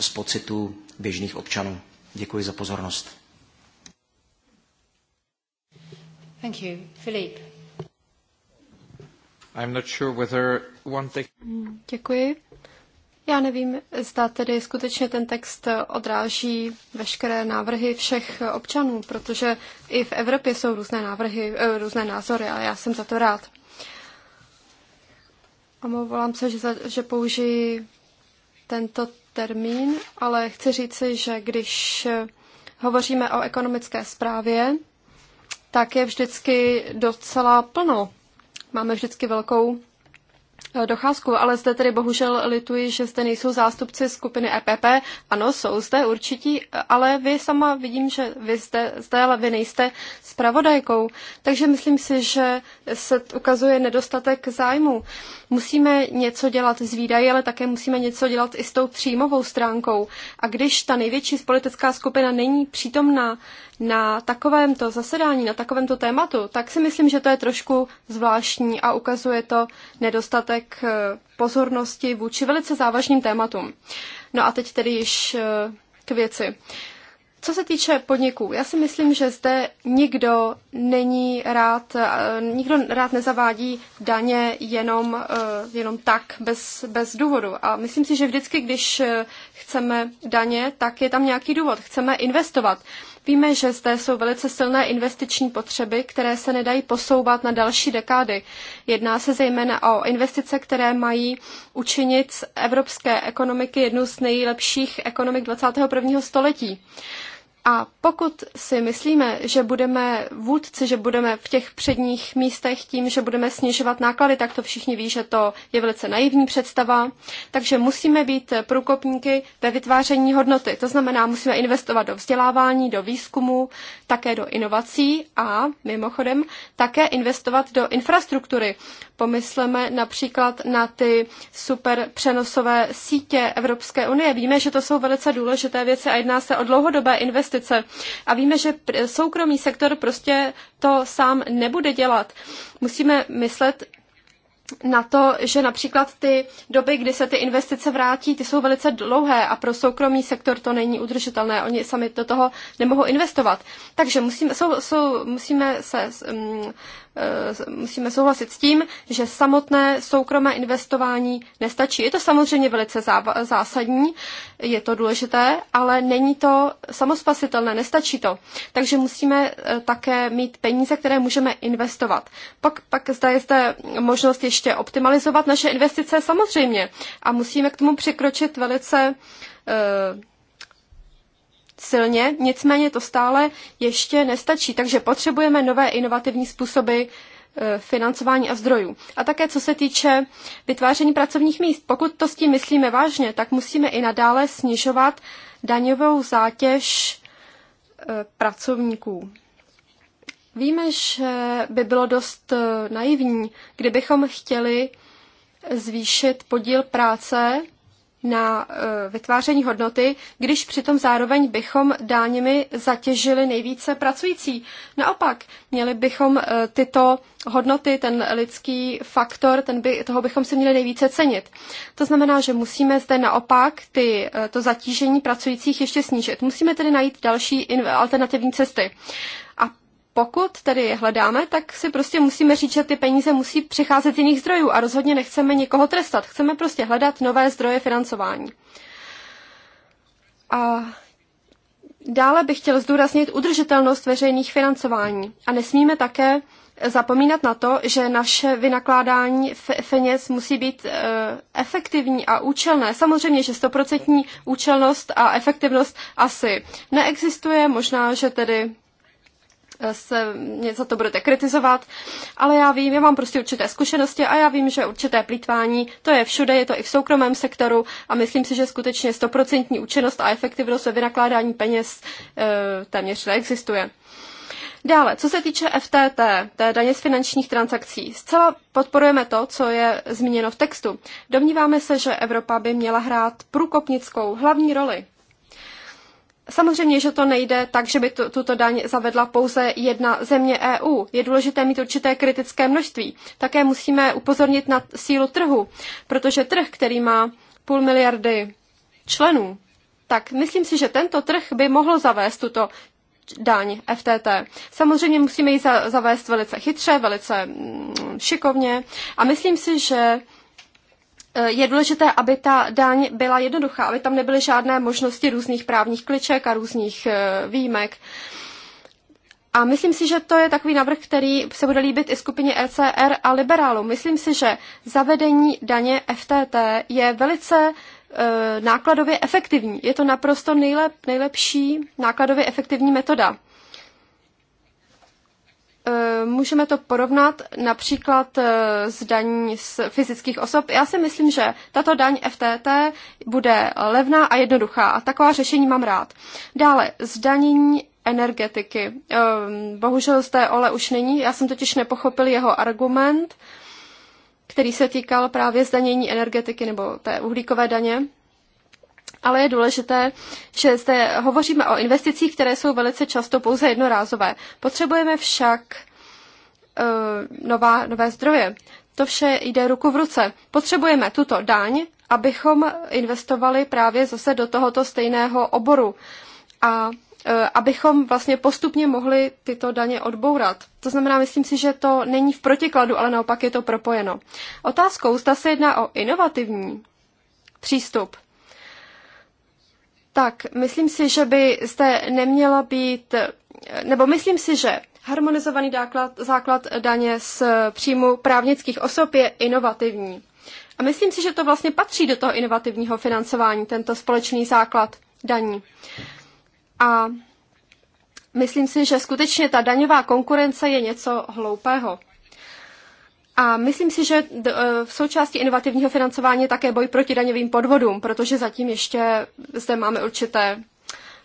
z pocitu běžných občanů. Děkuji za pozornost. Thank you. Philippe. I'm not sure whether one Děkuji. Já nevím, zda tedy skutečně ten text odráží veškeré návrhy všech občanů, protože i v Evropě jsou různé návrhy, eh, různé názory a já jsem za to rád. Omlouvám se, že, za, že použiji tento termín, ale chci říci, že když hovoříme o ekonomické zprávě, tak je vždycky docela plno. Máme vždycky velkou Eh, docházku, ale zde tedy bohužel lituji, že zde nejsou zástupci skupiny EPP. Ano, jsou zde určitě, eh, ale vy sama vidím, že vy zde, zde ale vy nejste spravodajkou. Takže myslím si, že se ukazuje nedostatek zájmu. Uh, Musíme něco dělat s výdaji, ale také musíme něco dělat i s tou příjmovou stránkou. A když ta největší politická skupina není přítomná na takovémto zasedání, na takovémto tématu, tak si myslím, že to je trošku zvláštní a ukazuje to nedostatek eh, pozornosti vůči velice závažným tématům. No a teď tedy již eh, k věci. Co se týče podniků, já si myslím, že zde nikdo není rád, eh, nikdo rád nezavádí daně jenom, eh, jenom tak, bez, bez důvodu. A myslím si, že vždycky, když eh, chceme daně, tak je tam nějaký důvod. Chceme investovat. Víme, že zde jsou velice silné investiční potřeby, které se nedají posouvat na další dekády. Jedná se zejména o investice, které mají učinit z evropské ekonomiky jednu z nejlepších ekonomik 21. století. A pokud si myslíme, že budeme vůdci, že budeme v těch předních místech tím, že budeme snižovat náklady, tak to všichni ví, že to je velice naivní představa. Takže musíme být průkopníky ve vytváření hodnoty. To znamená, musíme investovat do vzdělávání, do výzkumu, také do inovací a mimochodem také investovat do infrastruktury. Pomysleme například na ty super přenosové sítě Evropské unie. Víme, že to jsou velice důležité věci a jedná se o dlouhodobé investice investice. A víme, že soukromý sektor prostě to sám nebude dělat. Musíme myslet na to, že například ty doby, kdy se ty investice vrátí, ty jsou velice dlouhé a pro soukromý sektor to není udržitelné. Oni sami do toho nemohou investovat. Takže musíme, jsou, jsou, musíme se um, Eh, musíme souhlasit s tím, že samotné soukromé investování nestačí. Je to samozřejmě velice zásadní, je to důležité, ale není to samospasitelné, nestačí to. Takže musíme eh, také mít peníze, které můžeme investovat. Pak, pak zda je zde možnost ještě optimalizovat naše investice samozřejmě a musíme k tomu přikročit velice eh, silně, nicméně to stále ještě nestačí, takže potřebujeme nové inovativní způsoby eh, financování a zdrojů. A také co se týče vytváření pracovních míst. Pokud to s tím myslíme vážně, tak musíme i nadále snižovat daňovou zátěž eh, pracovníků. Víme, že by bylo dost eh, naivní, kdybychom chtěli zvýšit podíl práce na eh, vytváření hodnoty, když přitom zároveň bychom dáněmi zatěžili nejvíce pracující. Naopak, měli bychom eh, tyto hodnoty, ten lidský faktor, ten by, toho bychom si měli nejvíce cenit. To znamená, že musíme zde naopak ty, eh, to zatížení pracujících ještě snížit. Musíme tedy najít další alternativní cesty pokud tedy je hledáme, tak si prostě musíme říct, že ty peníze musí přicházet z jiných zdrojů a rozhodně nechceme někoho trestat. Chceme prostě hledat nové zdroje financování. A dále bych chtěl zdůraznit udržitelnost veřejných financování. A nesmíme také zapomínat na to, že naše vynakládání peněz musí být e, efektivní a účelné. Samozřejmě, že stoprocentní účelnost a efektivnost asi neexistuje, možná, že tedy se mě za to budete kritizovat, ale já vím, já mám prostě určité zkušenosti a já vím, že určité plítvání, to je všude, je to i v soukromém sektoru a myslím si, že skutečně stoprocentní účinnost a efektivnost ve vynakládání peněz eh, téměř neexistuje. Dále, co se týče FTT, té daně z finančních transakcí, zcela podporujeme to, co je zmíněno v textu. Domníváme se, že Evropa by měla hrát průkopnickou hlavní roli Samozřejmě, že to nejde tak, že by tu, tuto daň zavedla pouze jedna země EU. Je důležité mít určité kritické množství. Také musíme upozornit na sílu trhu, protože trh, který má půl miliardy členů, tak myslím si, že tento trh by mohl zavést tuto daň FTT. Samozřejmě musíme ji zavést velice chytře, velice mm, šikovně a myslím si, že Eh, je důležité, aby ta daň byla jednoduchá, aby tam nebyly žádné možnosti různých právních kliček a různých eh, výjimek. A myslím si, že to je takový návrh, který se bude líbit i skupině LCR e a liberálů. Myslím si, že zavedení daně FTT je velice eh, nákladově efektivní. Je to naprosto nejlep, nejlepší nákladově efektivní metoda. Eh, můžeme to porovnat například eh, s daní z fyzických osob. Já si myslím, že tato daň FTT bude levná a jednoduchá a taková řešení mám rád. Dále zdanění energetiky. Eh, bohužel zde Ole už není, já jsem totiž nepochopil jeho argument, který se týkal právě zdanění energetiky nebo té uhlíkové daně ale je důležité, že zde hovoříme o investicích, které jsou velice často pouze jednorázové. Potřebujeme však uh, nová, nové zdroje. To vše jde ruku v ruce. Potřebujeme tuto daň, abychom investovali právě zase do tohoto stejného oboru a uh, abychom vlastně postupně mohli tyto daně odbourat. To znamená, myslím si, že to není v protikladu, ale naopak je to propojeno. Otázkou, zda se jedná o inovativní přístup tak, myslím si, že by zde neměla být, nebo myslím si, že harmonizovaný základ, základ daně z příjmu právnických osob je inovativní. A myslím si, že to vlastně patří do toho inovativního financování, tento společný základ daní. A myslím si, že skutečně ta daňová konkurence je něco hloupého. A myslím si, že e, v součástí inovativního financování je také boj proti daňovým podvodům, protože zatím ještě zde máme určité,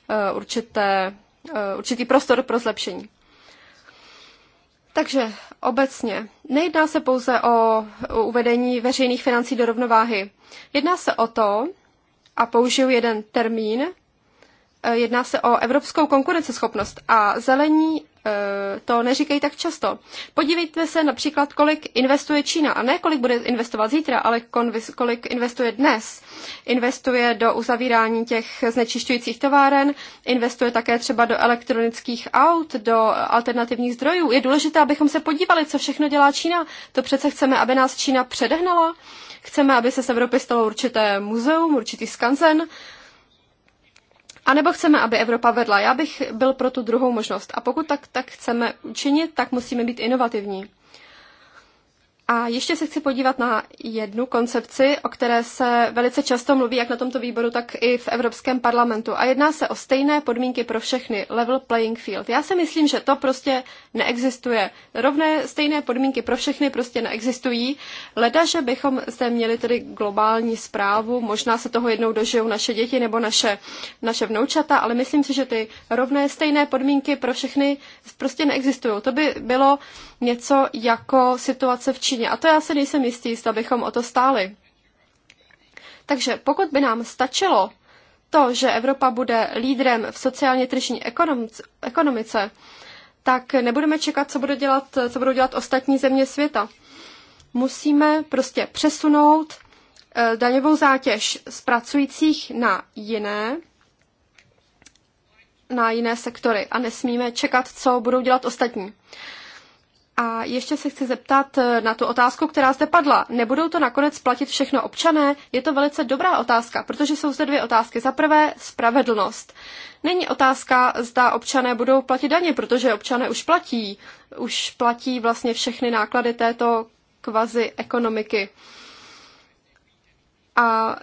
e, určité, e, určitý prostor pro zlepšení. Takže obecně nejedná se pouze o uvedení veřejných financí do rovnováhy. Jedná se o to, a použiju jeden termín, jedná se o evropskou konkurenceschopnost a zelení Eh, to neříkej tak často. Podívejte se například, kolik investuje Čína, a ne kolik bude investovat zítra, ale kolik investuje dnes. Investuje do uzavírání těch znečišťujících továren, investuje také třeba do elektronických aut, do alternativních zdrojů. Je důležité, abychom se podívali, co všechno dělá Čína. To přece chceme, aby nás Čína předehnala. Chceme, aby se z Evropy stalo určité muzeum, určitý skanzen a nebo chceme, aby Evropa vedla. Já bych byl pro tu druhou možnost. A pokud tak, tak chceme učinit, tak musíme být inovativní. A ještě se chci podívat na jednu koncepci, o které se velice často mluví, jak na tomto výboru, tak i v Evropském parlamentu. A jedná se o stejné podmínky pro všechny, level playing field. Já si myslím, že to prostě neexistuje. Rovné stejné podmínky pro všechny prostě neexistují. Leda, že bychom zde měli tedy globální zprávu, možná se toho jednou dožijou naše děti nebo naše, naše vnoučata, ale myslím si, že ty rovné stejné podmínky pro všechny prostě neexistují. To by bylo něco jako situace v Číně. A to já se nejsem jistý, jestli bychom o to stáli. Takže pokud by nám stačilo to, že Evropa bude lídrem v sociálně tržní ekonomice, tak nebudeme čekat, co bude dělat, co budou dělat ostatní země světa. Musíme prostě přesunout eh, daňovou zátěž z pracujících na jiné, na jiné sektory a nesmíme čekat, co budou dělat ostatní. A ještě se chci zeptat eh, na tu otázku, která zde padla. Nebudou to nakonec platit všechno občané? Je to velice dobrá otázka, protože jsou zde dvě otázky. Za prvé, spravedlnost. Není otázka, zda občané budou platit daně, protože občané už platí. Už platí vlastně všechny náklady této kvazi ekonomiky. A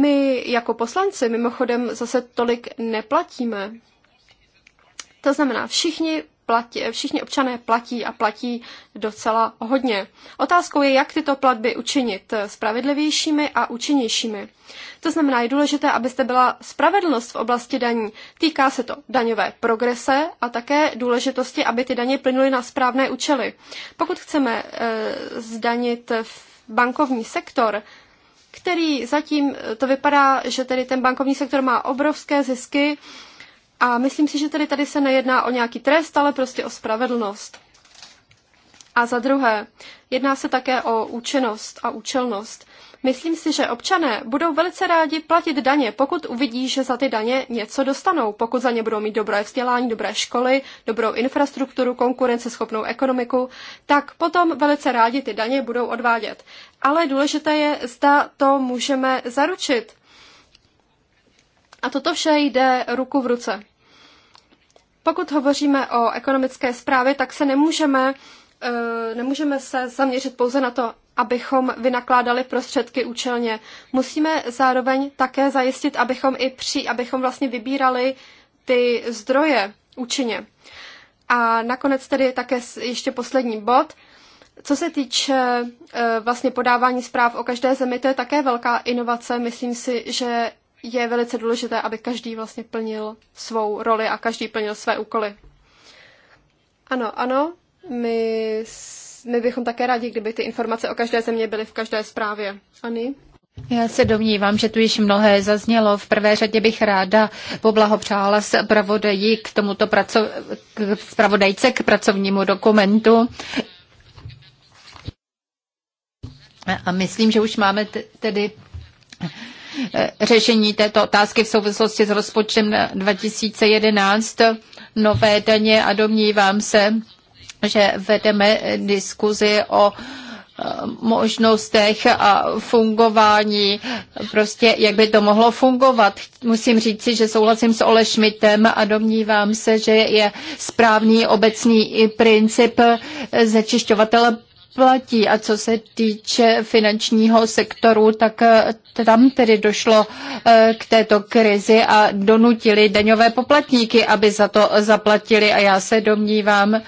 my jako poslanci mimochodem zase tolik neplatíme. To znamená, všichni platí, všichni občané platí a platí docela hodně. Otázkou je, jak tyto platby učinit spravedlivějšími a účinnějšími. To znamená, je důležité, abyste byla spravedlnost v oblasti daní. Týká se to daňové progrese a také důležitosti, aby ty daně plynuly na správné účely. Pokud chceme e, zdanit bankovní sektor, který zatím to vypadá, že tedy ten bankovní sektor má obrovské zisky, a myslím si, že tedy tady se nejedná o nějaký trest, ale prostě o spravedlnost. A za druhé, jedná se také o účinnost a účelnost. Myslím si, že občané budou velice rádi platit daně, pokud uvidí, že za ty daně něco dostanou, pokud za ně budou mít dobré vzdělání, dobré školy, dobrou infrastrukturu, konkurenceschopnou ekonomiku, tak potom velice rádi ty daně budou odvádět. Ale důležité je, zda to můžeme zaručit. A toto vše jde ruku v ruce. Pokud hovoříme o ekonomické zprávě, tak se nemůžeme, eh, nemůžeme se zaměřit pouze na to, abychom vynakládali prostředky účelně. Musíme zároveň také zajistit, abychom i při, abychom vlastně vybírali ty zdroje účinně. A nakonec tedy také ještě poslední bod. Co se týče eh, vlastně podávání zpráv o každé zemi, to je také velká inovace. Myslím si, že je velice důležité, aby každý vlastně plnil svou roli a každý plnil své úkoly. Ano, ano, my, my bychom také rádi, kdyby ty informace o každé země byly v každé zprávě. Ani? Já se domnívám, že tu již mnohé zaznělo. V prvé řadě bych ráda poblahopřála zpravodaji k tomuto praco- k zpravodajce k pracovnímu dokumentu. A myslím, že už máme tedy Eh, řešení této otázky v souvislosti s rozpočtem 2011, nové daně a domnívám se, že vedeme diskuzi o eh, možnostech a fungování, prostě jak by to mohlo fungovat. Musím říci, že souhlasím s Ole Schmidtem a domnívám se, že je správný obecný princip eh, znečišťovatel platí. A co se týče finančního sektoru, tak eh, tam tedy došlo eh, k této krizi a donutili daňové poplatníky, aby za to zaplatili. A já se domnívám,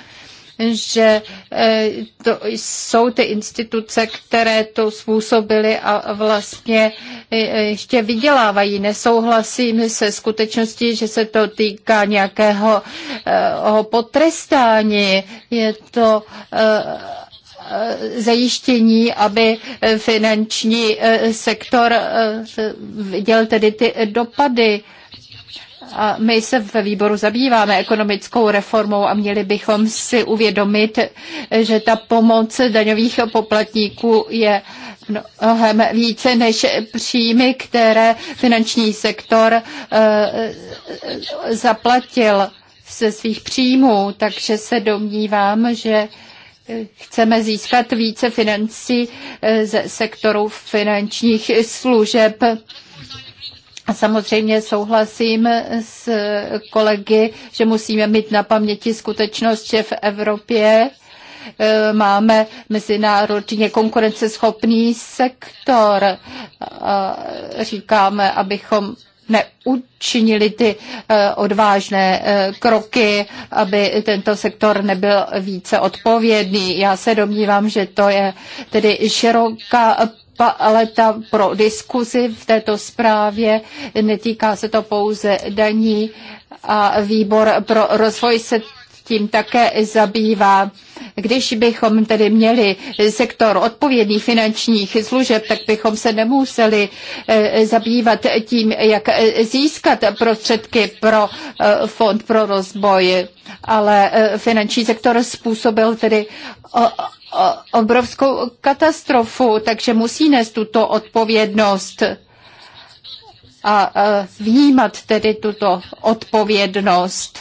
že eh, to jsou ty instituce, které to způsobily a vlastně ještě vydělávají. Nesouhlasím se skutečností, že se to týká nějakého potrestání. Je to Eh, zajištění, aby eh, finanční eh, sektor viděl tedy ty dopady. A my se ve výboru zabýváme ekonomickou reformou a měli bychom si uvědomit, že ta pomoc daňových poplatníků je mnohem více než příjmy, které finanční sektor zaplatil ze svých příjmů. Takže se domnívám, že chceme získat více financí eh, ze sektoru finančních služeb. A samozřejmě souhlasím s kolegy, že musíme mít na paměti skutečnost, že v Evropě eh, máme mezinárodně konkurenceschopný sektor. Říkáme, abychom neučinili ty eh, odvážné eh, kroky, aby tento sektor nebyl více odpovědný. Já se domnívám, že to je tedy široká paleta pro diskuzi v této zprávě. Netýká se to pouze daní a výbor pro rozvoj se tím také zabývá. Když bychom tedy měli sektor odpovědných finančních služeb, tak bychom se nemuseli eh, zabývat tím, jak eh, získat prostředky pro eh, fond pro rozboj. Ale finanční sektor způsobil tedy obrovskou katastrofu, takže musí nést tuto odpovědnost a vnímat tedy tuto odpovědnost.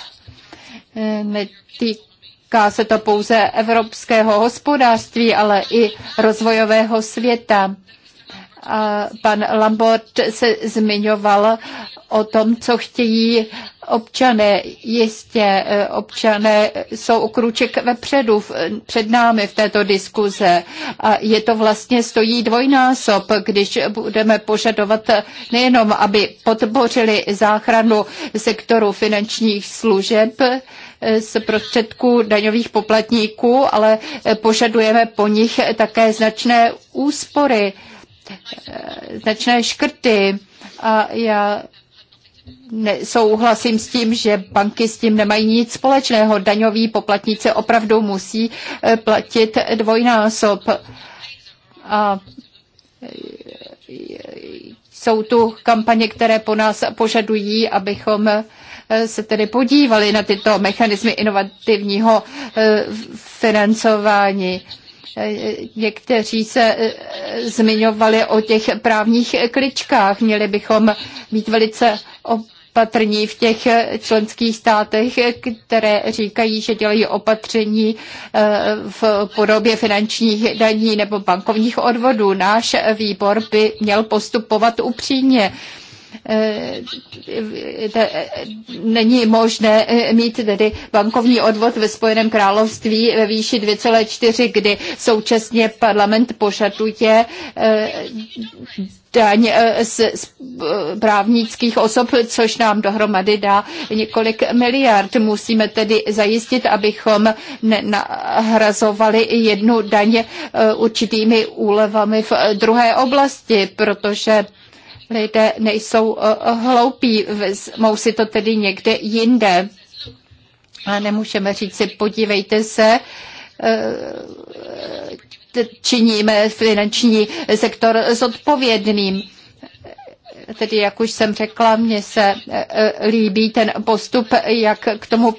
Eh, netýká se to pouze evropského hospodářství, ale i rozvojového světa. A pan Lambert se zmiňoval o tom, co chtějí občané. Jistě eh, občané jsou o kruček vepředu, před námi v této diskuze. A je to vlastně stojí dvojnásob, když budeme požadovat nejenom, aby podpořili záchranu sektoru finančních služeb, z prostředků daňových poplatníků, ale požadujeme po nich také značné úspory, eh, značné škrty. A já Souhlasím s tím, že banky s tím nemají nic společného. Daňoví poplatníci opravdu musí eh, platit dvojnásob. A eh, jsou tu kampaně, které po nás požadují, abychom eh, se tedy podívali na tyto mechanismy inovativního eh, financování. Eh, někteří se zmiňovali o těch právních kličkách. Měli bychom být velice patrní v těch členských státech, které říkají, že dělají opatření eh, v podobě finančních daní nebo bankovních odvodů. Náš výbor by měl postupovat upřímně eh, není možné eh, mít tedy bankovní odvod ve Spojeném království ve výši 2,4, kdy současně parlament požaduje daň eh, z, z eh, právnických osob, což nám dohromady dá několik miliard. Musíme tedy zajistit, abychom nahrazovali jednu daň eh, určitými úlevami v druhé oblasti, protože lidé nejsou hloupí, vezmou si to tedy někde jinde. A nemůžeme říct si, podívejte se, činíme finanční sektor zodpovědným tedy jak už jsem řekla, mně se e, e, líbí ten postup, jak k tomu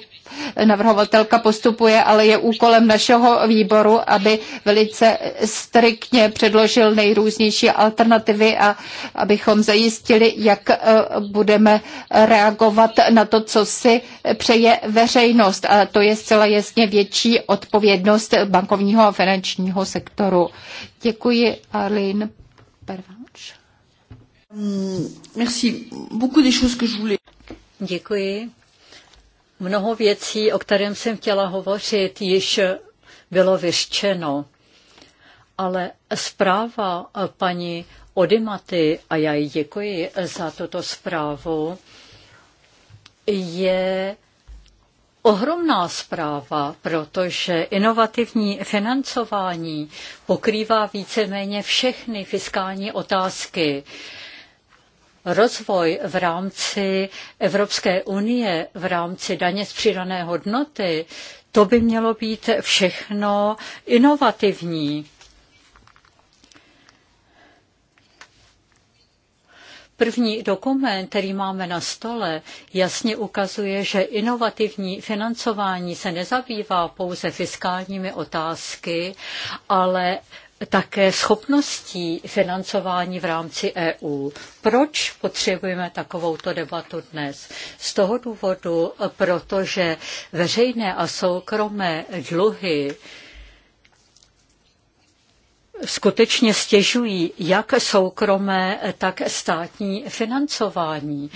navrhovatelka postupuje, ale je úkolem našeho výboru, aby velice striktně předložil nejrůznější alternativy a abychom zajistili, jak eh, budeme reagovat na to, co si přeje veřejnost. A to je zcela jasně větší odpovědnost bankovního a finančního sektoru. Děkuji, Arlene Pervanche. Hmm, merci. Beaucoup des choses que je voulais. Děkuji. Mnoho věcí, o kterém jsem chtěla hovořit, již bylo vyřčeno. Ale zpráva paní Odimaty, a já jí děkuji za tuto zprávu, je ohromná zpráva, protože inovativní financování pokrývá víceméně všechny fiskální otázky rozvoj v rámci Evropské unie, v rámci daně z přidané hodnoty, to by mělo být všechno inovativní. První dokument, který máme na stole, jasně ukazuje, že inovativní financování se nezabývá pouze fiskálními otázky, ale také schopností financování v rámci EU. Proč potřebujeme takovouto debatu dnes? Z toho důvodu, protože veřejné a soukromé dluhy skutečně stěžují jak soukromé, tak státní financování.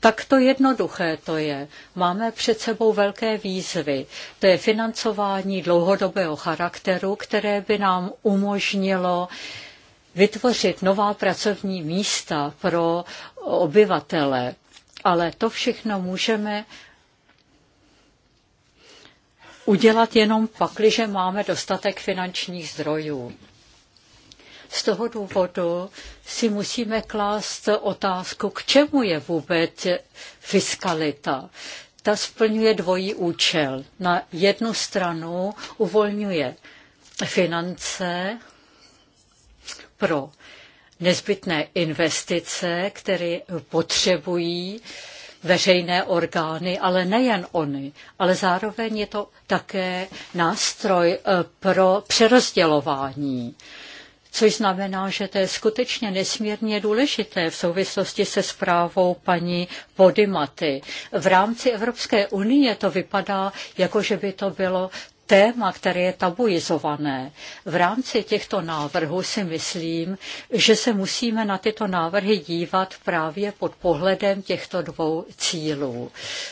Tak to jednoduché to je. Máme před sebou velké výzvy. To je financování dlouhodobého charakteru, které by nám umožnilo vytvořit nová pracovní místa pro obyvatele. Ale to všechno můžeme udělat jenom pakli, že máme dostatek finančních zdrojů. Z toho důvodu si musíme klást otázku, k čemu je vůbec fiskalita. Ta splňuje dvojí účel. Na jednu stranu uvolňuje finance pro nezbytné investice, které potřebují veřejné orgány, ale nejen oni, ale zároveň je to také nástroj eh, pro přerozdělování což znamená, že to je skutečně nesmírně důležité v souvislosti se zprávou paní Podimaty. V rámci Evropské unie to vypadá, jako že by to bylo téma, které je tabuizované. V rámci těchto návrhů si myslím, že se musíme na tyto návrhy dívat právě pod pohledem těchto dvou cílů,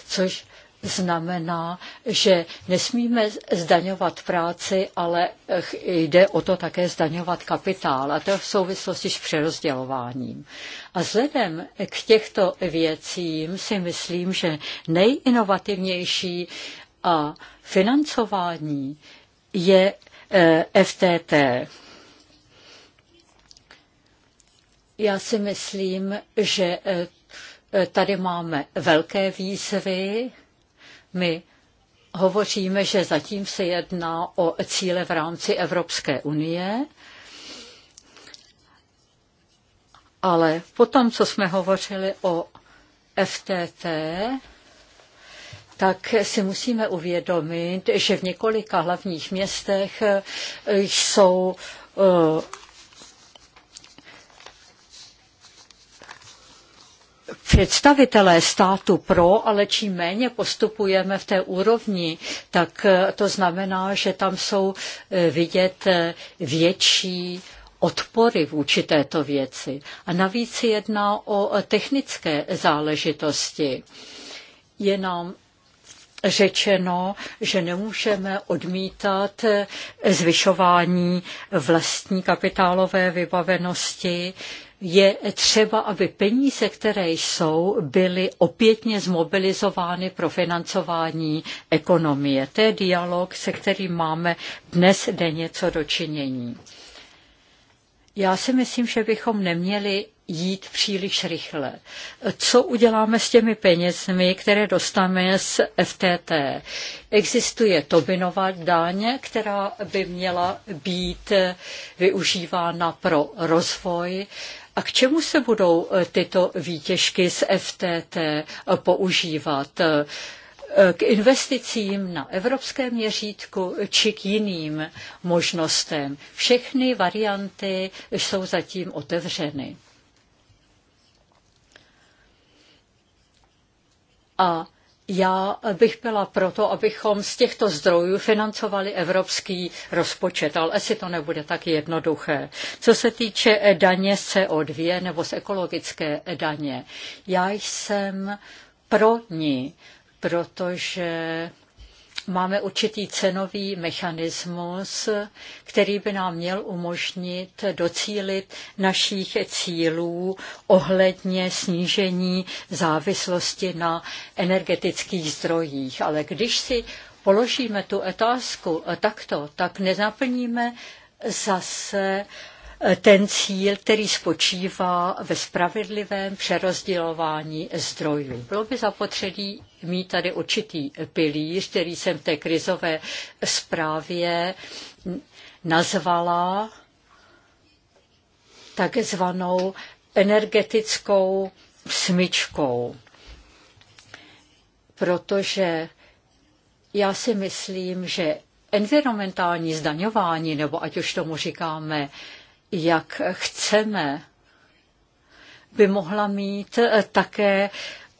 což znamená, že nesmíme zdaňovat práci, ale jde o to také zdaňovat kapitál a to v souvislosti s přerozdělováním. A vzhledem k těchto věcím si myslím, že nejinovativnější a financování je eh, FTT. Já si myslím, že eh, tady máme velké výzvy, my hovoříme, že zatím se jedná o cíle v rámci Evropské unie, ale potom, co jsme hovořili o FTT, tak si musíme uvědomit, že v několika hlavních městech jsou eh, představitelé státu pro, ale čím méně postupujeme v té úrovni, tak eh, to znamená, že tam jsou eh, vidět eh, větší odpory vůči této věci. A navíc jedná o technické záležitosti. Je nám řečeno, že nemůžeme odmítat zvyšování vlastní kapitálové vybavenosti je třeba, aby peníze, které jsou, byly opětně zmobilizovány pro financování ekonomie. To je dialog, se kterým máme dnes denně co dočinění. Já si myslím, že bychom neměli jít příliš rychle. Co uděláme s těmi penězmi, které dostaneme z FTT? Existuje Tobinová daň, která by měla být využívána pro rozvoj. A k čemu se budou eh, tyto výtěžky z FTT eh, používat? Eh, k investicím na evropském měřítku či k jiným možnostem. Všechny varianty jsou zatím otevřeny. A já bych byla proto, abychom z těchto zdrojů financovali evropský rozpočet, ale asi to nebude tak jednoduché. Co se týče daně z CO2 nebo z ekologické daně, já jsem pro ní, protože máme určitý cenový mechanismus, který by nám měl umožnit docílit našich cílů ohledně snížení závislosti na energetických zdrojích. Ale když si položíme tu otázku eh, takto, tak nezaplníme zase eh, ten cíl, který spočívá ve spravedlivém přerozdělování zdrojů. Bylo by zapotřebí mít tady určitý pilíř, který jsem v té krizové zprávě nazvala takzvanou energetickou smyčkou. Protože já si myslím, že environmentální zdaňování, nebo ať už tomu říkáme, jak chceme, by mohla mít také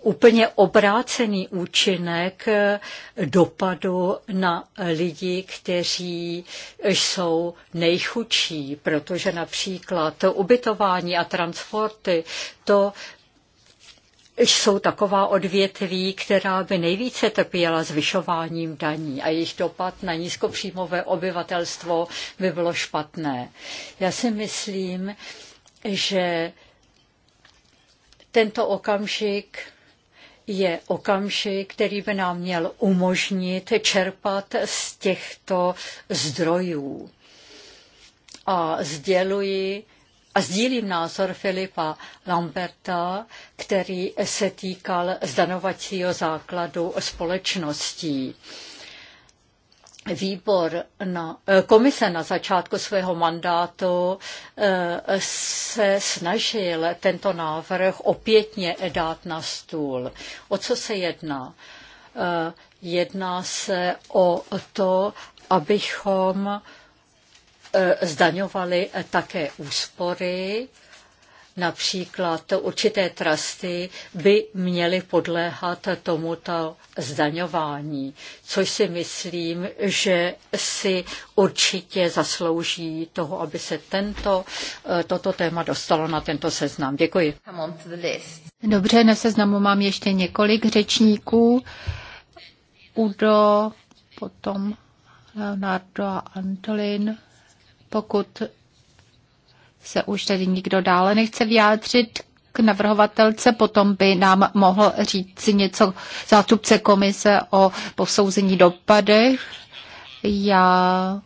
úplně obrácený účinek eh, dopadu na lidi, kteří jsou nejchudší, protože například to ubytování a transporty, to jsou taková odvětví, která by nejvíce trpěla zvyšováním daní a jejich dopad na nízkopříjmové obyvatelstvo by bylo špatné. Já si myslím, že tento okamžik je okamžik, který by nám měl umožnit čerpat z těchto zdrojů. A sděluji a sdílím názor Filipa Lamberta, který se týkal zdanovacího základu společností výbor na, eh, komise na začátku svého mandátu eh, se snažil tento návrh opětně dát na stůl. O co se jedná? Eh, jedná se o to, abychom zdaňovali také úspory, Například určité trusty by měly podléhat tomuto zdaňování, což si myslím, že si určitě zaslouží toho, aby se tento, eh, toto téma dostalo na tento seznam. Děkuji. Dobře, na seznamu mám ještě několik řečníků. Udo, potom Leonardo a Antolin. Pokud se už tedy nikdo dále nechce vyjádřit k navrhovatelce, potom by nám mohl říct něco zástupce komise o posouzení dopadech. Já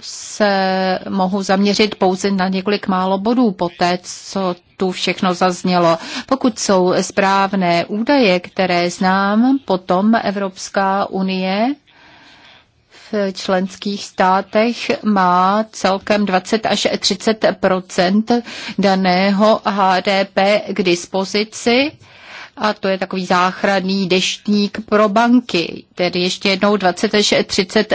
se mohu zaměřit pouze na několik málo bodů po té, co tu všechno zaznělo. Pokud jsou správné údaje, které znám, potom Evropská unie členských státech má celkem 20 až 30 daného HDP k dispozici a to je takový záchranný deštník pro banky, tedy ještě jednou 20 až 30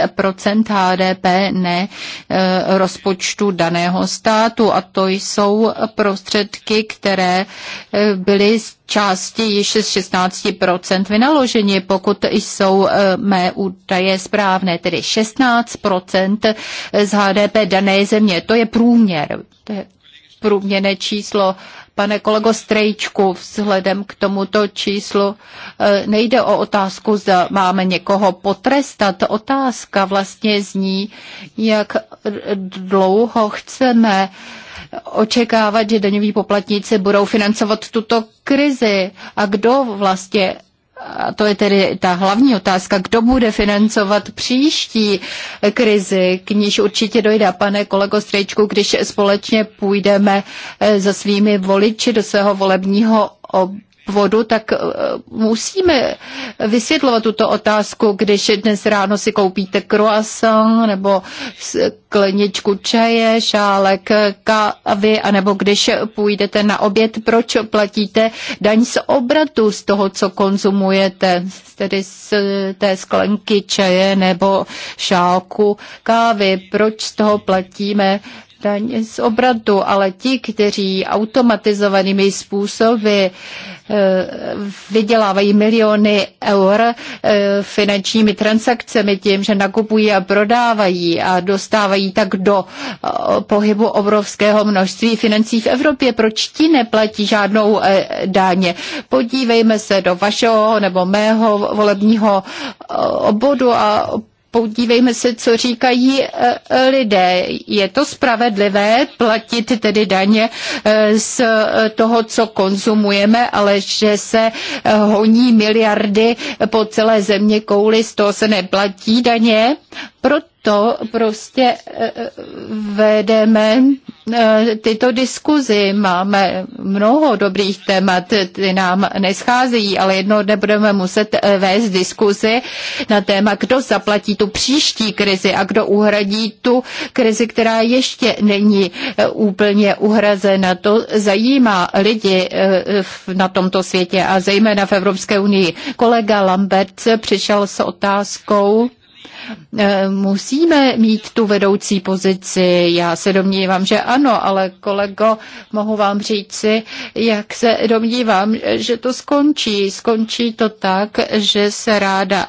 HDP ne e, rozpočtu daného státu a to jsou prostředky, které e, byly z části ještě z 16 vynaloženi, pokud jsou e, mé údaje správné, tedy 16 z HDP dané země. To je průměr. To je průměrné číslo Pane kolego Strejčku, vzhledem k tomuto číslu e, nejde o otázku, zda máme někoho potrestat. Otázka vlastně zní, jak dlouho chceme očekávat, že daňoví poplatníci budou financovat tuto krizi a kdo vlastně a to je tedy ta hlavní otázka, kdo bude financovat příští krizi, k níž určitě dojde. Pane kolego Strejčku, když společně půjdeme eh, za svými voliči do svého volebního ob vodu, tak eh, musíme vysvětlovat tuto otázku, když dnes ráno si koupíte croissant nebo skleničku čaje, šálek kávy, anebo když půjdete na oběd, proč platíte daň z obratu z toho, co konzumujete, tedy z té sklenky čaje nebo šálku kávy, proč z toho platíme daň z obratu, ale ti, kteří automatizovanými způsoby eh, vydělávají miliony eur eh, finančními transakcemi tím, že nakupují a prodávají a dostávají tak do eh, pohybu obrovského množství financí v Evropě. Proč ti neplatí žádnou dáně? Podívejme se do vašeho nebo mého volebního obodu a podívejme se, co říkají e, e, lidé. Je to spravedlivé platit tedy daně e, z toho, co konzumujeme, ale že se honí miliardy po celé země kouli, z toho se neplatí daně. Proto proto prostě e, e, vedeme e, tyto diskuzi. Máme mnoho dobrých témat, ty nám nescházejí, ale jedno dne budeme muset vést diskuzi na téma, kdo zaplatí tu příští krizi a kdo uhradí tu krizi, která ještě není úplně uhrazena. To zajímá lidi na tomto světě a zejména v Evropské unii. Kolega Lambert přišel s otázkou, Eh, musíme mít tu vedoucí pozici. Já se domnívám, že ano, ale kolego, mohu vám říci, jak se domnívám, že to skončí. Skončí to tak, že se ráda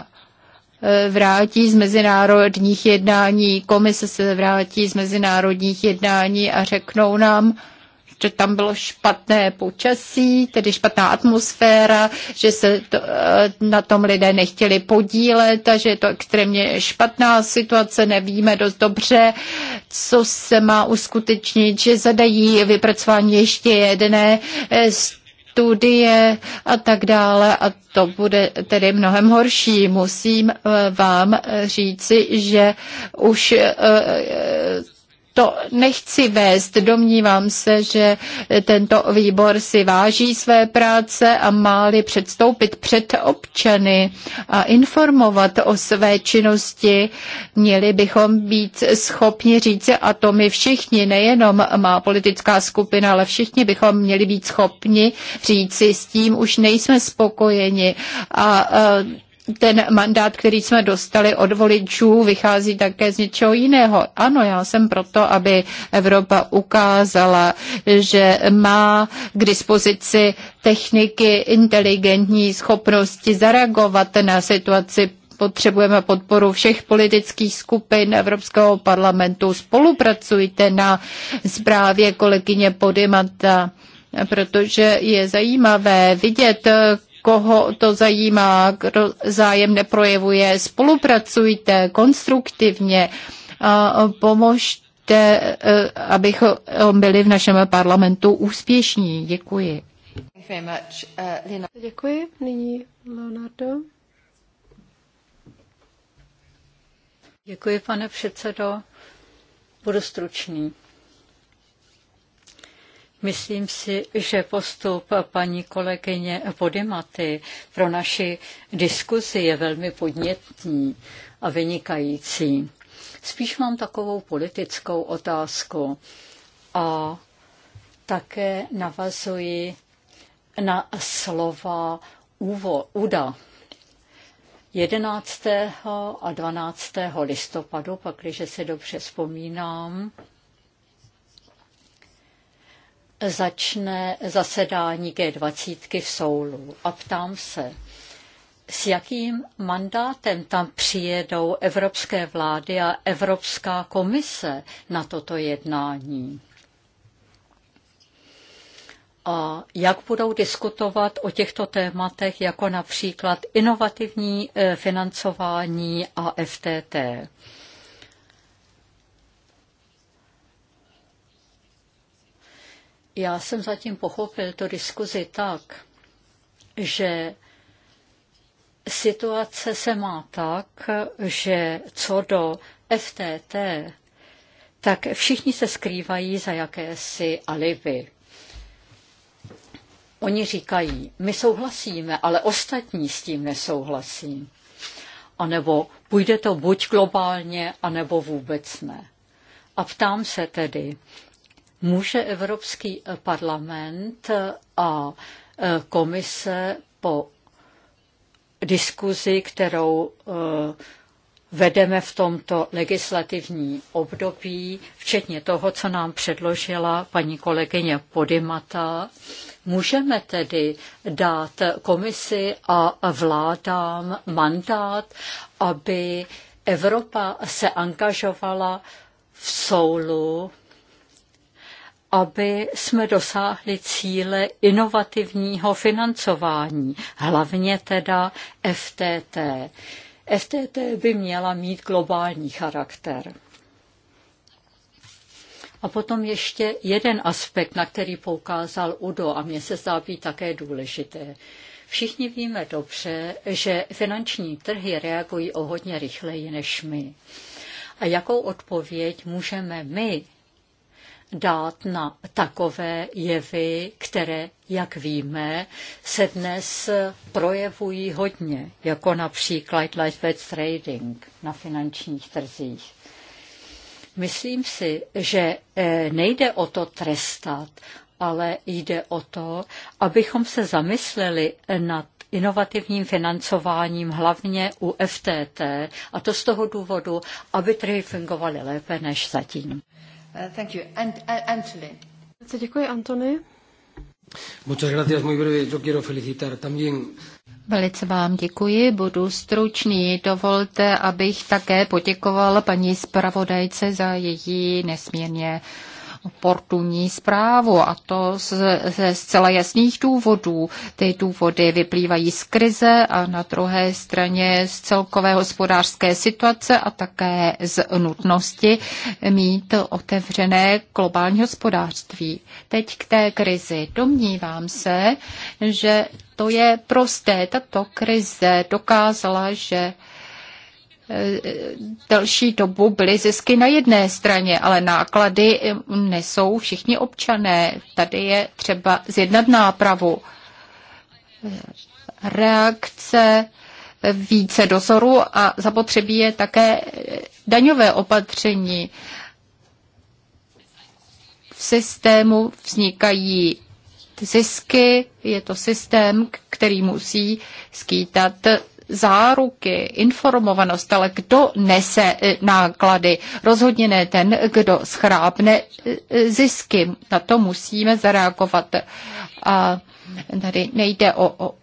eh, vrátí z mezinárodních jednání, komise se vrátí z mezinárodních jednání a řeknou nám, že tam bylo špatné počasí, tedy špatná atmosféra, že se to, eh, na tom lidé nechtěli podílet a že je to extrémně špatná situace, nevíme dost dobře, co se má uskutečnit, že zadají vypracování ještě jedné eh, studie a tak dále a to bude tedy mnohem horší. Musím eh, vám říci, že už to nechci vést. Domnívám se, že tento výbor si váží své práce a má-li předstoupit před občany a informovat o své činnosti, měli bychom být schopni říci, a to my všichni, nejenom má politická skupina, ale všichni bychom měli být schopni říci, s tím už nejsme spokojeni a eh, ten mandát, který jsme dostali od voličů, vychází také z něčeho jiného. Ano, já jsem proto, aby Evropa ukázala, že má k dispozici techniky, inteligentní schopnosti zareagovat na situaci potřebujeme podporu všech politických skupin Evropského parlamentu. Spolupracujte na zprávě kolegyně Podimata protože je zajímavé vidět, koho to zajímá, kdo zájem neprojevuje. Spolupracujte konstruktivně a pomožte, eh, abychom byli v našem parlamentu úspěšní. Děkuji. Uh, Děkuji. Nyní Leonardo. Děkuji, pane předsedo. Budu stručný. Myslím si, že postup paní kolegyně Podimaty pro naši diskuzi je velmi podnětný a vynikající. Spíš mám takovou politickou otázku a také navazuji na slova Uvo, Uda. 11. a 12. listopadu, pak, se dobře vzpomínám, začne zasedání G20 v Soulu a ptám se, s jakým mandátem tam přijedou evropské vlády a Evropská komise na toto jednání? A jak budou diskutovat o těchto tématech, jako například inovativní eh, financování a FTT? Já jsem zatím pochopil tu diskuzi tak, že situace se má tak, že co do FTT, tak všichni se skrývají za jakési alibi. Oni říkají, my souhlasíme, ale ostatní s tím nesouhlasí. A nebo půjde to buď globálně, anebo vůbec ne. A ptám se tedy, Může Evropský parlament a e, komise po diskuzi, kterou e, vedeme v tomto legislativní období, včetně toho, co nám předložila paní kolegyně Podimata. Můžeme tedy dát komisi a vládám mandát, aby Evropa se angažovala v soulu aby jsme dosáhli cíle inovativního financování, hlavně teda FTT. FTT by měla mít globální charakter. A potom ještě jeden aspekt, na který poukázal Udo a mně se zdá být také důležité. Všichni víme dobře, že finanční trhy reagují o hodně rychleji než my. A jakou odpověď můžeme my dát na takové jevy, které, jak víme, se dnes projevují hodně, jako například lightweight trading na finančních trzích. Myslím si, že eh, nejde o to trestat, ale jde o to, abychom se zamysleli nad inovativním financováním hlavně u FTT, a to z toho důvodu, aby trhy fungovaly lépe než zatím. Uh, thank you. And, uh, Antony. Děkuji, Antony. Muchas gracias, muy breve. Yo quiero felicitar también Velice vám děkuji, budu stručný. Dovolte, abych také poděkoval paní zpravodajce za její nesmírně oportunní zprávu a to ze zcela jasných důvodů. Ty důvody vyplývají z krize a na druhé straně z celkové hospodářské situace a také z nutnosti mít otevřené globální hospodářství. Teď k té krizi. Domnívám se, že to je prosté. Tato krize dokázala, že delší dobu byly zisky na jedné straně, ale náklady eh, nesou všichni občané. Tady je třeba zjednat nápravu. Reakce eh, více dozoru a zapotřebí je také eh, daňové opatření. V systému vznikají zisky, je to systém, který musí skýtat záruky, informovanost, ale kdo nese e, náklady? Rozhodně ne ten, kdo schrábne e, e, zisky. Na to musíme zareagovat. A tady nejde o, o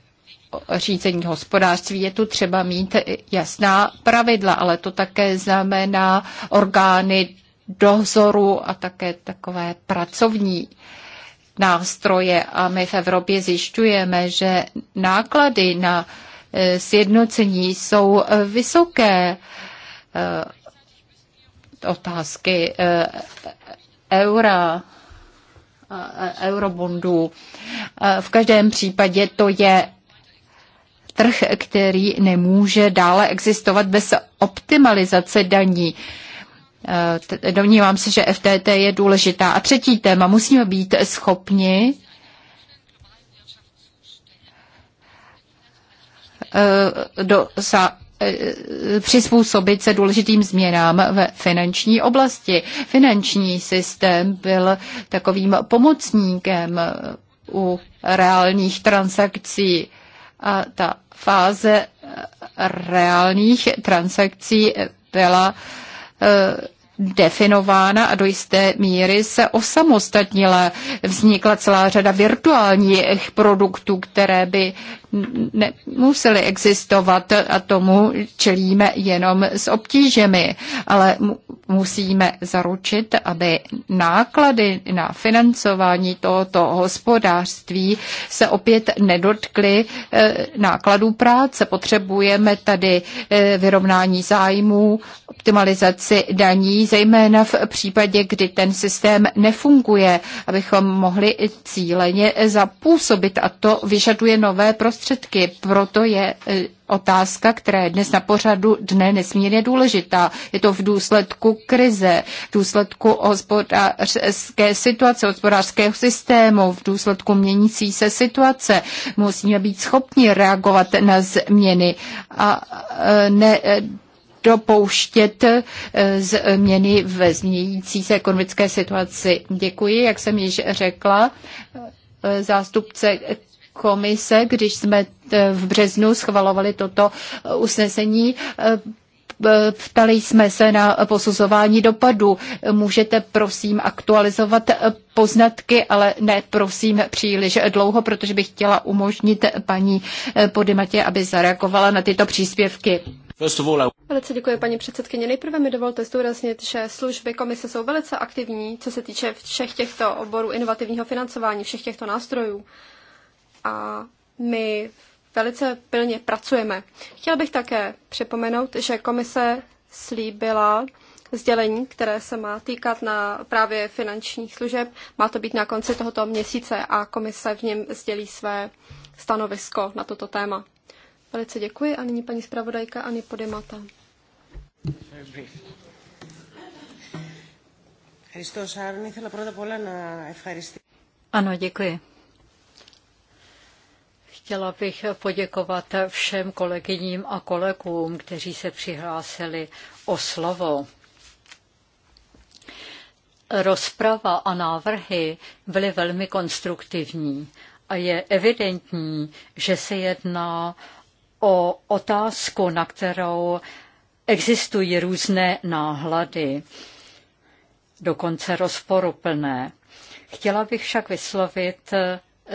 řízení hospodářství je tu třeba mít jasná pravidla, ale to také znamená orgány dozoru a také takové pracovní nástroje. A my v Evropě zjišťujeme, že náklady na uh, Eh, sjednocení jsou eh, vysoké. Eh, otázky eura eurobondů. V každém případě to je trh, který nemůže dále existovat bez optimalizace daní. Domnívám se, že FTT je důležitá. A třetí téma, musíme být schopni Eh, do uh, přizpůsobit se důležitým změnám ve finanční oblasti. Finanční systém byl takovým pomocníkem eh, u reálných transakcí a ta fáze reálných transakcí byla definována a do jisté míry se osamostatnila. Vznikla celá řada virtuálních produktů, které by Nemuseli existovat a tomu čelíme jenom s obtížemi, ale musíme zaručit, aby náklady na financování tohoto hospodářství se opět nedotkly eh, nákladů práce. Potřebujeme tady eh, vyrovnání zájmů, optimalizaci daní, zejména v případě, kdy ten systém nefunguje, abychom mohli cíleně zapůsobit a to vyžaduje nové prostředí prostředky. Proto je e, otázka, která je dnes na pořadu dne nesmírně důležitá. Je to v důsledku krize, v důsledku hospodářské situace, hospodářského systému, v důsledku měnící se situace. Musíme být schopni reagovat na změny a e, ne e, dopouštět změny ve změnící se ekonomické situaci. Děkuji, jak jsem již řekla, zástupce komise, když jsme eh, v březnu schvalovali toto eh, usnesení, eh, ptali jsme se na posuzování dopadu. Můžete prosím aktualizovat poznatky, ale ne prosím příliš dlouho, protože bych chtěla umožnit paní Podimatě, aby zareagovala na tyto příspěvky. Velice děkuji, paní předsedkyně. Nejprve mi dovolte zdůraznit, že služby komise jsou velice aktivní, co se týče všech těchto oborů inovativního financování, všech těchto nástrojů a my velice pilně pracujeme. Chtěl bych také připomenout, že komise slíbila sdělení, které se má týkat na právě finančních služeb. Má to být na konci tohoto měsíce a komise v něm sdělí své stanovisko na toto téma. Velice děkuji a nyní paní zpravodajka Ani Podemata. Ano, děkuji. Chtěla bych poděkovat všem kolegyním a kolegům, kteří se přihlásili o slovo. Rozprava a návrhy byly velmi konstruktivní a je evidentní, že se jedná o otázku, na kterou existují různé náhlady, dokonce rozporuplné. Chtěla bych však vyslovit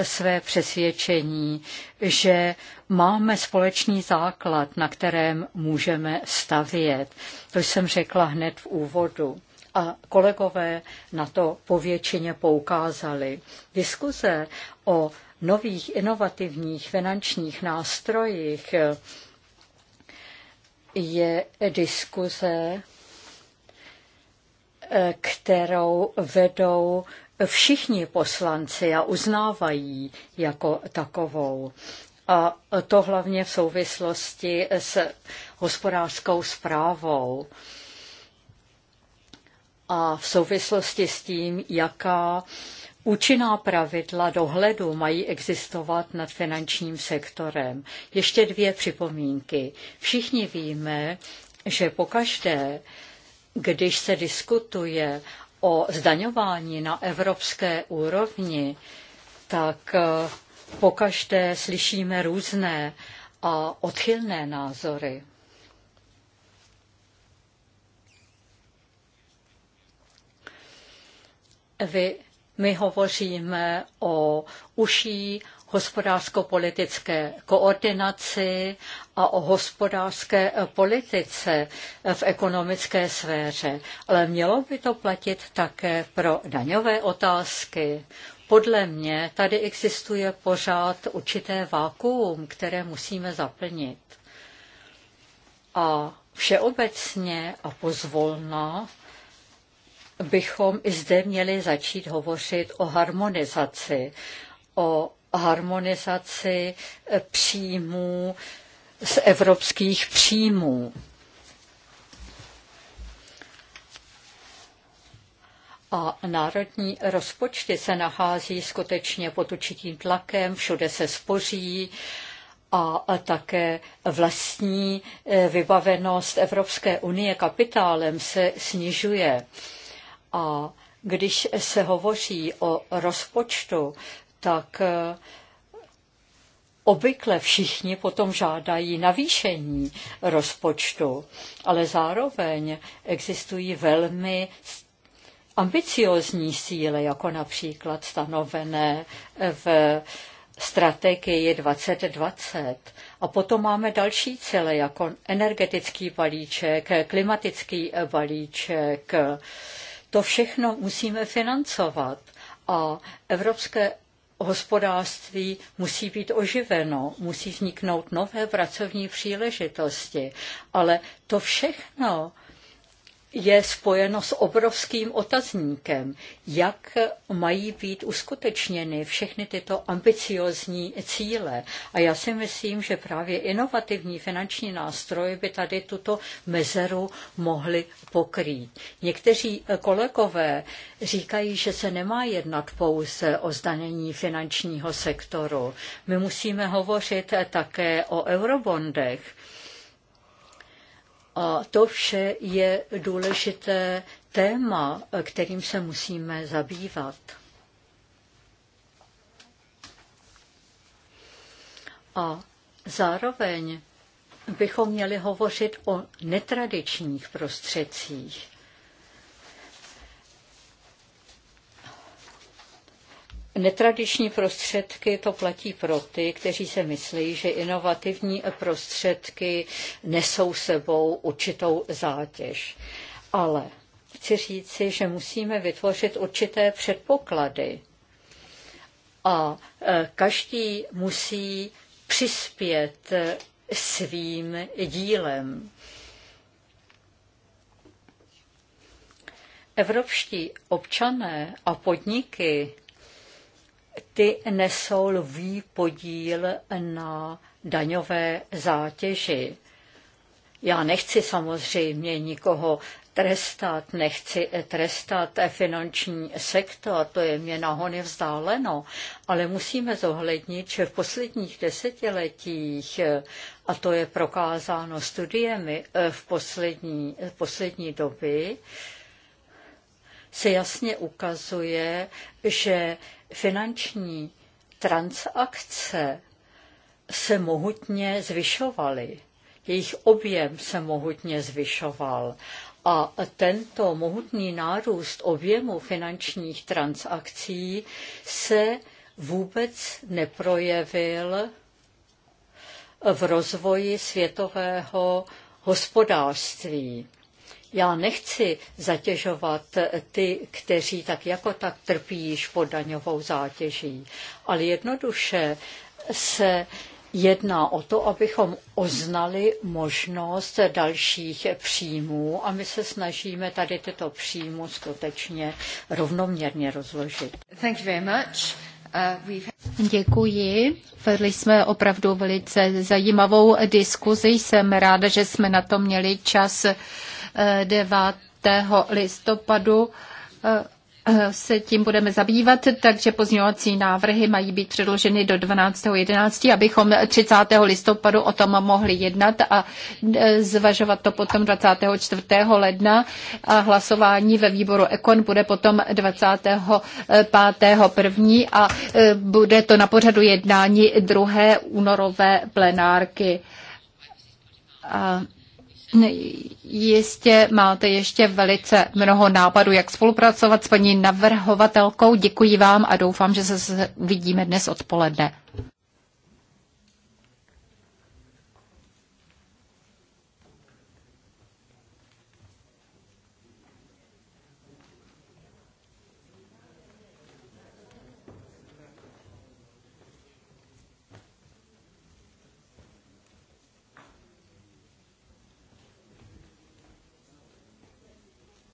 své přesvědčení, že máme společný základ, na kterém můžeme stavět. To jsem řekla hned v úvodu. A kolegové na to povětšině poukázali. Diskuze o nových inovativních finančních nástrojích je diskuze, kterou vedou všichni poslanci a uznávají jako takovou. A to hlavně v souvislosti s hospodářskou zprávou a v souvislosti s tím, jaká Účinná pravidla dohledu mají existovat nad finančním sektorem. Ještě dvě připomínky. Všichni víme, že pokaždé, když se diskutuje o zdaňování na evropské úrovni, tak eh, pokaždé slyšíme různé a odchylné názory. Vy, my hovoříme o uší hospodářsko-politické koordinaci a o hospodářské eh, politice eh, v ekonomické sféře. Ale mělo by to platit také pro daňové otázky. Podle mě tady existuje pořád určité vákuum, které musíme zaplnit. A všeobecně a pozvolna bychom i zde měli začít hovořit o harmonizaci, o harmonizaci eh, příjmů z evropských příjmů. a národní rozpočty se nachází skutečně pod určitým tlakem, všude se spoří a také vlastní eh, vybavenost Evropské unie kapitálem se snižuje. A když se hovoří o rozpočtu, tak eh, obvykle všichni potom žádají navýšení rozpočtu, ale zároveň existují velmi ambiciozní síly, jako například stanovené v strategii 2020. A potom máme další cíle, jako energetický balíček, klimatický balíček. To všechno musíme financovat. A evropské hospodářství musí být oživeno, musí vzniknout nové pracovní příležitosti, ale to všechno je spojeno s obrovským otazníkem, jak mají být uskutečněny všechny tyto ambiciozní cíle. A já si myslím, že právě inovativní finanční nástroje by tady tuto mezeru mohly pokrýt. Někteří kolegové říkají, že se nemá jednat pouze o zdanění finančního sektoru. My musíme hovořit také o eurobondech a to vše je důležité téma, kterým se musíme zabývat. A zároveň bychom měli hovořit o netradičních prostředcích. Netradiční prostředky to platí pro ty, kteří se myslí, že inovativní prostředky nesou sebou určitou zátěž. Ale chci říci, že musíme vytvořit určité předpoklady. A e, každý musí přispět e, svým dílem. Evropští občané a podniky ty nesou lvý podíl na daňové zátěži. Já nechci samozřejmě nikoho trestat, nechci trestat finanční sektor, to je mě nahony vzdáleno, ale musíme zohlednit, že v posledních desetiletích, a to je prokázáno studiemi v poslední, v poslední doby, se jasně ukazuje, že finanční transakce se mohutně zvyšovaly. Jejich objem se mohutně zvyšoval. A tento mohutný nárůst objemu finančních transakcí se vůbec neprojevil v rozvoji světového hospodářství. Já nechci zatěžovat ty, kteří tak jako tak trpí již pod daňovou zátěží, ale jednoduše se jedná o to, abychom oznali možnost dalších příjmů a my se snažíme tady tyto příjmu skutečně rovnoměrně rozložit. Thank you very much. Uh, Děkuji. Vedli jsme opravdu velice zajímavou diskuzi. Jsem ráda, že jsme na to měli čas. 9. listopadu eh, eh, se tím budeme zabývat, takže pozměňovací návrhy mají být předloženy do 12.11., abychom 30. listopadu o tom mohli jednat a eh, zvažovat to potom 24. ledna a hlasování ve výboru Ekon bude potom 25. první a bude to na pořadu jednání druhé únorové plenárky. A Jistě máte ještě velice mnoho nápadů, jak spolupracovat s paní navrhovatelkou. Děkuji vám a doufám, že se vidíme dnes odpoledne.